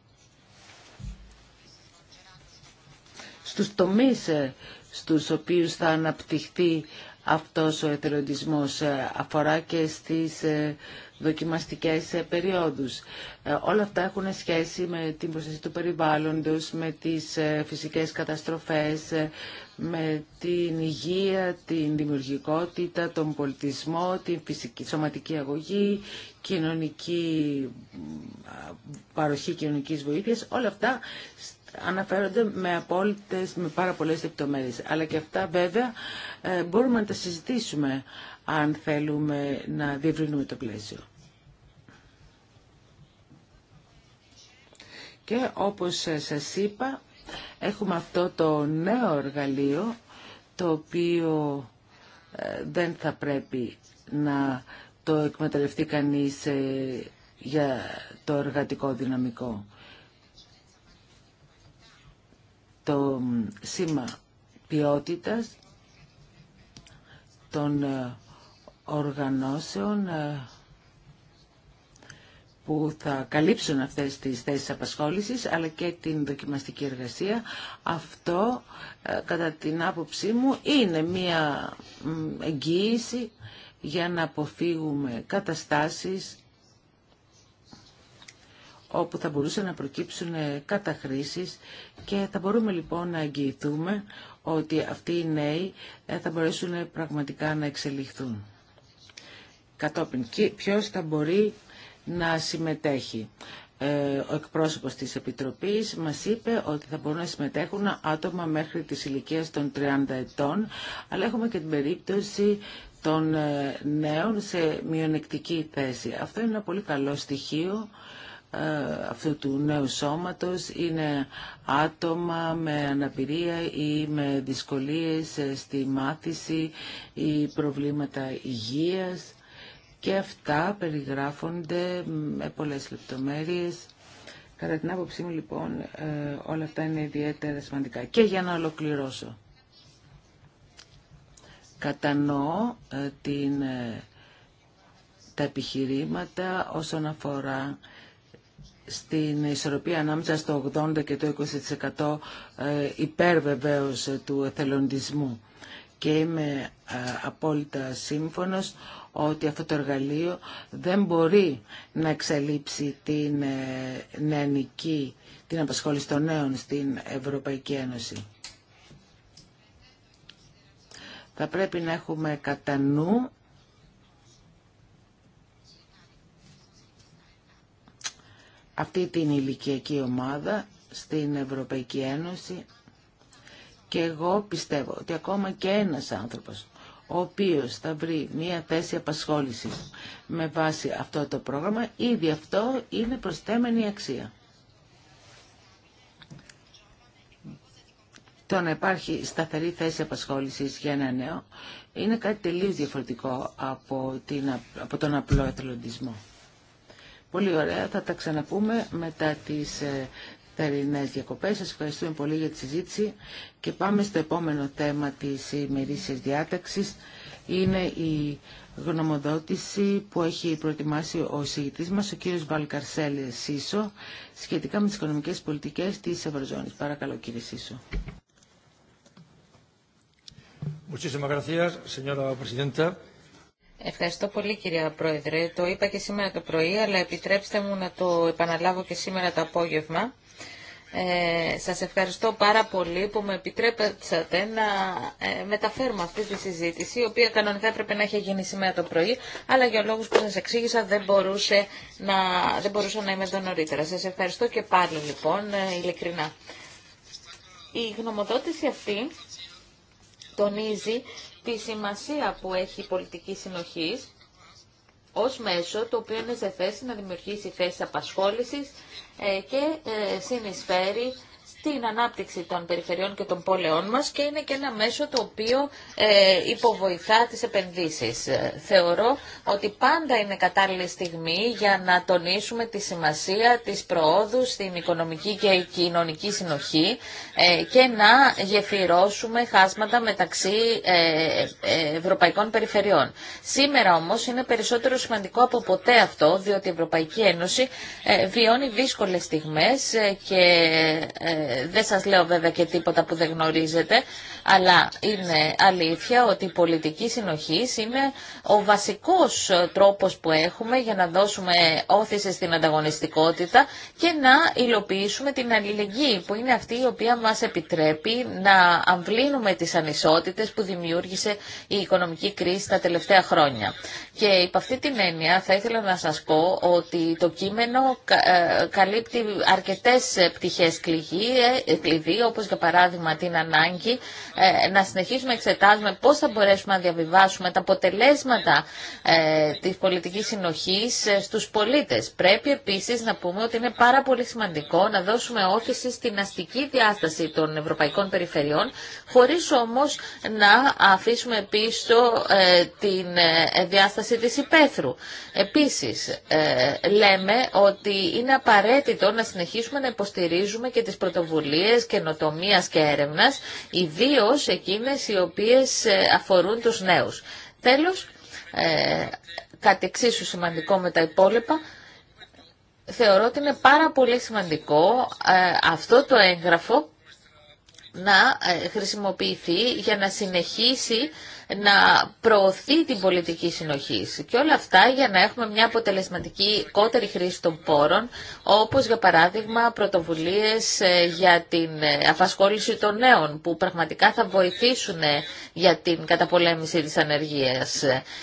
στους τομείς ε, στους οποίους θα αναπτυχθεί αυτός ο εθελοντισμός ε, αφορά και στις ε, δοκιμαστικές ε, περιόδους. Ε, όλα αυτά έχουν σχέση με την προστασία του περιβάλλοντος, με τις ε, φυσικές καταστροφές, με την υγεία, την δημιουργικότητα, τον πολιτισμό, την φυσική, σωματική αγωγή, κοινωνική, παροχή κοινωνικής βοήθειας. Όλα αυτά αναφέρονται με απόλυτες, με πάρα πολλές λεπτομέρειες. Αλλά και αυτά βέβαια μπορούμε να τα συζητήσουμε αν θέλουμε να διευρύνουμε το πλαίσιο. Και όπως σας είπα, έχουμε αυτό το νέο εργαλείο, το οποίο ε, δεν θα πρέπει να το εκμεταλλευτεί κανείς ε, για το εργατικό δυναμικό. Το σήμα ποιότητας των ε, οργανώσεων που θα καλύψουν αυτές τις θέσεις απασχόλησης αλλά και την δοκιμαστική εργασία. Αυτό ε, κατά την άποψή μου είναι μια εγγύηση για να αποφύγουμε καταστάσεις όπου θα μπορούσαν να προκύψουν ε, καταχρήσεις και θα μπορούμε λοιπόν να εγγυηθούμε ότι αυτοί οι νέοι ε, θα μπορέσουν πραγματικά να εξελιχθούν. Κατόπιν, ποιος θα μπορεί να συμμετέχει. Ε, ο εκπρόσωπος της Επιτροπής μας είπε ότι θα μπορούν να συμμετέχουν άτομα μέχρι τις ηλικίες των 30 ετών, αλλά έχουμε και την περίπτωση των ε, νέων σε μειονεκτική θέση. Αυτό είναι ένα πολύ καλό στοιχείο ε, αυτού του νέου σώματος είναι άτομα με αναπηρία ή με δυσκολίες στη μάθηση ή προβλήματα υγείας και αυτά περιγράφονται με πολλές λεπτομέρειες. Κατά την άποψή μου λοιπόν ε, όλα αυτά είναι ιδιαίτερα σημαντικά. Και για να ολοκληρώσω. Κατανοώ ε, την, ε, τα επιχειρήματα όσον αφορά στην ισορροπία ανάμεσα στο 80% και το 20% υπέρ βεβαίως του εθελοντισμού και είμαι απόλυτα σύμφωνος ότι αυτό το εργαλείο δεν μπορεί να εξαλείψει την ε, νεανική, την απασχόληση των νέων στην Ευρωπαϊκή Ένωση. Θα πρέπει να έχουμε κατά νου αυτή την ηλικιακή ομάδα στην Ευρωπαϊκή Ένωση και εγώ πιστεύω ότι ακόμα και ένας άνθρωπος ο οποίος θα βρει μία θέση απασχόλησης με βάση αυτό το πρόγραμμα, ήδη αυτό είναι προσθέμενη αξία. Το να υπάρχει σταθερή θέση απασχόλησης για ένα νέο είναι κάτι τελείως διαφορετικό από, την, από τον απλό εθελοντισμό. Πολύ ωραία, θα τα ξαναπούμε μετά τις ε, θερινές διακοπές. Σας ευχαριστούμε πολύ για τη συζήτηση και πάμε στο επόμενο θέμα της ημερήσιας διάταξης. Είναι η γνωμοδότηση που έχει προετοιμάσει ο συγητής μας, ο κύριος Βαλκαρσέλ Σίσο, σχετικά με τις οικονομικές πολιτικές της Ευρωζώνης. Παρακαλώ κύριε Σίσο. Ευχαριστώ πολύ κυρία Πρόεδρε. Το είπα και σήμερα το πρωί, αλλά επιτρέψτε μου να το επαναλάβω και σήμερα το απόγευμα. Ε, σας ευχαριστώ πάρα πολύ που με επιτρέψατε να ε, μεταφέρουμε αυτή τη συζήτηση, η οποία κανονικά έπρεπε να έχει γίνει σήμερα το πρωί, αλλά για λόγους που σας εξήγησα δεν, μπορούσε να, δεν μπορούσα να είμαι εδώ νωρίτερα. Σας ευχαριστώ και πάλι λοιπόν, ε, ειλικρινά. Η γνωμοδότηση αυτή τονίζει τη σημασία που έχει η πολιτική συνοχής ως μέσο το οποίο είναι σε θέση να δημιουργήσει θέσεις απασχόλησης ε, και ε, συνεισφέρει την ανάπτυξη των περιφερειών και των πόλεων μας και είναι και ένα μέσο το οποίο ε, υποβοηθά τις επενδύσεις. Ε, θεωρώ ότι πάντα είναι κατάλληλη στιγμή για να τονίσουμε τη σημασία της προόδου στην οικονομική και κοινωνική συνοχή ε, και να γεφυρώσουμε χάσματα μεταξύ ευρωπαϊκών περιφερειών. Σήμερα όμως είναι περισσότερο σημαντικό από ποτέ αυτό, διότι η Ευρωπαϊκή Ένωση βιώνει δύσκολες στιγμές και δεν σας λέω βέβαια και τίποτα που δεν γνωρίζετε, αλλά είναι αλήθεια ότι η πολιτική συνοχή είναι ο βασικός τρόπος που έχουμε για να δώσουμε όθηση στην ανταγωνιστικότητα και να υλοποιήσουμε την αλληλεγγύη που είναι αυτή η οποία μας επιτρέπει να αμβλύνουμε τις ανισότητες που δημιούργησε η οικονομική κρίση τα τελευταία χρόνια. Και υπ' αυτή την έννοια θα ήθελα να σας πω ότι το κείμενο ε, καλύπτει αρκετές πτυχές κλειδί, όπως για παράδειγμα την ανάγκη ε, να συνεχίσουμε να εξετάζουμε πώς θα μπορέσουμε να διαβιβάσουμε τα αποτελέσματα ε, της πολιτικής συνοχής ε, στους πολίτες. Πρέπει επίσης να πούμε ότι είναι πάρα πολύ σημαντικό να δώσουμε όθηση στην αστική διάσταση των ευρωπαϊκών περιφερειών, χωρίς όμως να αφήσουμε πίσω την διάσταση της υπαίθρου. Επίσης, λέμε ότι είναι απαραίτητο να συνεχίσουμε να υποστηρίζουμε και τις πρωτοβουλίε πρωτοβουλίες καινοτομία και έρευνας, ιδίω εκείνες οι οποίες ε, αφορούν τους νέους. Τέλος, ε, κάτι εξίσου σημαντικό με τα υπόλοιπα, θεωρώ ότι είναι πάρα πολύ σημαντικό ε, αυτό το έγγραφο να χρησιμοποιηθεί για να συνεχίσει να προωθεί την πολιτική συνοχή. Και όλα αυτά για να έχουμε μια αποτελεσματική κότερη χρήση των πόρων, όπως για παράδειγμα πρωτοβουλίες ε, για την ε, απασχόληση των νέων, που πραγματικά θα βοηθήσουν ε, για την καταπολέμηση της ανεργίας.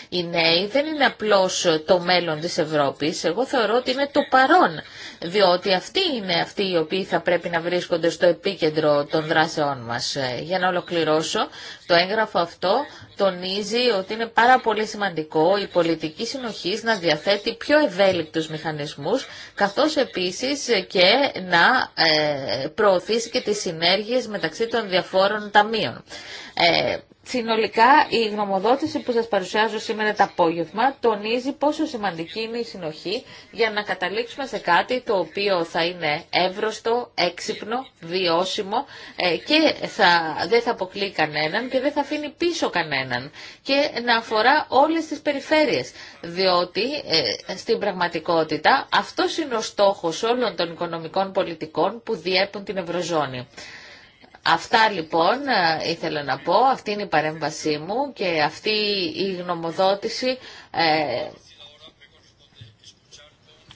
Οι νέοι δεν είναι απλώς το μέλλον της Ευρώπης, εγώ θεωρώ ότι είναι το παρόν, διότι αυτοί είναι αυτοί οι οποίοι θα πρέπει να βρίσκονται στο επίκεντρο των δράσεών μας. Για να ολοκληρώσω, το έγγραφο αυτό τονίζει ότι είναι πάρα πολύ σημαντικό η πολιτική συνοχή να διαθέτει πιο ευέλικτους μηχανισμούς, καθώς επίσης και να ε, προωθήσει και τις συνέργειες μεταξύ των διαφόρων ταμείων. Ε, Συνολικά η γνωμοδότηση που σας παρουσιάζω σήμερα το απόγευμα τονίζει πόσο σημαντική είναι η συνοχή για να καταλήξουμε σε κάτι το οποίο θα είναι εύρωστο, έξυπνο, βιώσιμο ε, και θα, δεν θα αποκλεί κανέναν και δεν θα αφήνει πίσω κανέναν και να αφορά όλες τις περιφέρειες διότι ε, στην πραγματικότητα αυτό είναι ο στόχος όλων των οικονομικών πολιτικών που διέπουν την Ευρωζώνη. Αυτά λοιπόν ε, ήθελα να πω, αυτή είναι η παρέμβασή μου και αυτή η γνωμοδότηση ε,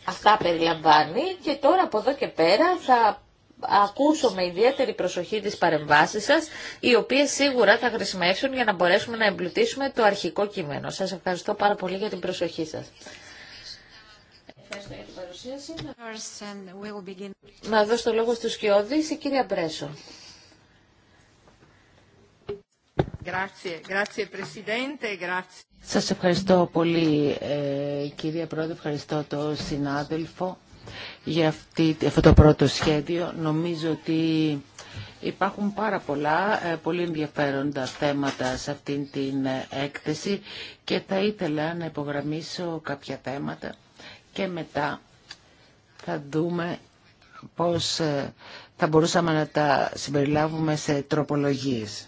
αυτά περιλαμβάνει και τώρα από εδώ και πέρα θα ακούσω με ιδιαίτερη προσοχή τις παρεμβάσεις σας, οι οποίες σίγουρα θα χρησιμεύσουν για να μπορέσουμε να εμπλουτίσουμε το αρχικό κείμενο. Σας ευχαριστώ πάρα πολύ για την προσοχή σας. Να δώσω το λόγο στους Σκιώδης, η κυρία Μπρέσο. Σας ευχαριστώ πολύ ε, κυρία Πρόεδρε, ευχαριστώ τον συνάδελφο για αυτή, αυτό το πρώτο σχέδιο. Νομίζω ότι Υπάρχουν πάρα πολλά ε, πολύ ενδιαφέροντα θέματα σε αυτήν την ε, έκθεση και θα ήθελα να υπογραμμίσω κάποια θέματα και μετά θα δούμε πώς θα μπορούσαμε να τα συμπεριλάβουμε σε τροπολογίες.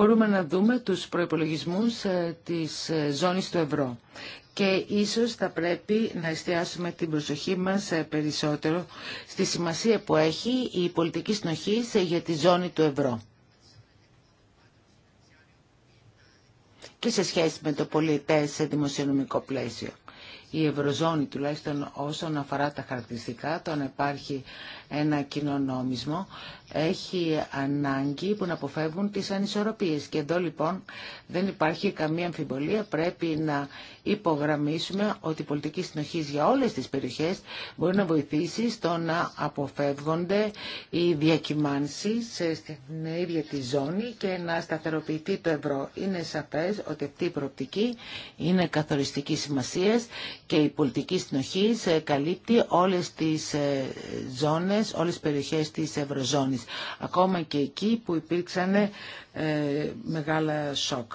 μπορούμε να δούμε τους προϋπολογισμούς ε, της ε, ζώνης του ευρώ. Και ίσως θα πρέπει να εστιάσουμε την προσοχή μας ε, περισσότερο στη σημασία που έχει η πολιτική συνοχή για τη ζώνη του ευρώ. Και σε σχέση με το πολιτές δημοσιονομικό πλαίσιο η Ευρωζώνη τουλάχιστον όσον αφορά τα χαρακτηριστικά, το υπάρχει ένα κοινό έχει ανάγκη που να αποφεύγουν τις ανισορροπίες. Και εδώ λοιπόν δεν υπάρχει καμία αμφιβολία. Πρέπει να υπογραμμίσουμε ότι η πολιτική συνοχή για όλες τις περιοχές μπορεί να βοηθήσει στο να αποφεύγονται οι διακυμάνσεις στην ίδια τη ζώνη και να σταθεροποιηθεί το ευρώ. Είναι σαφές ότι αυτή η προοπτική είναι καθοριστική σημασία και η πολιτική συνοχή ε, καλύπτει όλες τις ε, ζώνες Όλε όλες τις περιοχές της Ευρωζώνης. Ακόμα και εκεί που υπήρξαν ε, μεγάλα σοκ.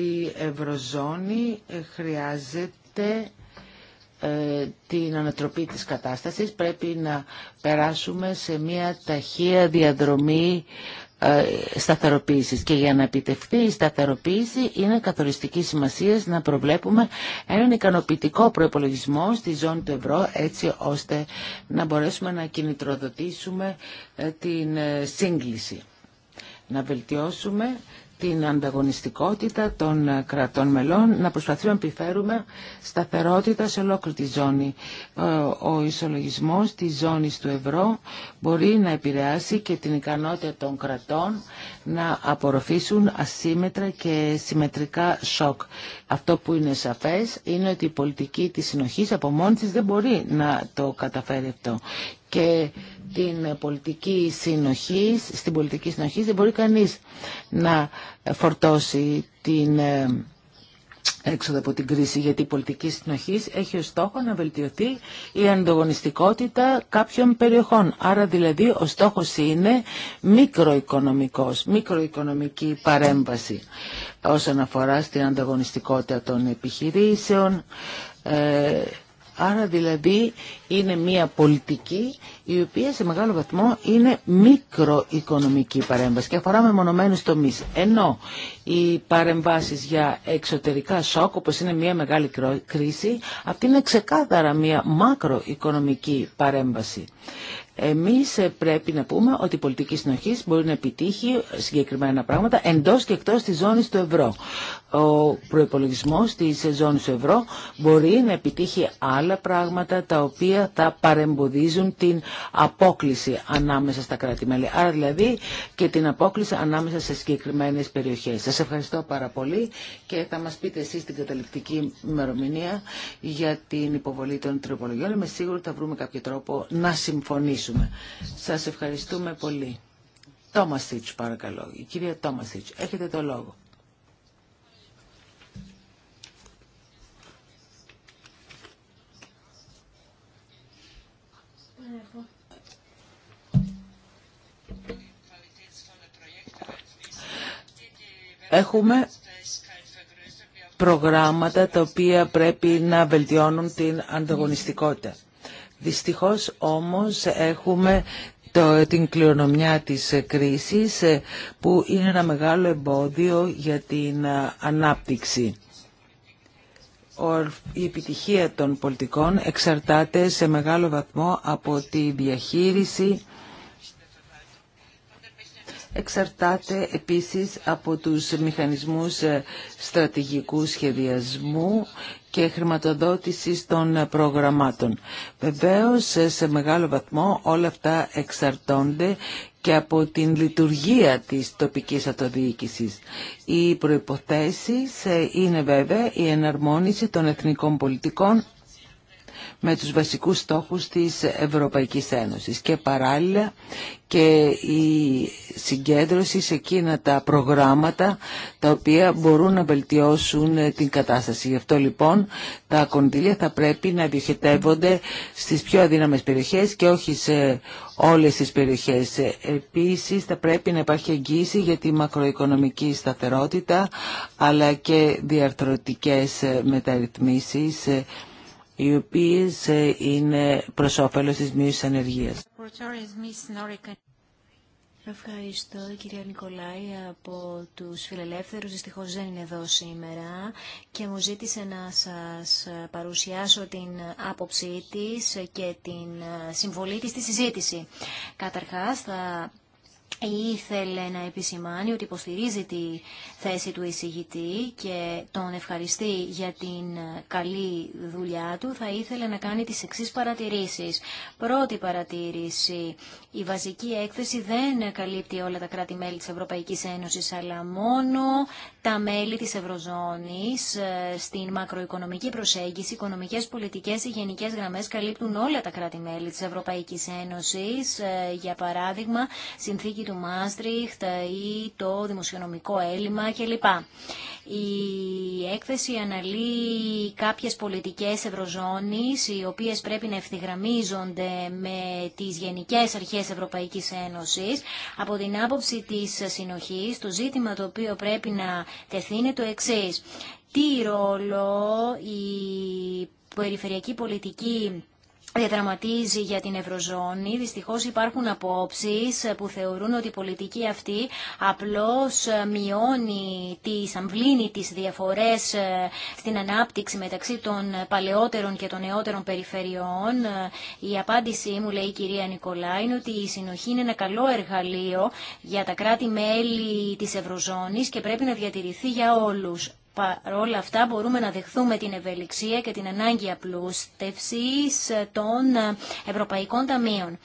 Η Ευρωζώνη χρειάζεται ε, την ανατροπή της κατάστασης πρέπει να περάσουμε σε μια ταχεία διαδρομή ε, σταθεροποίησης και για να επιτευχθεί η σταθεροποίηση είναι καθοριστική σημασία να προβλέπουμε έναν ικανοποιητικό προπολογισμό στη ζώνη του ευρώ έτσι ώστε να μπορέσουμε να κινητροδοτήσουμε ε, την ε, σύγκληση να βελτιώσουμε την ανταγωνιστικότητα των ε, κρατών μελών, να προσπαθούμε να επιφέρουμε σταθερότητα σε ολόκληρη τη ζώνη. Ε, ο ισολογισμός της ζώνης του ευρώ μπορεί να επηρεάσει και την ικανότητα των κρατών να απορροφήσουν ασύμετρα και συμμετρικά σοκ. Αυτό που είναι σαφές είναι ότι η πολιτική της συνοχής από μόνη της δεν μπορεί να το καταφέρει αυτό την πολιτική συνοχή, στην πολιτική συνοχή δεν μπορεί κανείς να φορτώσει την ε, έξοδο από την κρίση, γιατί η πολιτική συνοχή έχει ως στόχο να βελτιωθεί η ανταγωνιστικότητα κάποιων περιοχών. Άρα δηλαδή ο στόχος είναι μικροοικονομικός, μικροοικονομική παρέμβαση όσον αφορά στην ανταγωνιστικότητα των επιχειρήσεων, ε, Άρα δηλαδή είναι μια πολιτική η οποία σε μεγάλο βαθμό είναι μικροοικονομική παρέμβαση και αφορά μεμονωμένους τομείς. Ενώ οι παρεμβάσεις για εξωτερικά σοκ, όπως είναι μια μεγάλη κρίση, αυτή είναι ξεκάθαρα μια μακροοικονομική παρέμβαση. Εμείς πρέπει να πούμε ότι η πολιτική συνοχή μπορεί να επιτύχει συγκεκριμένα πράγματα εντός και εκτός της ζώνης του ευρώ. Ο προϋπολογισμός της ζώνης του ευρώ μπορεί να επιτύχει άλλα πράγματα τα οποία θα παρεμποδίζουν την απόκληση ανάμεσα στα κράτη-μέλη. Άρα δηλαδή και την απόκληση ανάμεσα σε συγκεκριμένες περιοχές. Σας ευχαριστώ πάρα πολύ και θα μας πείτε εσείς την καταληκτική ημερομηνία για την υποβολή των τροπολογιών. Είμαι σίγουρη ότι θα βρούμε κάποιο τρόπο να συμφωνήσουμε. Σα Σας ευχαριστούμε πολύ. Τόμασιτς παρακαλώ. κυρία Τόμασιτς, έχετε το λόγο. Έχουμε προγράμματα τα οποία πρέπει να βελτιώνουν την ανταγωνιστικότητα. Δυστυχώς όμως έχουμε το, την κληρονομιά της κρίσης ε, που είναι ένα μεγάλο εμπόδιο για την ε, ανάπτυξη. Η επιτυχία των πολιτικών εξαρτάται σε μεγάλο βαθμό από τη διαχείριση εξαρτάται επίσης από τους μηχανισμούς ε, στρατηγικού σχεδιασμού και χρηματοδότησης των ε, προγραμμάτων. Βεβαίως, ε, σε μεγάλο βαθμό όλα αυτά εξαρτώνται και από την λειτουργία της τοπικής αυτοδιοίκησης. Οι προϋποθέσεις είναι βέβαια η εναρμόνιση των εθνικών πολιτικών με τους βασικούς στόχους της Ευρωπαϊκής Ένωσης και παράλληλα και η συγκέντρωση σε εκείνα τα προγράμματα τα οποία μπορούν να βελτιώσουν την κατάσταση. Γι' αυτό λοιπόν τα κονδύλια θα πρέπει να διοχετεύονται στις πιο αδύναμες περιοχές και όχι σε όλες τις περιοχές. Επίσης θα πρέπει να υπάρχει εγγύηση για τη μακροοικονομική σταθερότητα αλλά και διαρθρωτικές μεταρρυθμίσεις οι οποίες ε, είναι προς όφελος της μείωσης ανεργίας. Ευχαριστώ κυρία Νικολάη από τους φιλελεύθερους. Δυστυχώς δεν είναι εδώ σήμερα και μου ζήτησε να σας παρουσιάσω την άποψή της και την συμβολή της στη συζήτηση. Καταρχάς θα ήθελε να επισημάνει ότι υποστηρίζει τη θέση του εισηγητή και τον ευχαριστεί για την καλή δουλειά του, θα ήθελε να κάνει τις εξής παρατηρήσεις. Πρώτη παρατήρηση, η βασική έκθεση δεν καλύπτει όλα τα κράτη-μέλη της Ευρωπαϊκής Ένωσης, αλλά μόνο τα μέλη της Ευρωζώνης ε, στην μακροοικονομική προσέγγιση, οικονομικές πολιτικές ή γενικές γραμμές καλύπτουν όλα τα κράτη-μέλη της Ευρωπαϊκής Ένωσης, ε, για παράδειγμα συνθήκη του Μάστριχτ ή το δημοσιονομικό έλλειμμα κλπ. Η έκθεση αναλύει κάποιες πολιτικές Ευρωζώνης, οι οποίες πρέπει να ευθυγραμμίζονται με τις γενικές αρχές ευρωπαϊκή Ευρωπαϊκής Από την άποψη της συνοχής, το ζήτημα το οποίο πρέπει να τεθεί είναι το εξή Τι ρόλο η περιφερειακή πολιτική διαδραματίζει για την Ευρωζώνη. Δυστυχώς υπάρχουν απόψεις που θεωρούν ότι η πολιτική αυτή απλώς μειώνει, τις, αμβλύνει τις διαφορές ε, στην ανάπτυξη μεταξύ των παλαιότερων και των νεότερων περιφερειών. Ε, η απάντησή μου, λέει η κυρία Νικολά, είναι ότι η συνοχή είναι ένα καλό εργαλείο για τα κράτη-μέλη της Ευρωζώνης και πρέπει να διατηρηθεί για όλους όλα αυτά μπορούμε να δεχθούμε την ευελιξία και την ανάγκη απλούστευσης των Ευρωπαϊκών Ταμείων.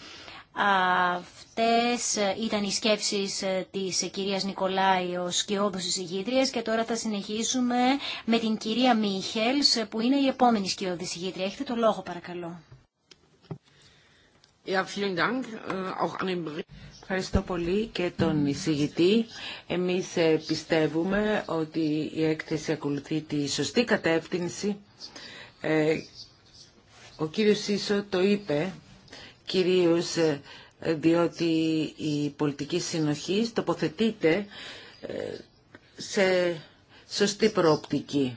Αυτές ήταν οι σκέψεις της κυρίας Νικολάη ως της εισηγήτριας και τώρα θα συνεχίσουμε με την κυρία Μίχελς που είναι η επόμενη σκιώδη εισηγήτρια. Έχετε το λόγο παρακαλώ. Äh, Ευχαριστώ πολύ και τον εισηγητή. Εμείς ε, πιστεύουμε ότι η έκθεση ακολουθεί τη σωστή κατεύθυνση. Ε, ο κύριος Σίσο το είπε, κυρίως ε, διότι η πολιτική συνοχή τοποθετείται σε σωστή προοπτική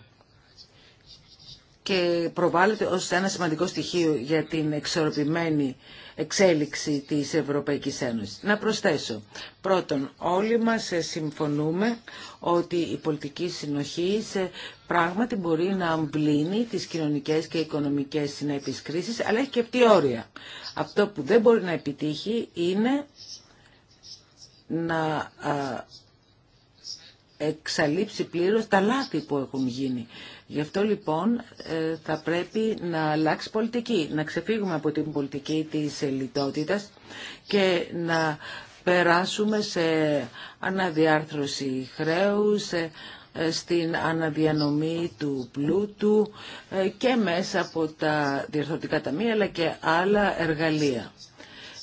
και προβάλλεται ως ένα σημαντικό στοιχείο για την εξορροπημένη εξέλιξη της Ευρωπαϊκής Ένωσης. Να προσθέσω, πρώτον, όλοι μας ε, συμφωνούμε ότι η πολιτική συνοχή ε, πράγματι μπορεί να αμπλύνει τις κοινωνικές και οικονομικές συνέπειες κρίσης, αλλά έχει και όρια. Αυτό που δεν μπορεί να επιτύχει είναι να εξαλείψει πλήρως τα λάθη που έχουν γίνει. Γι' αυτό λοιπόν ε, θα πρέπει να αλλάξει πολιτική, να ξεφύγουμε από την πολιτική της λιτότητας και να περάσουμε σε αναδιάρθρωση χρέους, ε, στην αναδιανομή του πλούτου ε, και μέσα από τα διορθωτικά ταμεία αλλά και άλλα εργαλεία.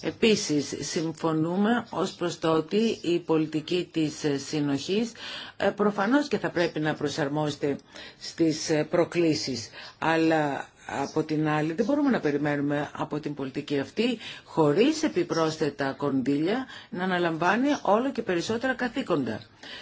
Επίσης, συμφωνούμε ως προς το ότι η πολιτική της συνοχής ε, προφανώς και θα πρέπει να προσαρμόζεται στις ε, προκλήσεις, αλλά από την άλλη δεν μπορούμε να περιμένουμε από την πολιτική αυτή χωρίς επιπρόσθετα κονδύλια να αναλαμβάνει όλο και περισσότερα καθήκοντα.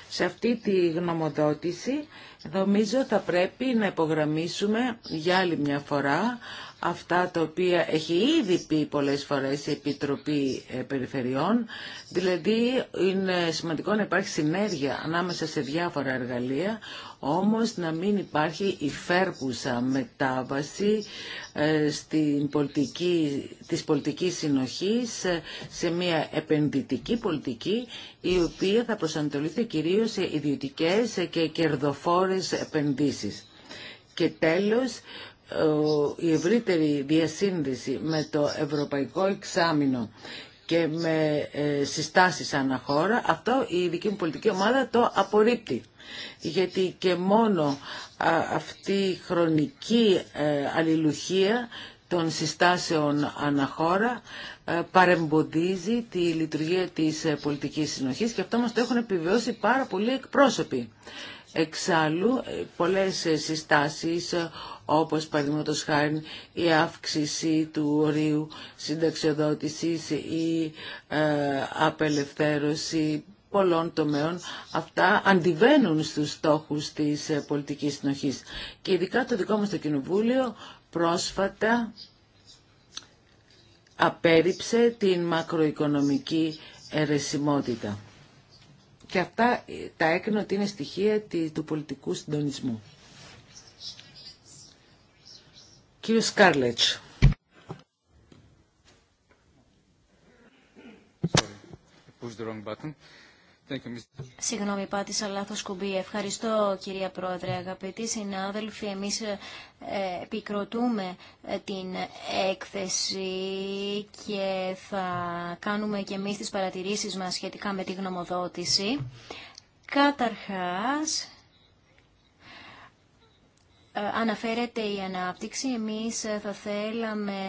Σε αυτή τη γνωμοδότηση νομίζω θα πρέπει να υπογραμμίσουμε για άλλη μια φορά αυτά τα οποία έχει ήδη πει πολλές φορές η Επιτροπή ε, Περιφερειών, δηλαδή είναι σημαντικό να υπάρχει συνέργεια ανάμεσα σε διάφορα εργαλεία, όμως να μην υπάρχει υφέρπουσα μετάβαση ε, στην πολιτική, της πολιτικής συνοχής ε, σε μια επενδυτική πολιτική η οποία θα προσανατολίθει κυρίως σε ιδιωτικές και κερδοφόρες επενδύσεις. Και τέλος, ε, η ευρύτερη διασύνδεση με το ευρωπαϊκό εξάμεινο και με ε, συστάσεις αναχώρα, αυτό η δική μου πολιτική ομάδα το απορρίπτει. Γιατί και μόνο αυτή η χρονική ε, αλληλουχία των συστάσεων αναχώρα παρεμποδίζει τη λειτουργία της πολιτικής συνοχής και αυτό μας το έχουν επιβεβαιώσει πάρα πολλοί εκπρόσωποι. Εξάλλου, πολλές συστάσεις όπως παραδείγματο χάρη η αύξηση του ορίου συνταξιοδότησης ή ε, απελευθέρωση πολλών τομέων, αυτά αντιβαίνουν στους στόχους της ε, πολιτικής συνοχής. Και ειδικά το δικό μας το Κοινοβούλιο πρόσφατα απέρριψε την μακροοικονομική ερεσιμότητα. Και αυτά τα έκρινα ότι είναι στοιχεία του πολιτικού συντονισμού. Κύριο Σκάρλετς. Push the wrong button. Συγγνώμη, πάτησα λάθο κουμπί. Ευχαριστώ, κυρία Πρόεδρε. Αγαπητοί συνάδελφοι, εμεί ε, επικροτούμε ε, την έκθεση και θα κάνουμε και εμεί τι παρατηρήσει μα σχετικά με τη γνωμοδότηση. Καταρχάς, αναφέρεται η ανάπτυξη. Εμείς θα θέλαμε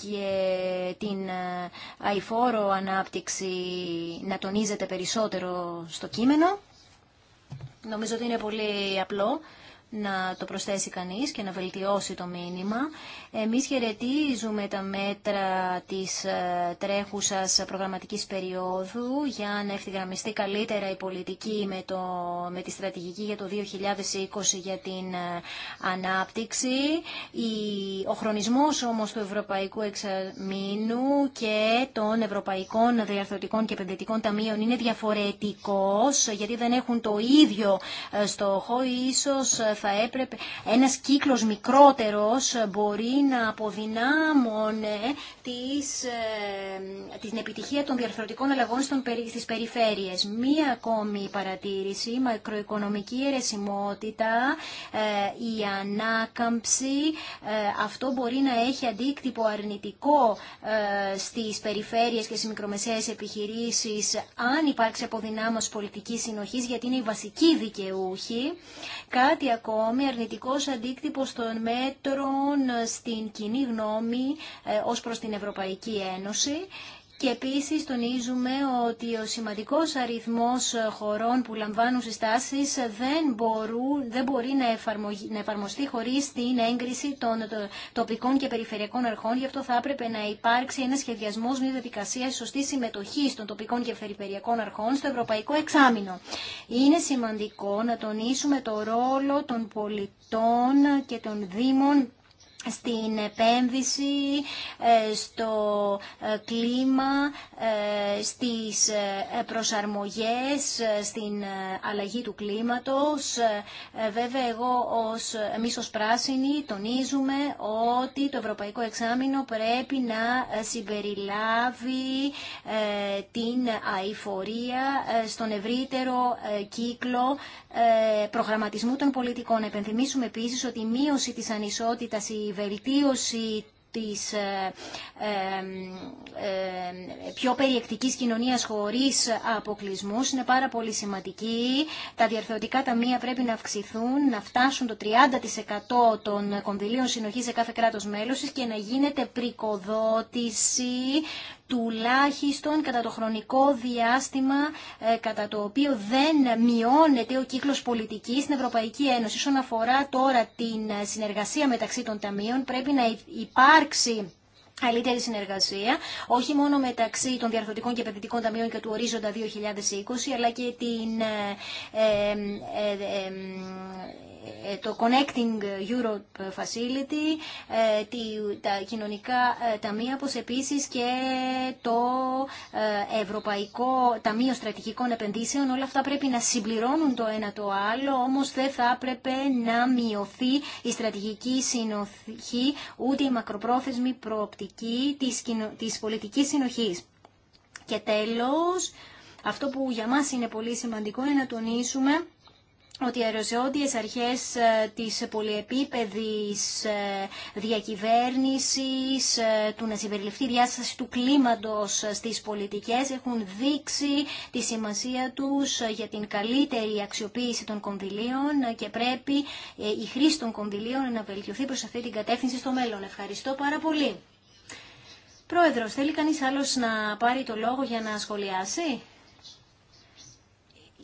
και την ε, αηφόρο ανάπτυξη να τονίζεται περισσότερο στο κείμενο. Νομίζω ότι είναι πολύ απλό να το προσθέσει κανείς και να βελτιώσει το μήνυμα. Εμείς χαιρετίζουμε τα μέτρα της ε, τρέχουσας προγραμματικής περίοδου για να ευθυγραμμιστεί καλύτερα η πολιτική με, το, με τη στρατηγική για το 2020 για την ε, ανάπτυξη. Η, ο χρονισμός όμως του Ευρωπαϊκού Εξαμήνου και των Ευρωπαϊκών Διαρθρωτικών και Επενδυτικών Ταμείων είναι διαφορετικός γιατί δεν έχουν το ίδιο ε, στόχο. Ίσως θα έπρεπε ένας κύκλος μικρότερος μπορεί να αποδυνάμωνε τις, ε, την επιτυχία των διαρθρωτικών αλλαγών στον, στις περιφέρειες. Μία ακόμη παρατήρηση, η μακροοικονομική αιρεσιμότητα, ε, η ανάκαμψη, ε, αυτό μπορεί να έχει αντίκτυπο αρνητικό στις περιφέρειες και στις μικρομεσαίες επιχειρήσεις αν υπάρξει αποδυνάμωση πολιτικής συνοχής γιατί είναι η βασική δικαιούχη. Κάτι ακόμη αρνητικός αντίκτυπος των μέτρων την κοινή γνώμη ε, ως προς την Ευρωπαϊκή Ένωση και επίσης τονίζουμε ότι ο σημαντικός αριθμός ε, χωρών που λαμβάνουν συστάσεις ε, δεν, μπορούν, δεν μπορεί να, εφαρμοστεί χωρίς την έγκριση των τοπικών και περιφερειακών αρχών. Γι' αυτό θα έπρεπε να υπάρξει ένα σχεδιασμό μια διαδικασία σωστή συμμετοχή των τοπικών και περιφερειακών αρχών στο Ευρωπαϊκό Εξάμεινο. Είναι σημαντικό να τονίσουμε το ρόλο των πολιτών και των Δήμων στην επένδυση, ε, στο ε, κλίμα, ε, στις προσαρμογές, στην αλλαγή του κλίματος. Βέβαια, εγώ ως, εμείς ως πράσινοι τονίζουμε ότι το Ευρωπαϊκό Εξάμεινο πρέπει να συμπεριλάβει την αηφορία στον ευρύτερο κύκλο προγραμματισμού των πολιτικών. Επενθυμίσουμε επίσης ότι η μείωση της ανισότητας, η βελτίωση της ε, πιο περιεκτικής κοινωνίας χωρίς αποκλεισμού είναι πάρα πολύ σημαντική. Τα διαρθρωτικά ταμεία πρέπει να αυξηθούν, να φτάσουν το 30% των κονδυλίων συνοχής σε κάθε κράτος μέλος και να γίνεται πρικοδότηση τουλάχιστον κατά το χρονικό διάστημα ε, κατά το οποίο δεν μειώνεται ο κύκλος πολιτικής στην Ευρωπαϊκή Ένωση. Όσον αφορά τώρα την συνεργασία μεταξύ των ταμείων, πρέπει να υπάρχει υπάρξει καλύτερη συνεργασία, όχι μόνο μεταξύ των διαρθρωτικών και επενδυτικών ταμείων και του ορίζοντα 2020, αλλά και την, ε, ε, ε, το Connecting Europe Facility, τα κοινωνικά ταμεία, όπως επίσης και το Ευρωπαϊκό Ταμείο Στρατηγικών Επενδύσεων. Όλα αυτά πρέπει να συμπληρώνουν το ένα το άλλο, όμως δεν θα έπρεπε να μειωθεί η στρατηγική συνοχή, ούτε η μακροπρόθεσμη προοπτική πολιτική της, πολιτικής συνοχής. Και τέλος, αυτό που για μας είναι πολύ σημαντικό είναι να τονίσουμε ότι οι αεροζεόντιες αρχές ε, της πολυεπίπεδης ε, διακυβέρνησης, ε, του να συμπεριληφθεί διάσταση του κλίματος στις πολιτικές, έχουν δείξει τη σημασία τους για την καλύτερη αξιοποίηση των κονδυλίων και πρέπει η χρήση των κονδυλίων να βελτιωθεί προς αυτή την κατεύθυνση στο μέλλον. Ευχαριστώ πάρα πολύ. Πρόεδρος, θέλει κανείς άλλος να πάρει το λόγο για να σχολιάσει.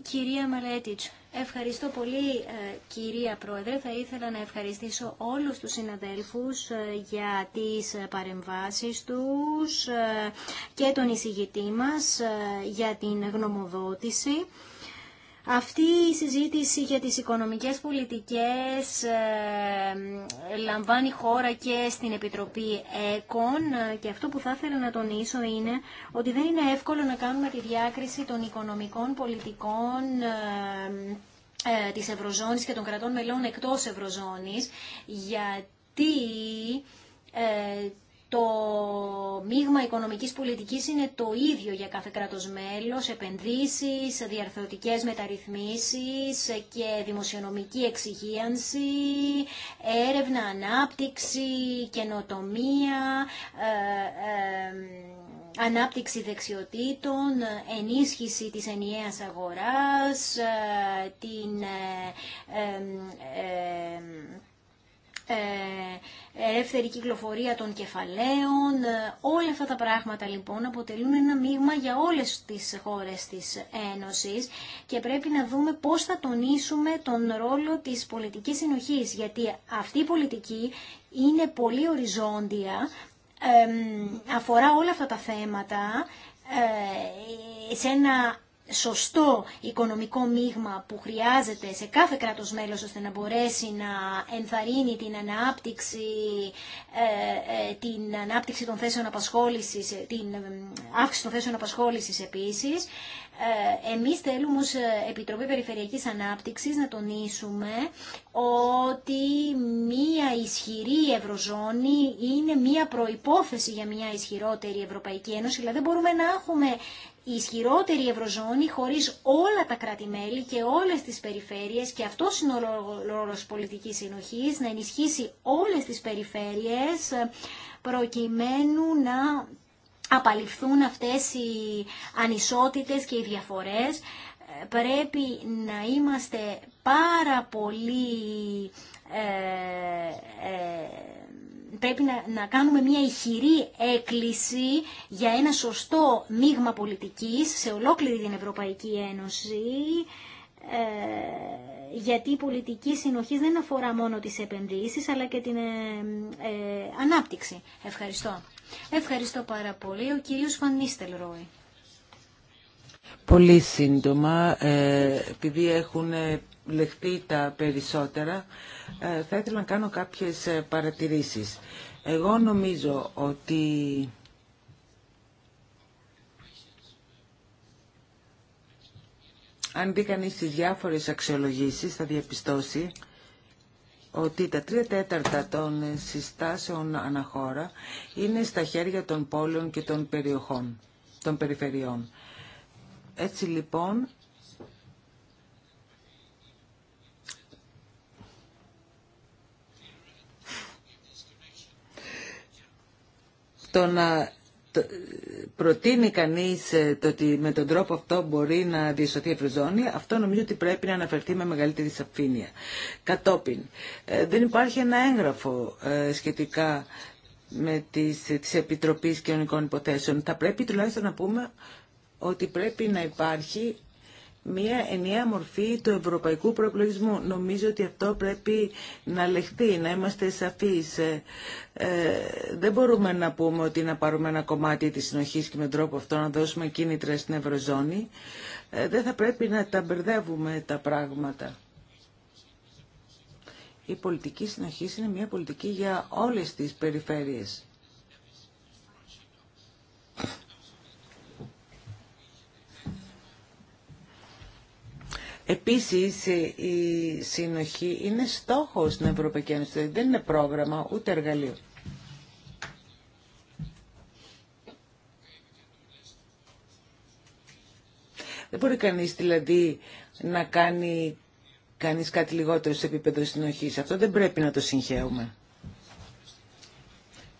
Κυρία Μαλέτιτς, ευχαριστώ πολύ ε, κυρία Πρόεδρε. Θα ήθελα να ευχαριστήσω όλους τους συναδέλφους ε, για τις ε, παρεμβάσεις τους και τον εισηγητή μας για την γνωμοδότηση. Αυτή η συζήτηση για τις οικονομικές πολιτικές ε, λαμβάνει χώρα και στην Επιτροπή ΕΚΟΝ και αυτό που θα ήθελα να τονίσω είναι ότι δεν είναι εύκολο να κάνουμε τη διάκριση των οικονομικών πολιτικών ε, ε, της Ευρωζώνης και των κρατών μελών εκτός Ευρωζώνης γιατί το μείγμα οικονομικής πολιτικής είναι το ίδιο για κάθε κράτος μέλος, επενδύσεις, διαρθρωτικές μεταρρυθμίσεις και δημοσιονομική εξυγίανση, έρευνα, ανάπτυξη, καινοτομία, ε, ε ανάπτυξη δεξιοτήτων, ενίσχυση της ενιαίας αγοράς, ε, την ε, ελεύθερη κυκλοφορία των κεφαλαίων. Ε, όλα αυτά τα πράγματα λοιπόν αποτελούν ένα μείγμα για όλες τις χώρες της Ένωσης και πρέπει να δούμε πώς θα τονίσουμε τον ρόλο της πολιτικής συνοχής, γιατί αυτή η πολιτική είναι πολύ οριζόντια, αφορά όλα αυτά τα θέματα ε, σε ένα σωστό οικονομικό μείγμα που χρειάζεται σε κάθε κράτος μέλος ώστε να μπορέσει να ενθαρρύνει την ανάπτυξη, ε, ε, την ανάπτυξη των θέσεων απασχόλησης, ε, την αύξηση των θέσεων απασχόλησης επίσης. Εμείς θέλουμε ως Επιτροπή Περιφερειακής Ανάπτυξης να τονίσουμε ότι μία ισχυρή Ευρωζώνη είναι μία προϋπόθεση για μία ισχυρότερη Ευρωπαϊκή Ένωση. Δηλαδή δεν μπορούμε να έχουμε η ισχυρότερη Ευρωζώνη χωρίς όλα τα κρατη και όλες τις περιφέρειες και αυτό είναι ο ρόλος πολιτικής συνοχής, να ενισχύσει όλες τις περιφέρειες ε, προκειμένου να απαλληφθούν αυτές οι ανισότητες και οι διαφορές. Ε, πρέπει να είμαστε πάρα πολύ... Ε, πρέπει να, κάνουμε μια ηχηρή έκκληση για ένα σωστό μείγμα πολιτικής σε ολόκληρη την Ευρωπαϊκή Ένωση ε, γιατί η πολιτική συνοχής δεν αφορά μόνο τις επενδύσεις αλλά και την ε, ε ανάπτυξη. Ευχαριστώ. Ευχαριστώ πάρα πολύ. Ο κύριος Φανίστελ Ρόι. Πολύ σύντομα, ε, επειδή έχουν ε, λεχθεί τα περισσότερα, ε, θα ήθελα να κάνω κάποιες παρατηρήσεις. Εγώ νομίζω ότι... Αν δει κανεί τι διάφορε αξιολογήσει, θα διαπιστώσει ότι τα τρία τέταρτα των συστάσεων αναχώρα είναι στα χέρια των πόλεων και των περιοχών, των περιφερειών. Έτσι λοιπόν, το να προτείνει κανείς ε, το ότι με τον τρόπο αυτό μπορεί να διασωθεί η Ευρωζώνη, αυτό νομίζω ότι πρέπει να αναφερθεί με μεγαλύτερη σαφήνεια. Κατόπιν, ε, δεν υπάρχει ένα έγγραφο ε, σχετικά με τις, τις Επιτροπής Κοινωνικών Υποθέσεων. Θα πρέπει τουλάχιστον να πούμε ότι πρέπει να υπάρχει μια ενιαία μορφή του ευρωπαϊκού προεκλογισμού. Νομίζω ότι αυτό πρέπει να λεχθεί, να είμαστε σαφείς. Ε, ε, δεν μπορούμε να πούμε ότι να πάρουμε ένα κομμάτι της συνοχής και με τρόπο αυτό να δώσουμε κίνητρα στην Ευρωζώνη. Ε, δεν θα πρέπει να τα μπερδεύουμε τα πράγματα. Η πολιτική συνοχή είναι μια πολιτική για όλες τις περιφέρειες. Επίσης, η συνοχή είναι στόχος στην Ευρωπαϊκή Ένωση, δηλαδή δεν είναι πρόγραμμα ούτε εργαλείο. Δεν μπορεί κανείς δηλαδή να κάνει κανείς κάτι λιγότερο σε επίπεδο συνοχής. Αυτό δεν πρέπει να το συγχαίουμε.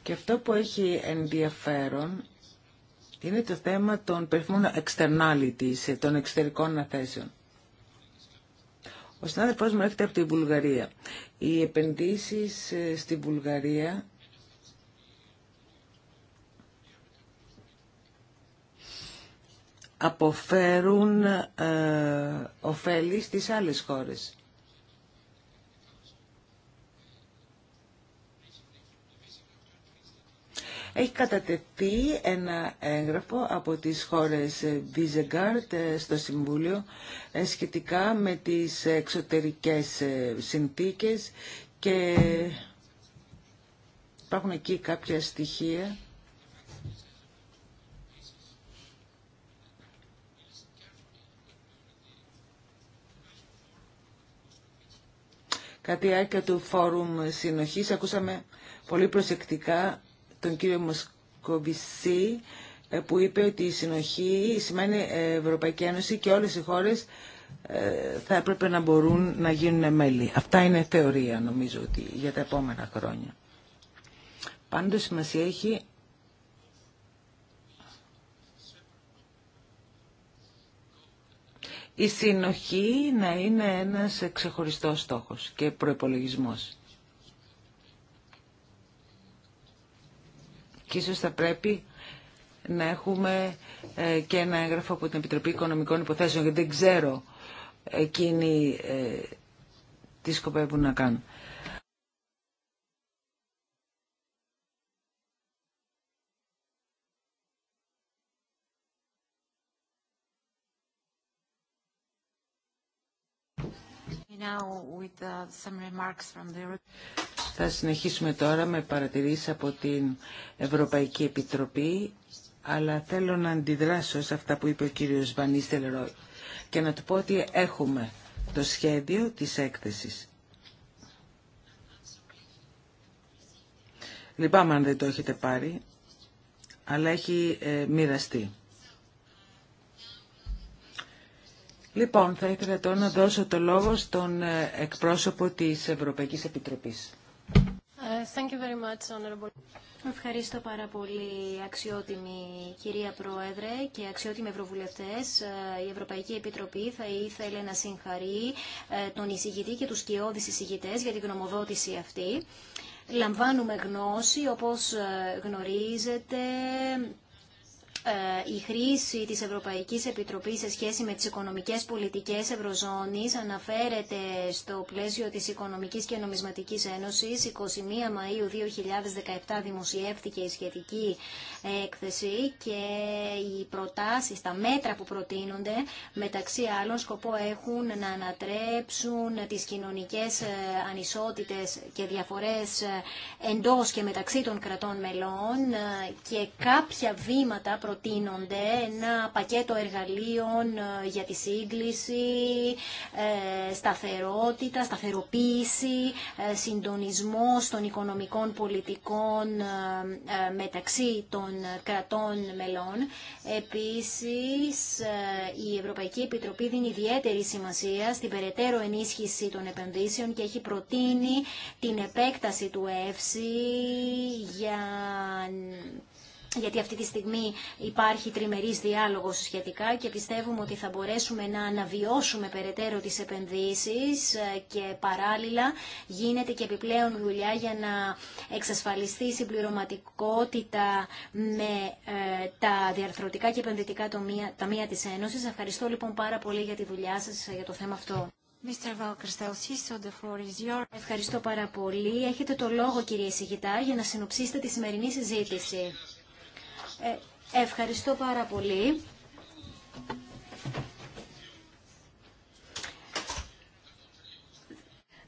Και αυτό που έχει ενδιαφέρον είναι το θέμα των περιφημών externalities, των εξωτερικών αθέσεων. Ο συνάδελφός μου έρχεται από τη Βουλγαρία. Οι επενδύσεις ε, στη Βουλγαρία αποφέρουν ε, ωφέλη στις άλλες χώρες. Έχει κατατεθεί ένα έγγραφο από τις χώρες Βίζεγκάρτ ε, στο Συμβούλιο ε, σχετικά με τις εξωτερικές ε, συνθήκες και υπάρχουν εκεί κάποια στοιχεία Κατά τη διάρκεια του Φόρουμ Συνοχής ακούσαμε πολύ προσεκτικά τον κύριο Μοσκοβισή ε, που είπε ότι η συνοχή σημαίνει ε, Ευρωπαϊκή Ένωση και όλες οι χώρες ε, θα έπρεπε να μπορούν να γίνουν μέλη. Αυτά είναι θεωρία νομίζω ότι για τα επόμενα χρόνια. Πάντως σημασία έχει η συνοχή να είναι ένας ξεχωριστός στόχος και προϋπολογισμός. και ίσως θα πρέπει να έχουμε ε, και ένα έγγραφο από την Επιτροπή Οικονομικών Υποθέσεων, γιατί δεν ξέρω εκείνοι ε, τι σκοπεύουν να κάνουν. Uh, θα συνεχίσουμε τώρα με παρατηρήσεις από την Ευρωπαϊκή Επιτροπή, αλλά θέλω να αντιδράσω σε αυτά που είπε ο κύριος Βανίστελ Ρόι και να του πω ότι έχουμε το σχέδιο της έκθεσης. Λυπάμαι αν δεν το έχετε πάρει, αλλά έχει ε, μοιραστεί. Λοιπόν, θα ήθελα τώρα να δώσω το λόγο στον ε, εκπρόσωπο της Ευρωπαϊκής Επιτροπής. Thank you very much, Ευχαριστώ πάρα πολύ αξιότιμη κυρία Πρόεδρε και αξιότιμοι Ευρωβουλευτές. Ε, η Ευρωπαϊκή Επιτροπή θα ήθελε να συγχαρεί ε, τον εισηγητή και τους κοιόδης εισηγητές για την γνωμοδότηση αυτή. Λαμβάνουμε γνώση, όπως ε, γνωρίζετε, ε, η χρήση της Ευρωπαϊκής Επιτροπής σε σχέση με τις οικονομικές πολιτικές Ευρωζώνης αναφέρεται στο πλαίσιο της Οικονομικής και Νομισματικής Ένωσης. 21 Μαΐου 2017 δημοσιεύτηκε η σχετική έκθεση και οι προτάσεις, τα μέτρα που προτείνονται μεταξύ άλλων σκοπό έχουν να ανατρέψουν τις κοινωνικές ε, ανισότητες και διαφορές ε, εντός και μεταξύ των κρατών μελών και κάποια βήματα προτείνονται ένα πακέτο εργαλείων ε, για τη σύγκληση, ε, σταθερότητα, σταθεροποίηση, ε, συντονισμό των οικονομικών πολιτικών μεταξύ των κρατών μελών. Επίσης, η Ευρωπαϊκή Επιτροπή δίνει ιδιαίτερη σημασία στην περαιτέρω ενίσχυση των επενδύσεων και έχει προτείνει την επέκταση του ΕΕ για γιατί αυτή τη στιγμή υπάρχει τριμερής διάλογος σχετικά και πιστεύουμε ότι θα μπορέσουμε να αναβιώσουμε περαιτέρω τις επενδύσεις ε, και παράλληλα γίνεται και επιπλέον δουλειά για να εξασφαλιστεί η συμπληρωματικότητα με ε, τα διαρθρωτικά και επενδυτικά ταμεία της Ένωσης. Ευχαριστώ λοιπόν πάρα πολύ για τη δουλειά σας ε, για το θέμα αυτό. Ευχαριστώ πάρα πολύ. Έχετε το λόγο κύριε Σιγητά για να συνοψίσετε τη σημερινή συζήτηση. Ε, ευχαριστώ πάρα πολύ.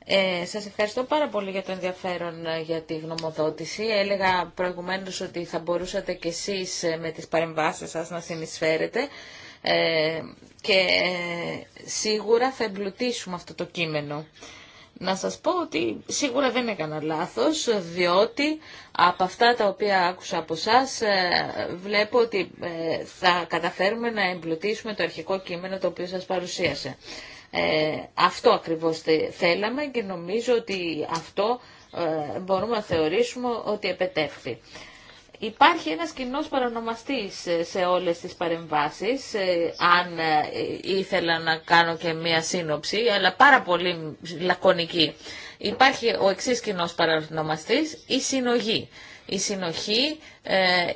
Ε, σας ευχαριστώ πάρα πολύ για το ενδιαφέρον ε, για τη γνωμοδότηση. Έλεγα προηγουμένως ότι θα μπορούσατε κι εσείς ε, με τις παρεμβάσεις σας να συνεισφέρετε και σίγουρα θα εμπλουτίσουμε αυτό το κείμενο να σας πω ότι σίγουρα δεν έκανα λάθος, διότι από αυτά τα οποία άκουσα από εσά βλέπω ότι ε, θα καταφέρουμε να εμπλουτίσουμε το αρχικό κείμενο το οποίο σας παρουσίασε. Ε, αυτό ακριβώς θέλαμε και νομίζω ότι αυτό ε, μπορούμε να θεωρήσουμε ότι επετεύχθη. Υπάρχει ένας κοινό παρανομαστής ε, σε όλες τις παρεμβάσεις, ε, αν ε, ήθελα να κάνω και μία σύνοψη, αλλά πάρα πολύ λακωνική. Υπάρχει ο εξή κοινό παρανομαστής, η συνογή. Η συνοχή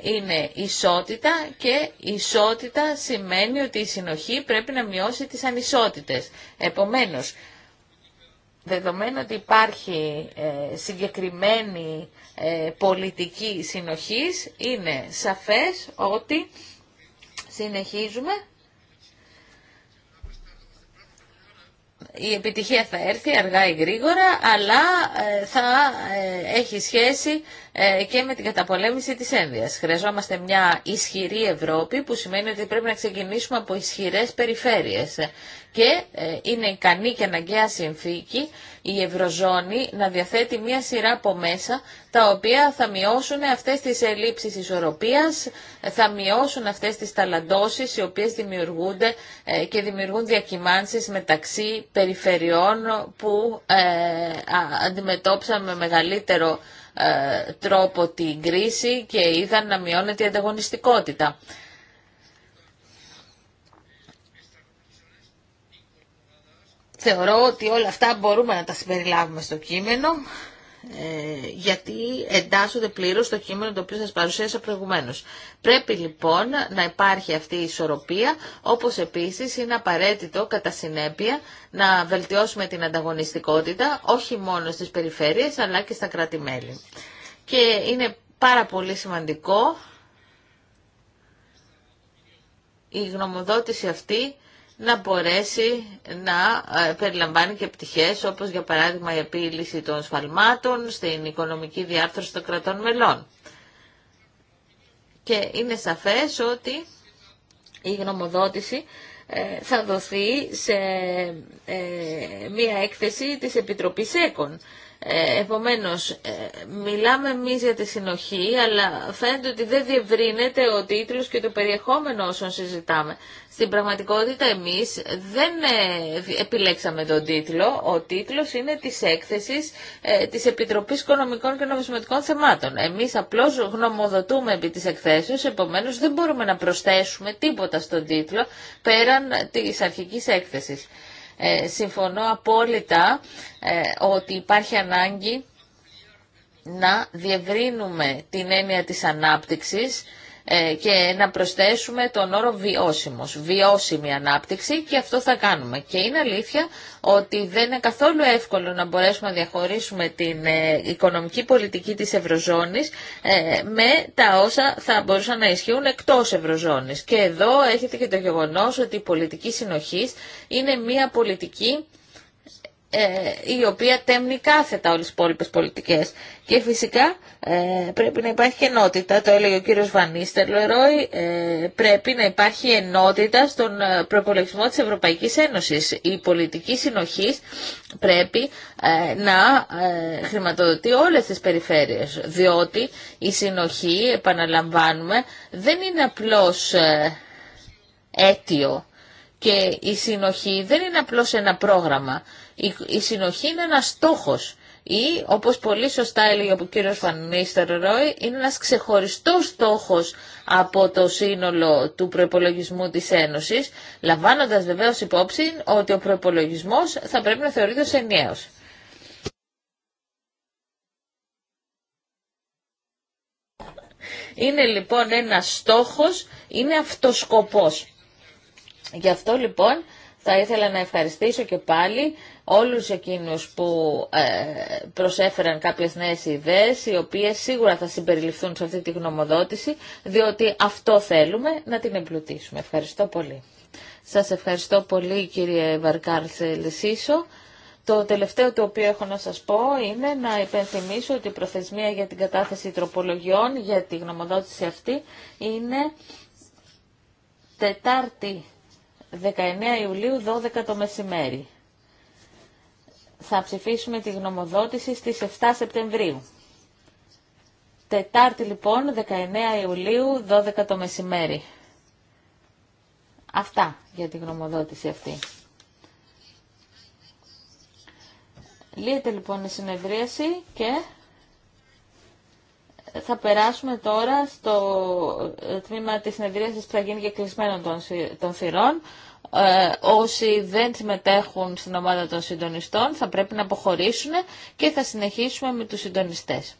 είναι ισότητα και ισότητα σημαίνει ότι η συνοχή πρέπει να μειώσει τις ανισότητες. Επομένως, δεδομένου ότι υπάρχει συγκεκριμένη ε, πολιτική συνοχής είναι σαφές ότι συνεχίζουμε η επιτυχία θα έρθει αργά ή γρήγορα, αλλά ε, θα ε, έχει σχέση και με την καταπολέμηση της ένδυας. Χρειαζόμαστε μια ισχυρή Ευρώπη που σημαίνει ότι πρέπει να ξεκινήσουμε από ισχυρές περιφέρειες και ε, είναι ικανή και αναγκαία συνθήκη η Ευρωζώνη να διαθέτει μία σειρά από μέσα τα οποία θα μειώσουν αυτές τις ελλείψεις ισορροπίας, ε, θα μειώσουν αυτές τις ταλαντώσεις οι οποίες δημιουργούνται ε, και δημιουργούν διακυμάνσεις μεταξύ περιφερειών που αντιμετώπισαν με μεγαλύτερο τρόπο την κρίση και είδαν να μειώνεται η ανταγωνιστικότητα. Θεωρώ ότι όλα αυτά μπορούμε να τα συμπεριλάβουμε στο κείμενο, ε, γιατί εντάσσονται πλήρως στο κείμενο το οποίο σας παρουσίασα προηγουμένως. Πρέπει λοιπόν να υπάρχει αυτή η ισορροπία, όπως επίσης είναι απαραίτητο κατά συνέπεια να βελτιώσουμε την ανταγωνιστικότητα, όχι μόνο στις περιφέρειες αλλά και στα κρατη Και είναι πάρα πολύ σημαντικό η γνωμοδότηση αυτή να μπορέσει να ε, περιλαμβάνει και πτυχές όπως για παράδειγμα η επίλυση των σφαλμάτων στην οικονομική διάρθρωση των κρατών μελών. Και είναι σαφές ότι η γνωμοδότηση ε, θα δοθεί σε ε, μία έκθεση της Επιτροπής ΕΚΟΝ. Ε, επομένως, ε, μιλάμε εμεί για τη συνοχή, αλλά φαίνεται ότι δεν διευρύνεται ο τίτλος και το περιεχόμενο όσων συζητάμε. Στην πραγματικότητα εμείς δεν ε, επιλέξαμε τον τίτλο. Ο τίτλος είναι της έκθεσης της Επιτροπής Οικονομικών και Νομισματικών Θεμάτων. Εμείς απλώς γνωμοδοτούμε επί της εκθέσεως, επομένως δεν μπορούμε να προσθέσουμε τίποτα στον τίτλο πέραν της αρχικής έκθεσης. Ε, συμφωνώ απόλυτα ε, ότι υπάρχει ανάγκη να διευρύνουμε την έννοια της ανάπτυξης ε, και να προσθέσουμε τον όρο βιώσιμος, βιώσιμη ανάπτυξη και αυτό θα κάνουμε. Και είναι αλήθεια ότι δεν είναι καθόλου εύκολο να μπορέσουμε να διαχωρίσουμε την ε, οικονομική πολιτική της Ευρωζώνης ε, με τα όσα θα μπορούσαν να ισχύουν εκτός Ευρωζώνης. Και εδώ έχετε και το γεγονός ότι η πολιτική συνοχής είναι μια πολιτική ε, η οποία τέμνει κάθετα όλες τις υπόλοιπες πολιτικές. Και φυσικά ε, πρέπει να υπάρχει ενότητα, το έλεγε ο κύριος Βανίστερ ε, πρέπει να υπάρχει ενότητα στον προπολογισμό της Ευρωπαϊκής Ένωσης. Η πολιτική συνοχής πρέπει να χρηματοδοτεί όλες τις περιφέρειες, διότι η συνοχή, επαναλαμβάνουμε, δεν είναι απλώς αίτιο και η συνοχή δεν είναι απλώς ένα πρόγραμμα. Η συνοχή είναι ένας στόχος ή, όπως πολύ σωστά έλεγε ο κύριος Φανίστερ Ρόι, είναι ένας ξεχωριστός στόχος από το σύνολο του προπολογισμού της Ένωσης, λαμβάνοντας βεβαίως υπόψη ότι ο προπολογισμό θα πρέπει να θεωρείται ως ενιαίος. Είναι λοιπόν ένας στόχος, είναι αυτοσκοπός. Γι' αυτό λοιπόν θα ήθελα να ευχαριστήσω και πάλι όλους εκείνους που ε, προσέφεραν κάποιες νέες ιδέες, οι οποίες σίγουρα θα συμπεριληφθούν σε αυτή τη γνωμοδότηση, διότι αυτό θέλουμε να την εμπλουτίσουμε. Ευχαριστώ πολύ. Σας ευχαριστώ πολύ κύριε Βαρκάρλ Λεσίσο. Το τελευταίο το οποίο έχω να σας πω είναι να υπενθυμίσω ότι η προθεσμία για την κατάθεση τροπολογιών για τη γνωμοδότηση αυτή είναι Τετάρτη 19 Ιουλίου 12 το μεσημέρι θα ψηφίσουμε τη γνωμοδότηση στις 7 Σεπτεμβρίου. Τετάρτη λοιπόν, 19 Ιουλίου, 12 το μεσημέρι. Αυτά για τη γνωμοδότηση αυτή. Λύεται λοιπόν η συνεδρίαση και θα περάσουμε τώρα στο τμήμα της συνεδρίασης που θα γίνει και κλεισμένων των θυρών. Ε, όσοι δεν συμμετέχουν στην ομάδα των συντονιστών θα πρέπει να αποχωρήσουν και θα συνεχίσουμε με τους συντονιστές.